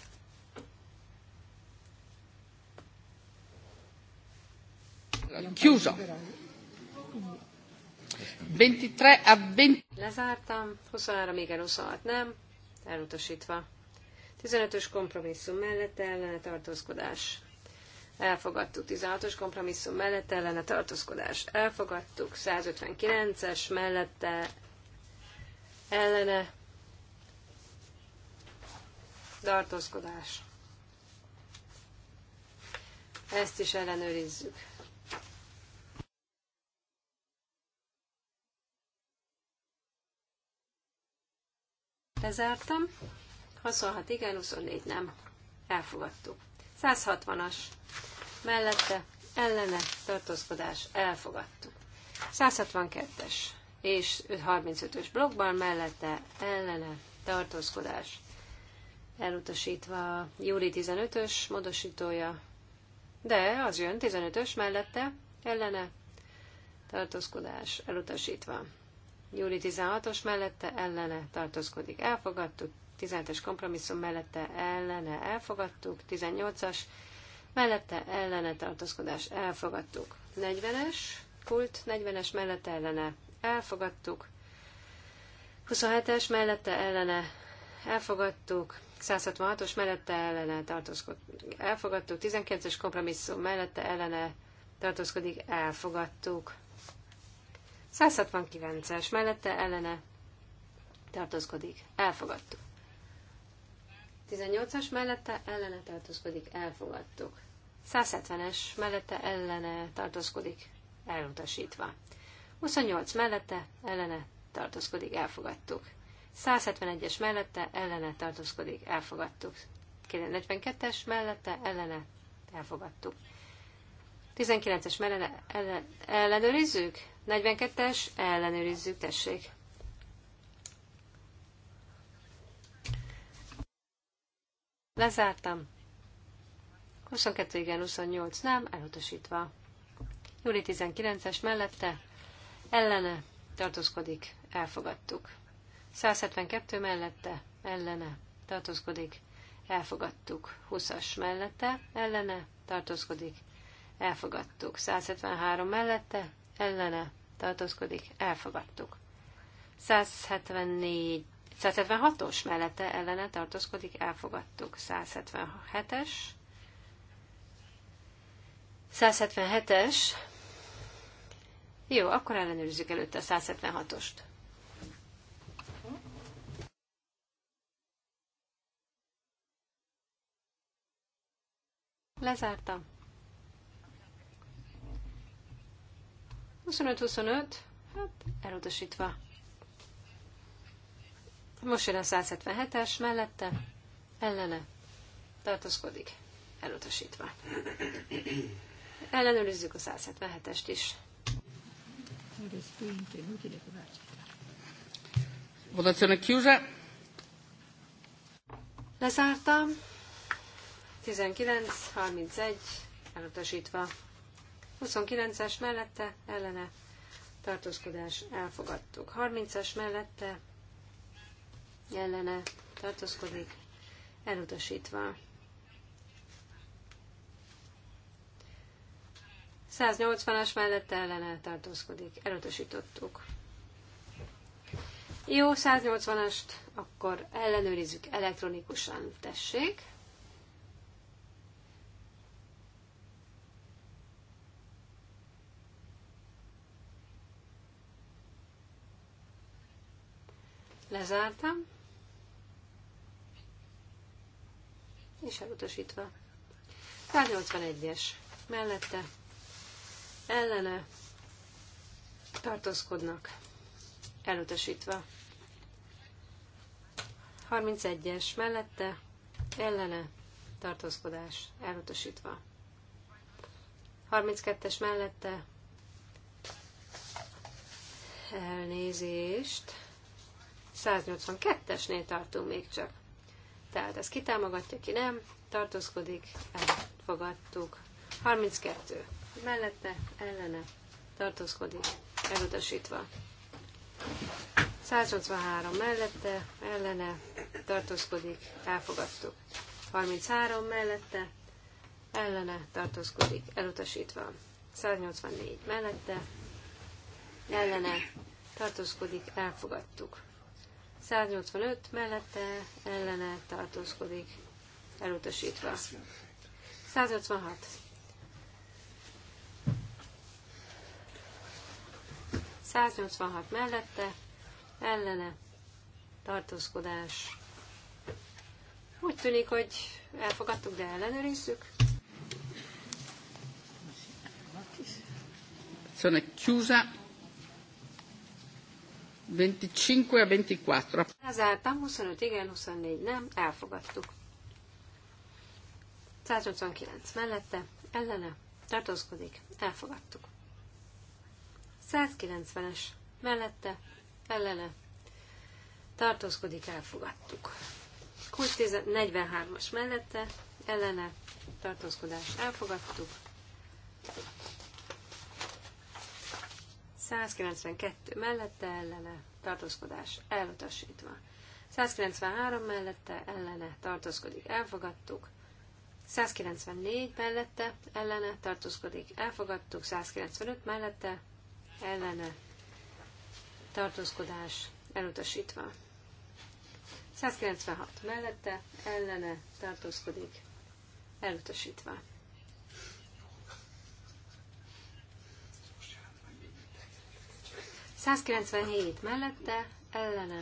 Chiuso. 23 a 20. Lezártam, 23 igen, 26 nem, elutasítva. 15-ös kompromisszum mellett ellene tartózkodás. Elfogadtuk 16-os kompromisszum mellett ellene tartózkodás. Elfogadtuk 159-es mellette ellene tartózkodás. Ezt is ellenőrizzük. Lezártam. 26 igen, 24 nem. Elfogadtuk. 160-as. Mellette ellene tartózkodás. Elfogadtuk. 162-es és 35-ös blokkban mellette ellene tartózkodás elutasítva a júli 15-ös módosítója, de az jön 15-ös mellette, ellene, tartózkodás elutasítva. Júli 16-os mellette, ellene, tartózkodik, elfogadtuk, 17-es kompromisszum mellette, ellene, elfogadtuk, 18-as, mellette, ellene, tartózkodás, elfogadtuk. 40-es, kult, 40-es mellette, ellene, elfogadtuk, 27-es mellette, ellene, elfogadtuk, 166-os mellette ellene tartózkodik. Elfogadtuk. 19-es kompromisszum mellette ellene tartózkodik. Elfogadtuk. 169-es mellette ellene tartózkodik. Elfogadtuk. 18-as mellette ellene tartózkodik. Elfogadtuk. 170-es mellette ellene tartózkodik. Elutasítva. 28 mellette ellene tartózkodik. Elfogadtuk. 171-es mellette ellene tartózkodik, elfogadtuk. 42-es mellette ellene elfogadtuk. 19-es mellene ellen, ellenőrizzük? 42-es ellenőrizzük, tessék. Lezártam. 22 igen, 28 nem, elutasítva. Júli 19-es mellette ellene tartózkodik, elfogadtuk. 172 mellette, ellene, tartózkodik, elfogadtuk. 20-as mellette, ellene, tartózkodik, elfogadtuk. 173 mellette, ellene, tartózkodik, elfogadtuk. 174 176-os mellette ellene tartózkodik, elfogadtuk. 177-es. 177-es. Jó, akkor ellenőrizzük előtte a 176-ost. Lezárta. 25-25, hát elutasítva. Most jön a 177-es mellette, ellene tartozkodik, elutasítva. Ellenőrizzük a 177-est is. Lezártam. 19-31 elutasítva. 29-es mellette ellene tartózkodás elfogadtuk. 30-as mellette ellene tartózkodik elutasítva. 180-as mellette ellene tartózkodik. Elutasítottuk. Jó, 180-ast, akkor ellenőrizzük elektronikusan. Tessék! Lezártam. És elutasítva. 181-es. Mellette. Ellene. Tartózkodnak. Elutasítva. 31-es. Mellette. Ellene. Tartózkodás. Elutasítva. 32-es mellette elnézést. 182-esnél tartunk még csak. Tehát ez kitámogatja, ki nem, tartózkodik, elfogadtuk. 32. Mellette, ellene, tartózkodik, elutasítva. 183 mellette, ellene, tartózkodik, elfogadtuk. 33 mellette, ellene, tartózkodik, elutasítva. 184 mellette, ellene, tartózkodik, elfogadtuk. 185 mellette ellene tartózkodik, elutasítva. 186. 186 mellette ellene tartózkodás. Úgy tűnik, hogy elfogadtuk, de ellenőrizzük. Szóval, chiusa 25 24. Lezártam, 25 igen, 24 nem, elfogadtuk. 189 mellette, ellene, tartózkodik, elfogadtuk. 190-es mellette, ellene, tartózkodik, elfogadtuk. Kult 43-as mellette, ellene, tartózkodás, elfogadtuk. 192 mellette ellene tartózkodás elutasítva. 193 mellette ellene tartózkodik, elfogadtuk. 194 mellette ellene tartózkodik, elfogadtuk. 195 mellette ellene tartózkodás elutasítva. 196 mellette ellene tartózkodik, elutasítva. 197 mellette, ellene,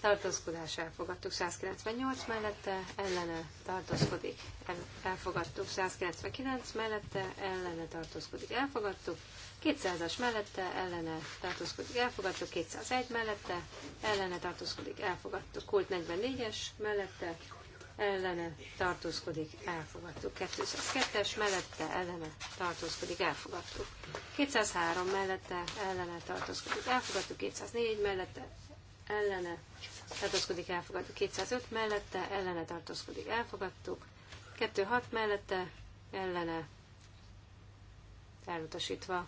tartózkodás elfogadtuk. 198 mellette, ellene, tartózkodik, elfogadtuk. 199 mellette, ellene, tartózkodik, elfogadtuk. 200-as mellette, ellene, tartózkodik, elfogadtuk. 201 mellette, ellene, tartózkodik, elfogadtuk. Kult 44-es mellette, ellene tartózkodik, elfogadtuk. 202-es mellette ellene tartózkodik, elfogadtuk. 203 mellette ellene tartózkodik, elfogadtuk. 204 mellette ellene tartózkodik, elfogadtuk. 205 mellette ellene tartózkodik, elfogadtuk. 206 mellette ellene elutasítva.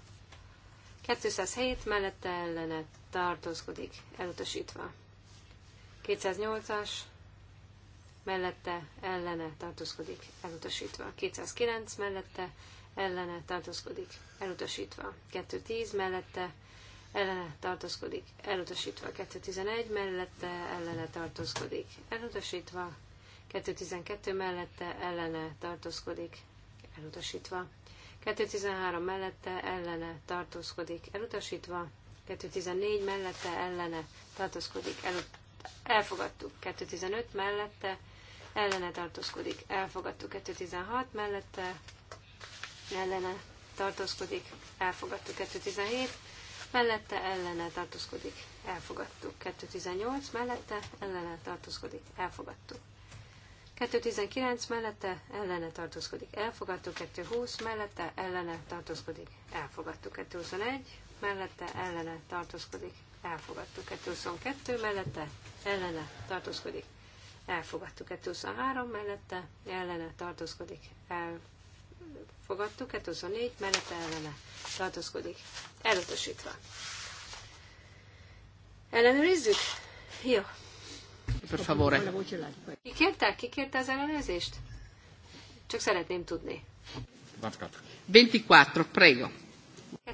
207 mellette ellene tartózkodik, elutasítva. 208-as mellette ellene tartózkodik elutasítva. 209 mellette ellene tartózkodik elutasítva. 210 mellette ellene tartózkodik elutasítva. 211 mellette ellene tartózkodik elutasítva. 212 mellette ellene tartózkodik elutasítva. 213 mellette ellene tartózkodik elutasítva. 214 mellette ellene tartózkodik elutasítva elfogadtuk. 215 mellette ellene tartózkodik. Elfogadtuk 216 mellette, ellene tartózkodik. Elfogadtuk 217 mellette, ellene tartózkodik. Elfogadtuk 218 mellette, ellene tartózkodik. Elfogadtuk. 219 mellette ellene tartózkodik. Elfogadtuk 220 mellette ellene tartózkodik. Elfogadtuk 221 mellette ellene tartózkodik. Elfogadtuk 222 mellette ellene tartózkodik elfogadtuk 23 mellette, ellene tartózkodik, elfogadtuk 24 mellette, ellene tartózkodik, elutasítva. Ellenőrizzük? Jó. Per favore. Ki kérte? Ki kérte az ellenőrzést? Csak szeretném tudni. 24, prego.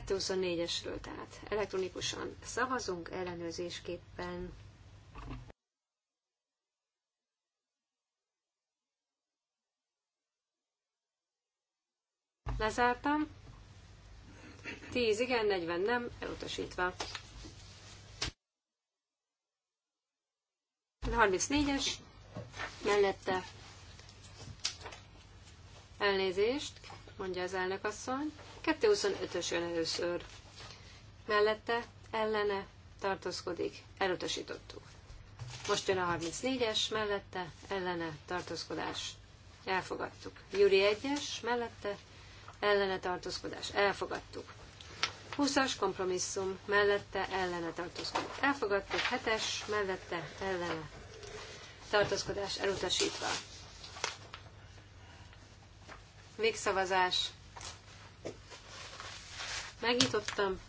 224-esről tehát elektronikusan szavazunk ellenőrzésképpen. Lezártam. 10 igen, 40 nem, elutasítva. 34-es, mellette elnézést, mondja az elnök asszony. 225-ös jön először. Mellette, ellene, tartózkodik, elutasítottuk. Most jön a 34-es, mellette, ellene, tartózkodás, elfogadtuk. Júri 1-es, mellette, ellene tartózkodás elfogadtuk. 20-as kompromisszum mellette ellene tartózkodás. Elfogadtuk 7-es mellette ellene tartózkodás elutasítva. Végszavazás. Megnyitottam.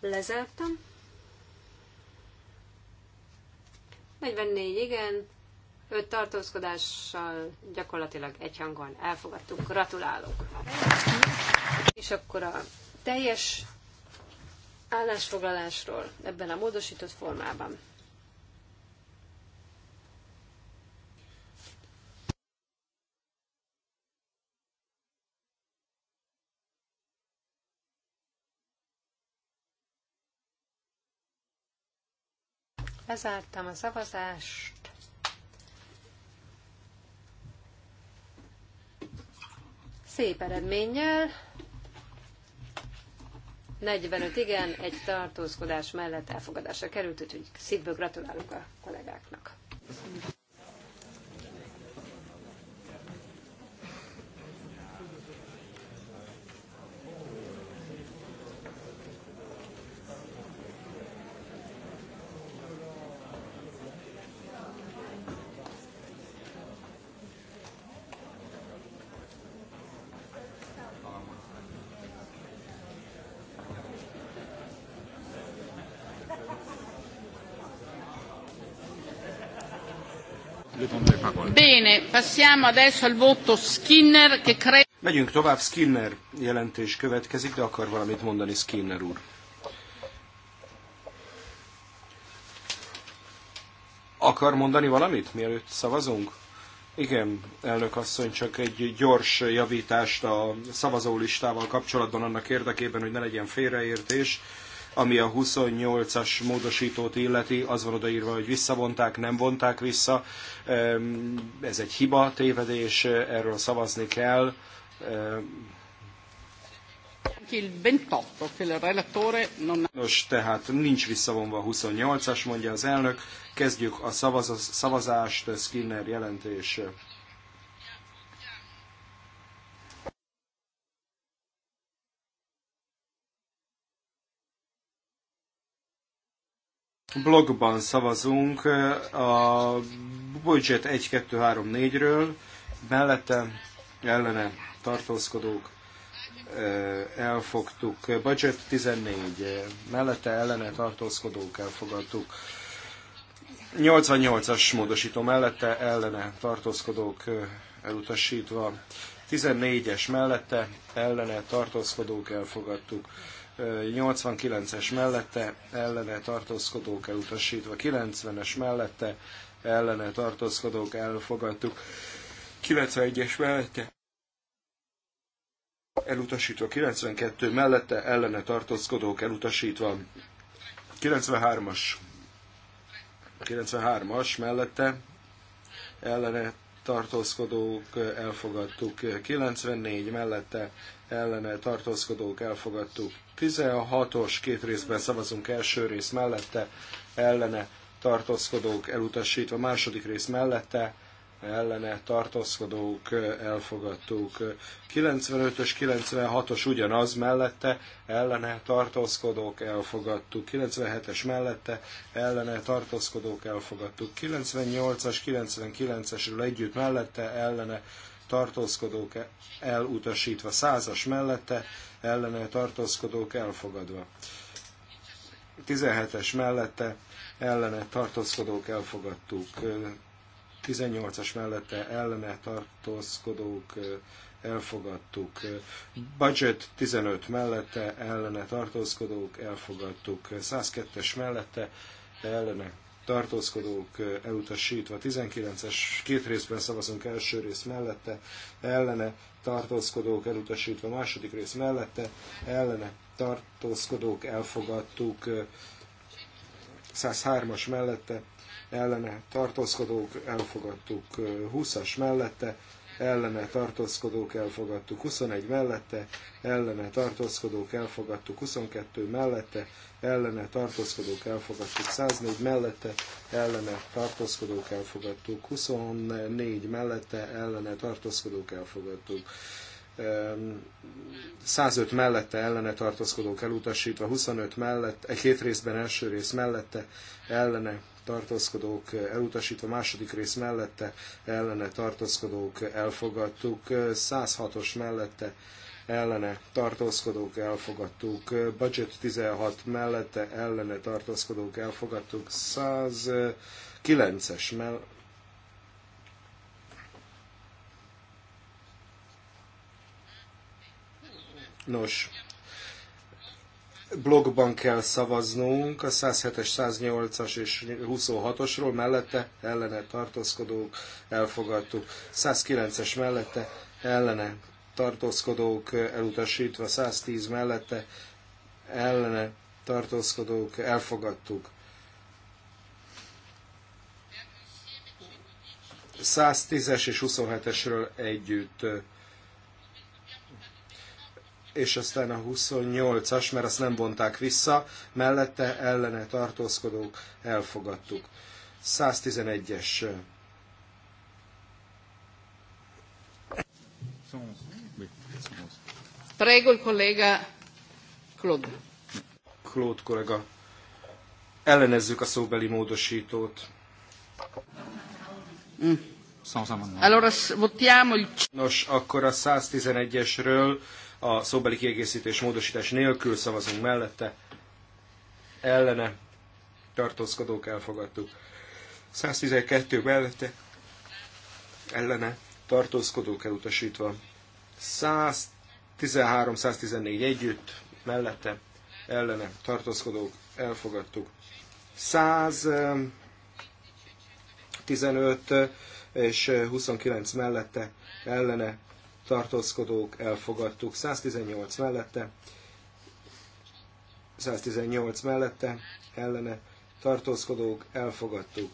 Lezártam. 44 igen, 5 tartózkodással gyakorlatilag egyhangon elfogadtuk. Gratulálok! És akkor a teljes állásfoglalásról ebben a módosított formában. Lezártam a szavazást. Szép eredménnyel. 45 igen, egy tartózkodás mellett elfogadásra került, úgyhogy szívből gratulálunk a kollégáknak. passiamo adesso al voto Skinner che Megyünk tovább, Skinner jelentés következik, de akar valamit mondani Skinner úr. Akar mondani valamit, mielőtt szavazunk? Igen, elnök asszony, csak egy gyors javítást a szavazólistával kapcsolatban annak érdekében, hogy ne legyen félreértés. Ami a 28-as módosítót illeti, az van odaírva, hogy visszavonták, nem vonták vissza. Ez egy hiba, tévedés, erről szavazni kell. Nos, tehát nincs visszavonva a 28-as, mondja az elnök. Kezdjük a szavaz, szavazást, Skinner jelentés blogban szavazunk a budget 1, 2, 3, 4-ről, mellette ellene tartózkodók elfogtuk. Budget 14, mellette ellene tartózkodók elfogadtuk. 88-as módosító mellette ellene tartózkodók elutasítva. 14-es mellette ellene tartózkodók elfogadtuk. 89-es mellette ellene tartózkodók elutasítva, 90-es mellette ellene tartózkodók elfogadtuk, 91-es mellette elutasítva, 92 mellette ellene tartózkodók elutasítva, 93-as 93-as mellette ellene tartózkodók elfogadtuk, 94 mellette ellene tartózkodók elfogadtuk. 16-os két részben szavazunk első rész mellette, ellene tartózkodók elutasítva, második rész mellette, ellene tartózkodók elfogadtuk. 95-ös, 96-os ugyanaz mellette, ellene tartózkodók elfogadtuk. 97-es mellette, ellene tartózkodók elfogadtuk. 98-as, 99-esről együtt mellette, ellene tartózkodók e- elutasítva, százas mellette ellene tartózkodók elfogadva. 17-es mellette ellene tartózkodók elfogadtuk, 18-as mellette ellene tartózkodók elfogadtuk. Budget 15 mellette ellene tartózkodók elfogadtuk. 102-es mellette ellene tartózkodók elutasítva. 19-es két részben szavazunk első rész mellette, ellene tartózkodók elutasítva, második rész mellette, ellene tartózkodók elfogadtuk 103-as mellette, ellene tartózkodók elfogadtuk 20-as mellette, ellene tartózkodók elfogadtuk 21 mellette, ellene tartózkodók elfogadtuk 22 mellette, ellene tartózkodók elfogadtuk 104 mellette, ellene tartózkodók elfogadtuk 24 mellette, ellene tartózkodók elfogadtuk 105 mellette ellene tartózkodók elutasítva, 25 mellett, egy két részben első rész mellette ellene tartózkodók elutasítva, második rész mellette ellene tartózkodók elfogadtuk, 106-os mellette ellene tartózkodók elfogadtuk, budget 16 mellette ellene tartózkodók elfogadtuk, 109-es mellette. Nos, blogban kell szavaznunk a 107-es, 108-as és 26-osról, mellette ellene tartózkodók elfogadtuk. 109-es mellette ellene tartózkodók elutasítva, 110 mellette ellene tartózkodók elfogadtuk. 110-es és 27-esről együtt és aztán a 28-as, mert azt nem vonták vissza, mellette ellene tartózkodók elfogadtuk. 111-es. Prego il collega Claude. Claude kollega. Ellenezzük a szóbeli módosítót. Mm. Nos, akkor a 111-esről a szóbeli kiegészítés módosítás nélkül szavazunk mellette, ellene tartózkodók elfogadtuk. 112 mellette, ellene tartózkodók elutasítva. 113-114 együtt, mellette, ellene tartózkodók elfogadtuk. 115 és 29 mellette ellene tartózkodók elfogadtuk. 118 mellette, 118 mellette, ellene tartózkodók elfogadtuk.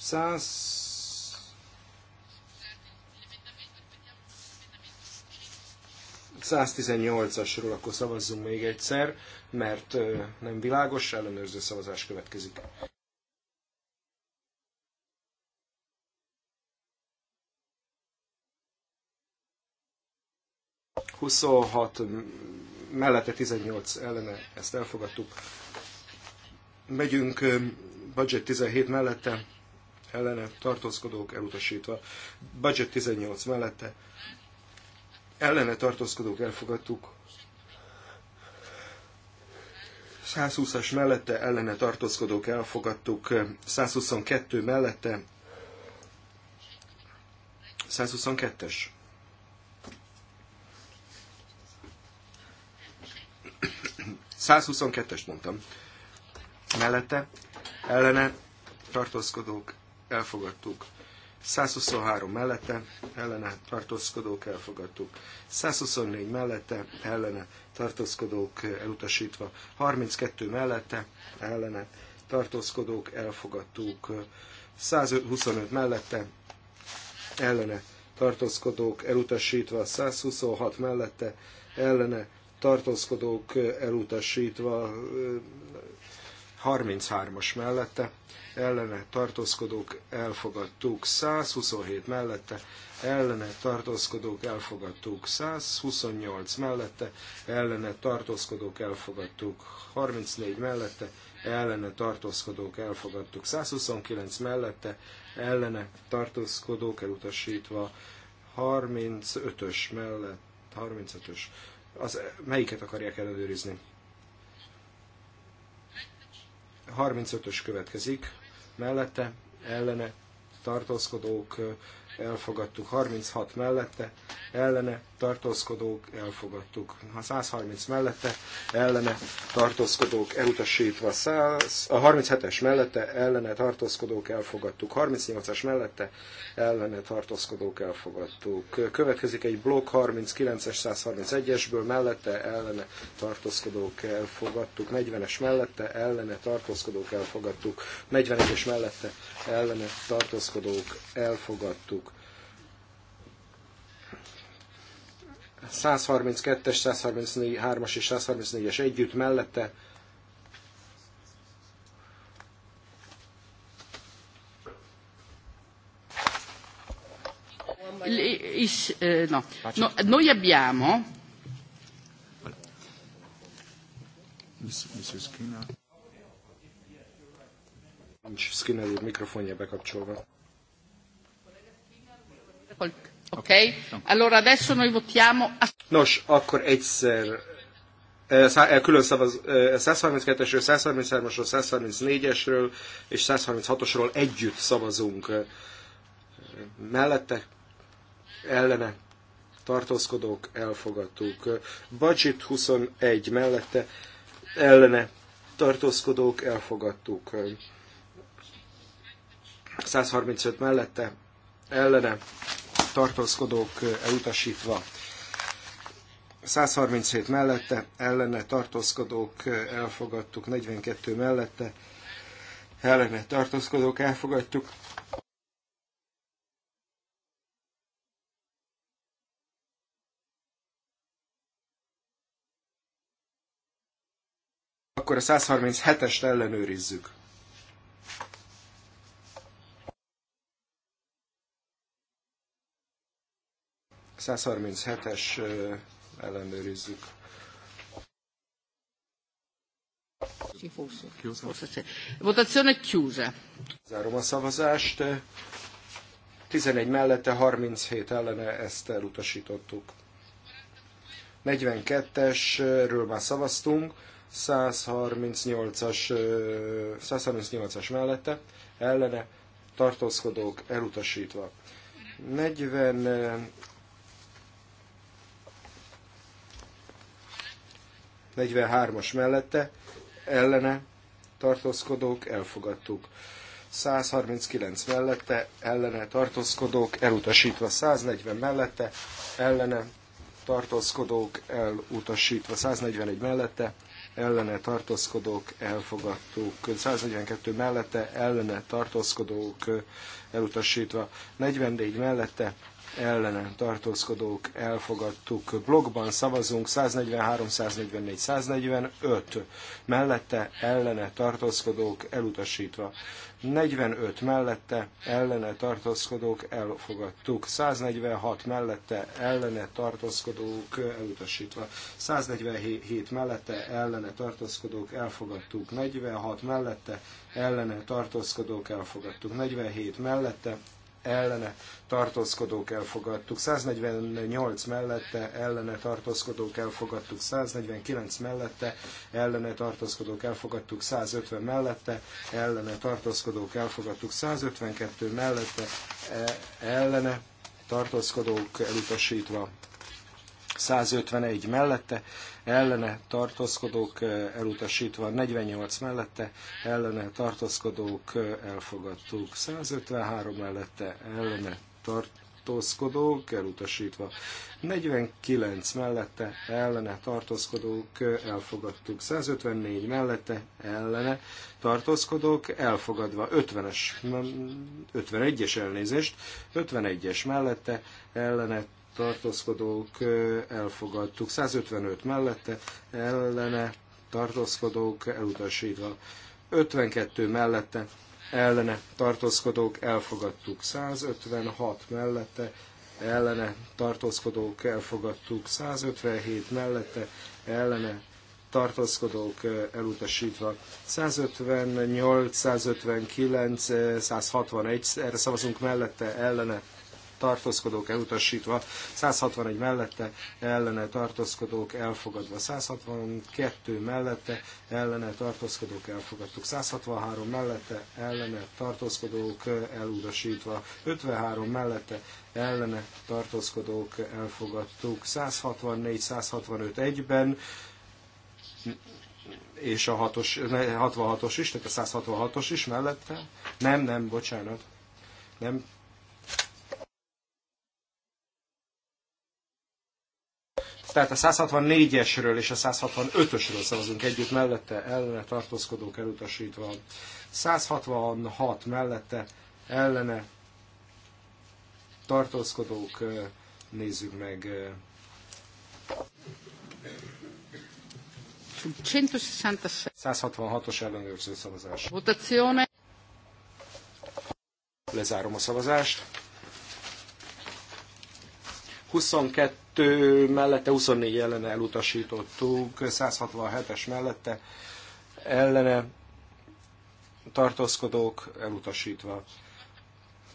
100 118-asról akkor szavazzunk még egyszer, mert nem világos, ellenőrző szavazás következik. 26 mellette 18 ellene, ezt elfogadtuk. Megyünk budget 17 mellette, ellene tartózkodók elutasítva. Budget 18 mellette, ellene tartózkodók elfogadtuk. 120-as mellette ellene tartózkodók elfogadtuk, 122 mellette 122-es. 122-est mondtam. Mellette ellene tartózkodók elfogadtuk. 123 mellette ellene tartózkodók elfogadtuk. 124 mellette ellene tartózkodók elutasítva. 32 mellette ellene tartózkodók elfogadtuk. 125 mellette ellene tartózkodók elutasítva. 126 mellette ellene tartózkodók elutasítva 33-as mellette, ellene tartózkodók elfogadtuk 127 mellette, ellene tartózkodók elfogadtuk 128 mellette, ellene tartózkodók elfogadtuk 34 mellette, ellene tartózkodók elfogadtuk 129 mellette, ellene tartózkodók elutasítva 35-ös mellett, 35-ös az, melyiket akarják ellenőrizni? 35-ös következik, mellette ellene tartózkodók elfogadtuk, 36 mellette, ellene tartózkodók, elfogadtuk, 130 mellette, ellene tartózkodók, elutasítva, 100, a 37-es mellette, ellene tartózkodók, elfogadtuk, 38-as mellette, ellene tartózkodók, elfogadtuk. Következik egy blokk 39-es, 131-esből, mellette, ellene tartózkodók, elfogadtuk, 40-es mellette, ellene tartózkodók, elfogadtuk, 41-es mellette, ellene tartózkodók, elfogadtuk. 132-es, 133-as és 134-es együtt mellette. Is, eh, no. No, noi abbiamo Skinner. Nincs Skinner úr mikrofonja bekapcsolva. Ok? Allora adesso noi votiamo... Nos, akkor egyszer eh, eh, külön szavaz 132-esről, 133-asról, 134-esről és 136-osról együtt szavazunk. Mellette, ellene, tartózkodók, elfogadtuk. Budget 21 mellette, ellene, tartózkodók, elfogadtuk. 135 mellette, ellene, tartózkodók elutasítva. 137 mellette, ellene tartózkodók elfogadtuk, 42 mellette, ellene tartózkodók elfogadtuk. Akkor a 137-est ellenőrizzük. 137-es ellenőrizzük. Votazione chiusa. Zárom a szavazást. 11 mellette, 37 ellene ezt elutasítottuk. 42-esről már szavaztunk, 138-as, 138 mellette, ellene tartózkodók elutasítva. 40 43-as mellette, ellene tartózkodók, elfogadtuk. 139 mellette, ellene tartózkodók, elutasítva 140 mellette, ellene tartózkodók, elutasítva 141 mellette, ellene tartózkodók, elfogadtuk. 142 mellette, ellene tartózkodók, elutasítva 44 mellette, ellene tartózkodók elfogadtuk. Blogban szavazunk 143, 144, 145 mellette ellene tartózkodók elutasítva. 45 mellette ellene tartózkodók elfogadtuk. 146 mellette ellene tartózkodók elutasítva. 147 mellette ellene tartózkodók elfogadtuk. 46 mellette ellene tartózkodók elfogadtuk. 47 mellette ellene tartózkodók elfogadtuk, 148 mellette ellene tartózkodók elfogadtuk, 149 mellette ellene tartózkodók elfogadtuk, 150 mellette ellene tartózkodók elfogadtuk, 152 mellette eh, ellene tartózkodók elutasítva, 151 eh, eh, mellette, ellene tartózkodók elutasítva, 48 mellette, ellene tartózkodók eh, elfogadtuk, 153 mellette, ellene tartózkodók elutasítva, 49 mellette, ellene tartózkodók elfogadtuk, 154 mellette, ellene tartózkodók elfogadva, 50-es, 51-es mm, elnézést, 51-es mellette, ellene tartózkodók elfogadtuk. 155 mellette ellene tartózkodók elutasítva. 52 mellette ellene tartózkodók elfogadtuk. 156 mellette ellene tartózkodók elfogadtuk. 157 mellette ellene tartózkodók elutasítva. 158, 159, 161, erre szavazunk mellette, ellene tartózkodók elutasítva, 161 mellette ellene tartózkodók elfogadva, 162 mellette ellene tartózkodók elfogadtuk, 163 mellette ellene tartózkodók elutasítva, 53 mellette ellene tartózkodók elfogadtuk, 164-165 egyben, és a hatos, 66-os is, tehát a 166-os is mellette. Nem, nem, bocsánat. Nem, tehát a 164-esről és a 165-ösről szavazunk együtt mellette, ellene tartózkodók elutasítva. 166 mellette, ellene tartózkodók, nézzük meg. 166-os ellenőrző szavazás. Votazione. Lezárom a szavazást. 22 22 mellette, 24 ellene elutasítottuk, 167-es mellette ellene tartózkodók elutasítva,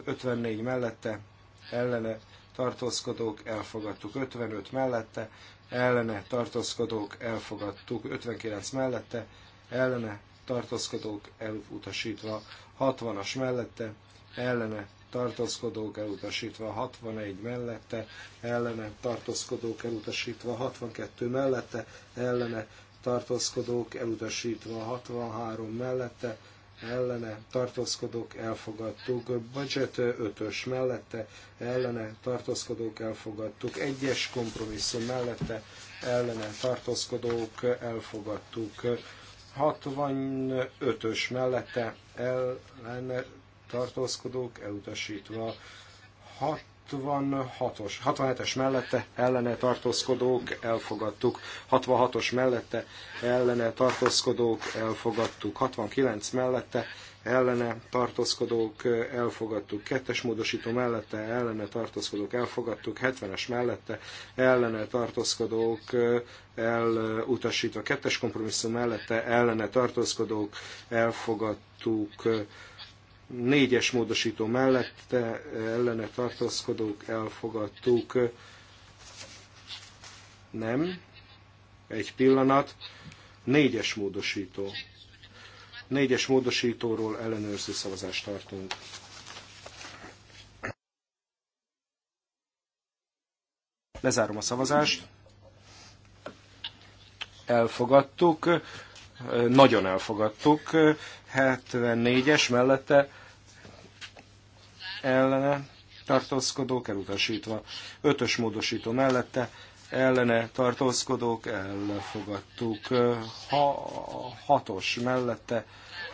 54 mellette ellene tartózkodók elfogadtuk, 55 mellette ellene tartózkodók elfogadtuk, 59 mellette ellene tartózkodók elutasítva, 60-as mellette ellene tartózkodók elutasítva 61 mellette, ellene tartózkodók elutasítva 62 mellette, ellene tartózkodók elutasítva 63 mellette, ellene tartózkodók elfogadtuk, budget 5-ös mellette, ellene tartózkodók elfogadtuk, egyes kompromisszum mellette, ellene tartózkodók elfogadtuk, 65-ös mellette ellene tartózkodók elutasítva. 66-os, 67-es mellette ellene tartózkodók elfogadtuk, 66-os mellette ellene tartózkodók elfogadtuk, 69 mellette ellene tartózkodók elfogadtuk, kettes módosító mellette ellene tartózkodók elfogadtuk, 70-es mellette ellene tartózkodók elutasítva, kettes kompromisszum mellette ellene tartózkodók elfogadtuk, négyes módosító mellette ellene tartózkodók elfogadtuk. Nem. Egy pillanat. Négyes módosító. Négyes módosítóról ellenőrző szavazást tartunk. Lezárom a szavazást. Elfogadtuk. Nagyon elfogadtuk. 74-es mellette ellene tartózkodók elutasítva. Ötös módosító mellette ellene tartózkodók elfogadtuk. Ha, hatos mellette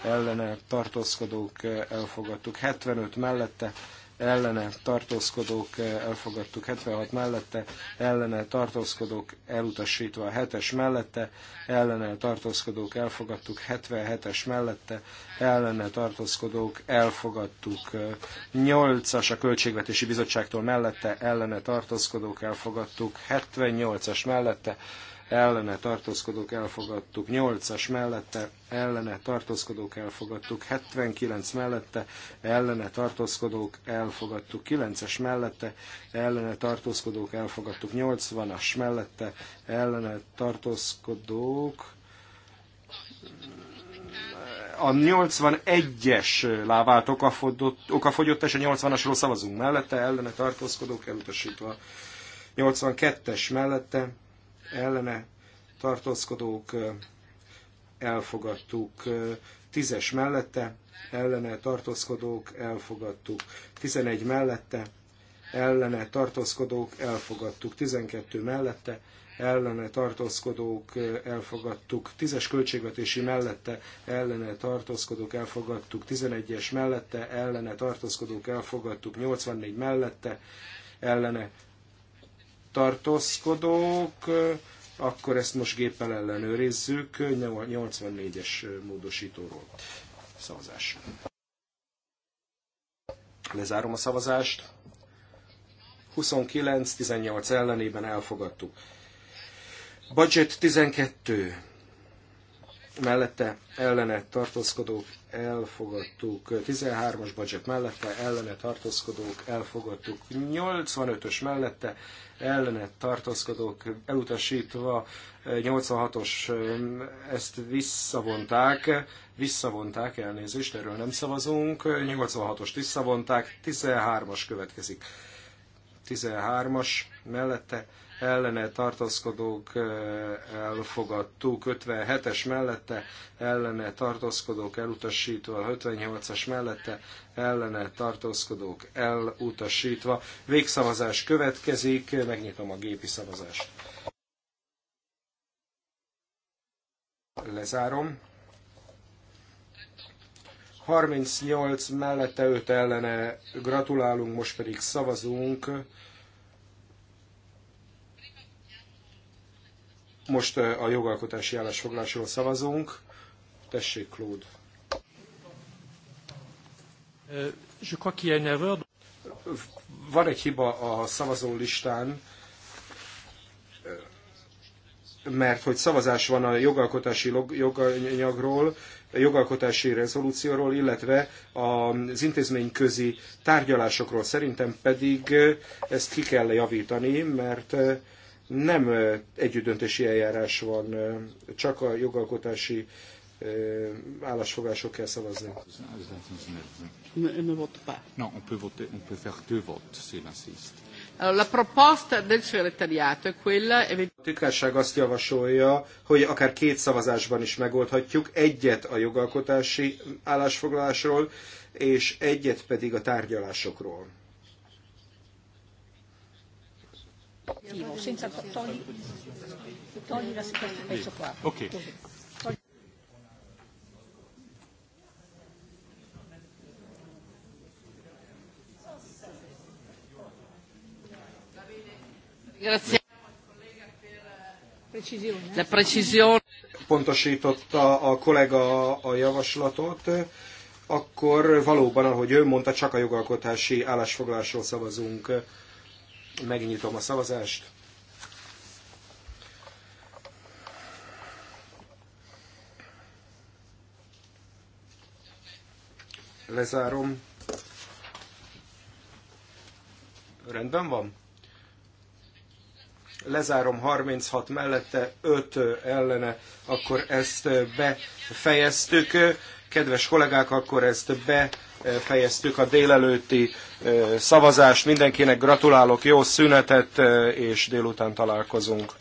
ellene tartózkodók elfogadtuk. 75 mellette ellene tartózkodók eh, elfogadtuk, 76 mellette ellene tartózkodók elutasítva, 7-es mellette ellene tartózkodók elfogadtuk, 77-es mellette ellene tartózkodók elfogadtuk, 8-as eh, a Költségvetési Bizottságtól mellette ellene tartózkodók elfogadtuk, 78-as mellette ellene tartózkodók elfogadtuk, 8-as mellette ellene tartózkodók elfogadtuk, 79 mellette ellene tartózkodók elfogadtuk, 9-es mellette ellene tartózkodók elfogadtuk, 80-as mellette ellene tartózkodók a 81-es lávát okafogyott, okafogyott és a 80-asról szavazunk mellette, ellene tartózkodók elutasítva. 82-es mellette ellene tartózkodók elfogadtuk. Tízes mellette ellene tartózkodók elfogadtuk. Tizenegy mellette ellene tartózkodók elfogadtuk. Tizenkettő mellette ellene tartózkodók elfogadtuk, Tízes költségvetési mellette ellene tartózkodók elfogadtuk, Tizenegyes es mellette ellene tartózkodók elfogadtuk, Nyolcvannégy mellette ellene tartózkodók, akkor ezt most géppel ellenőrizzük, 84-es módosítóról szavazás. Lezárom a szavazást. 29-18 ellenében elfogadtuk. Budget 12 mellette ellene tartózkodók elfogadtuk, 13-as budget mellette ellene tartózkodók elfogadtuk, 85-ös mellette ellene tartózkodók elutasítva, 86-os eh, eh, ezt visszavonták, visszavonták, elnézést, erről nem szavazunk, 86-ost visszavonták, 13-as következik. 13-as mellette ellene tartózkodók elfogadtuk, 57-es mellette ellene tartózkodók elutasítva, 58-as mellette ellene tartózkodók elutasítva. Végszavazás következik, megnyitom a gépi szavazást. Lezárom. 38 mellette 5 ellene gratulálunk, most pedig szavazunk. Most eh, a jogalkotási állásfoglásról szavazunk. Tessék, Claude. Euh, van egy hiba a szavazó listán, mert hogy szavazás van a jogalkotási joganyagról, a jogalkotási rezolúcióról, illetve az intézményközi tárgyalásokról. Szerintem pedig eh, ezt ki kell javítani, mert eh, nem együttdöntési eljárás van, csak a jogalkotási állásfogások kell szavazni. Non, on peut voter, on peut faire deux votes, s'il insiste. La proposta del segretariato è quella... A titkárság azt javasolja, hogy akár két szavazásban is megoldhatjuk, egyet a jogalkotási állásfoglalásról, és egyet pedig a tárgyalásokról. attivo, senza togli questo pezzo qua. Grazie. Eh? La precisione. Pontosította a kollega a javaslatot, akkor valóban, ahogy ő mondta, csak a jogalkotási állásfoglalásról szavazunk. Megnyitom a szavazást. Lezárom. Rendben van? lezárom 36 mellette, 5 ellene, akkor ezt befejeztük. Kedves kollégák, akkor ezt be befejeztük a délelőtti szavazást. Mindenkinek gratulálok, jó szünetet, és délután találkozunk.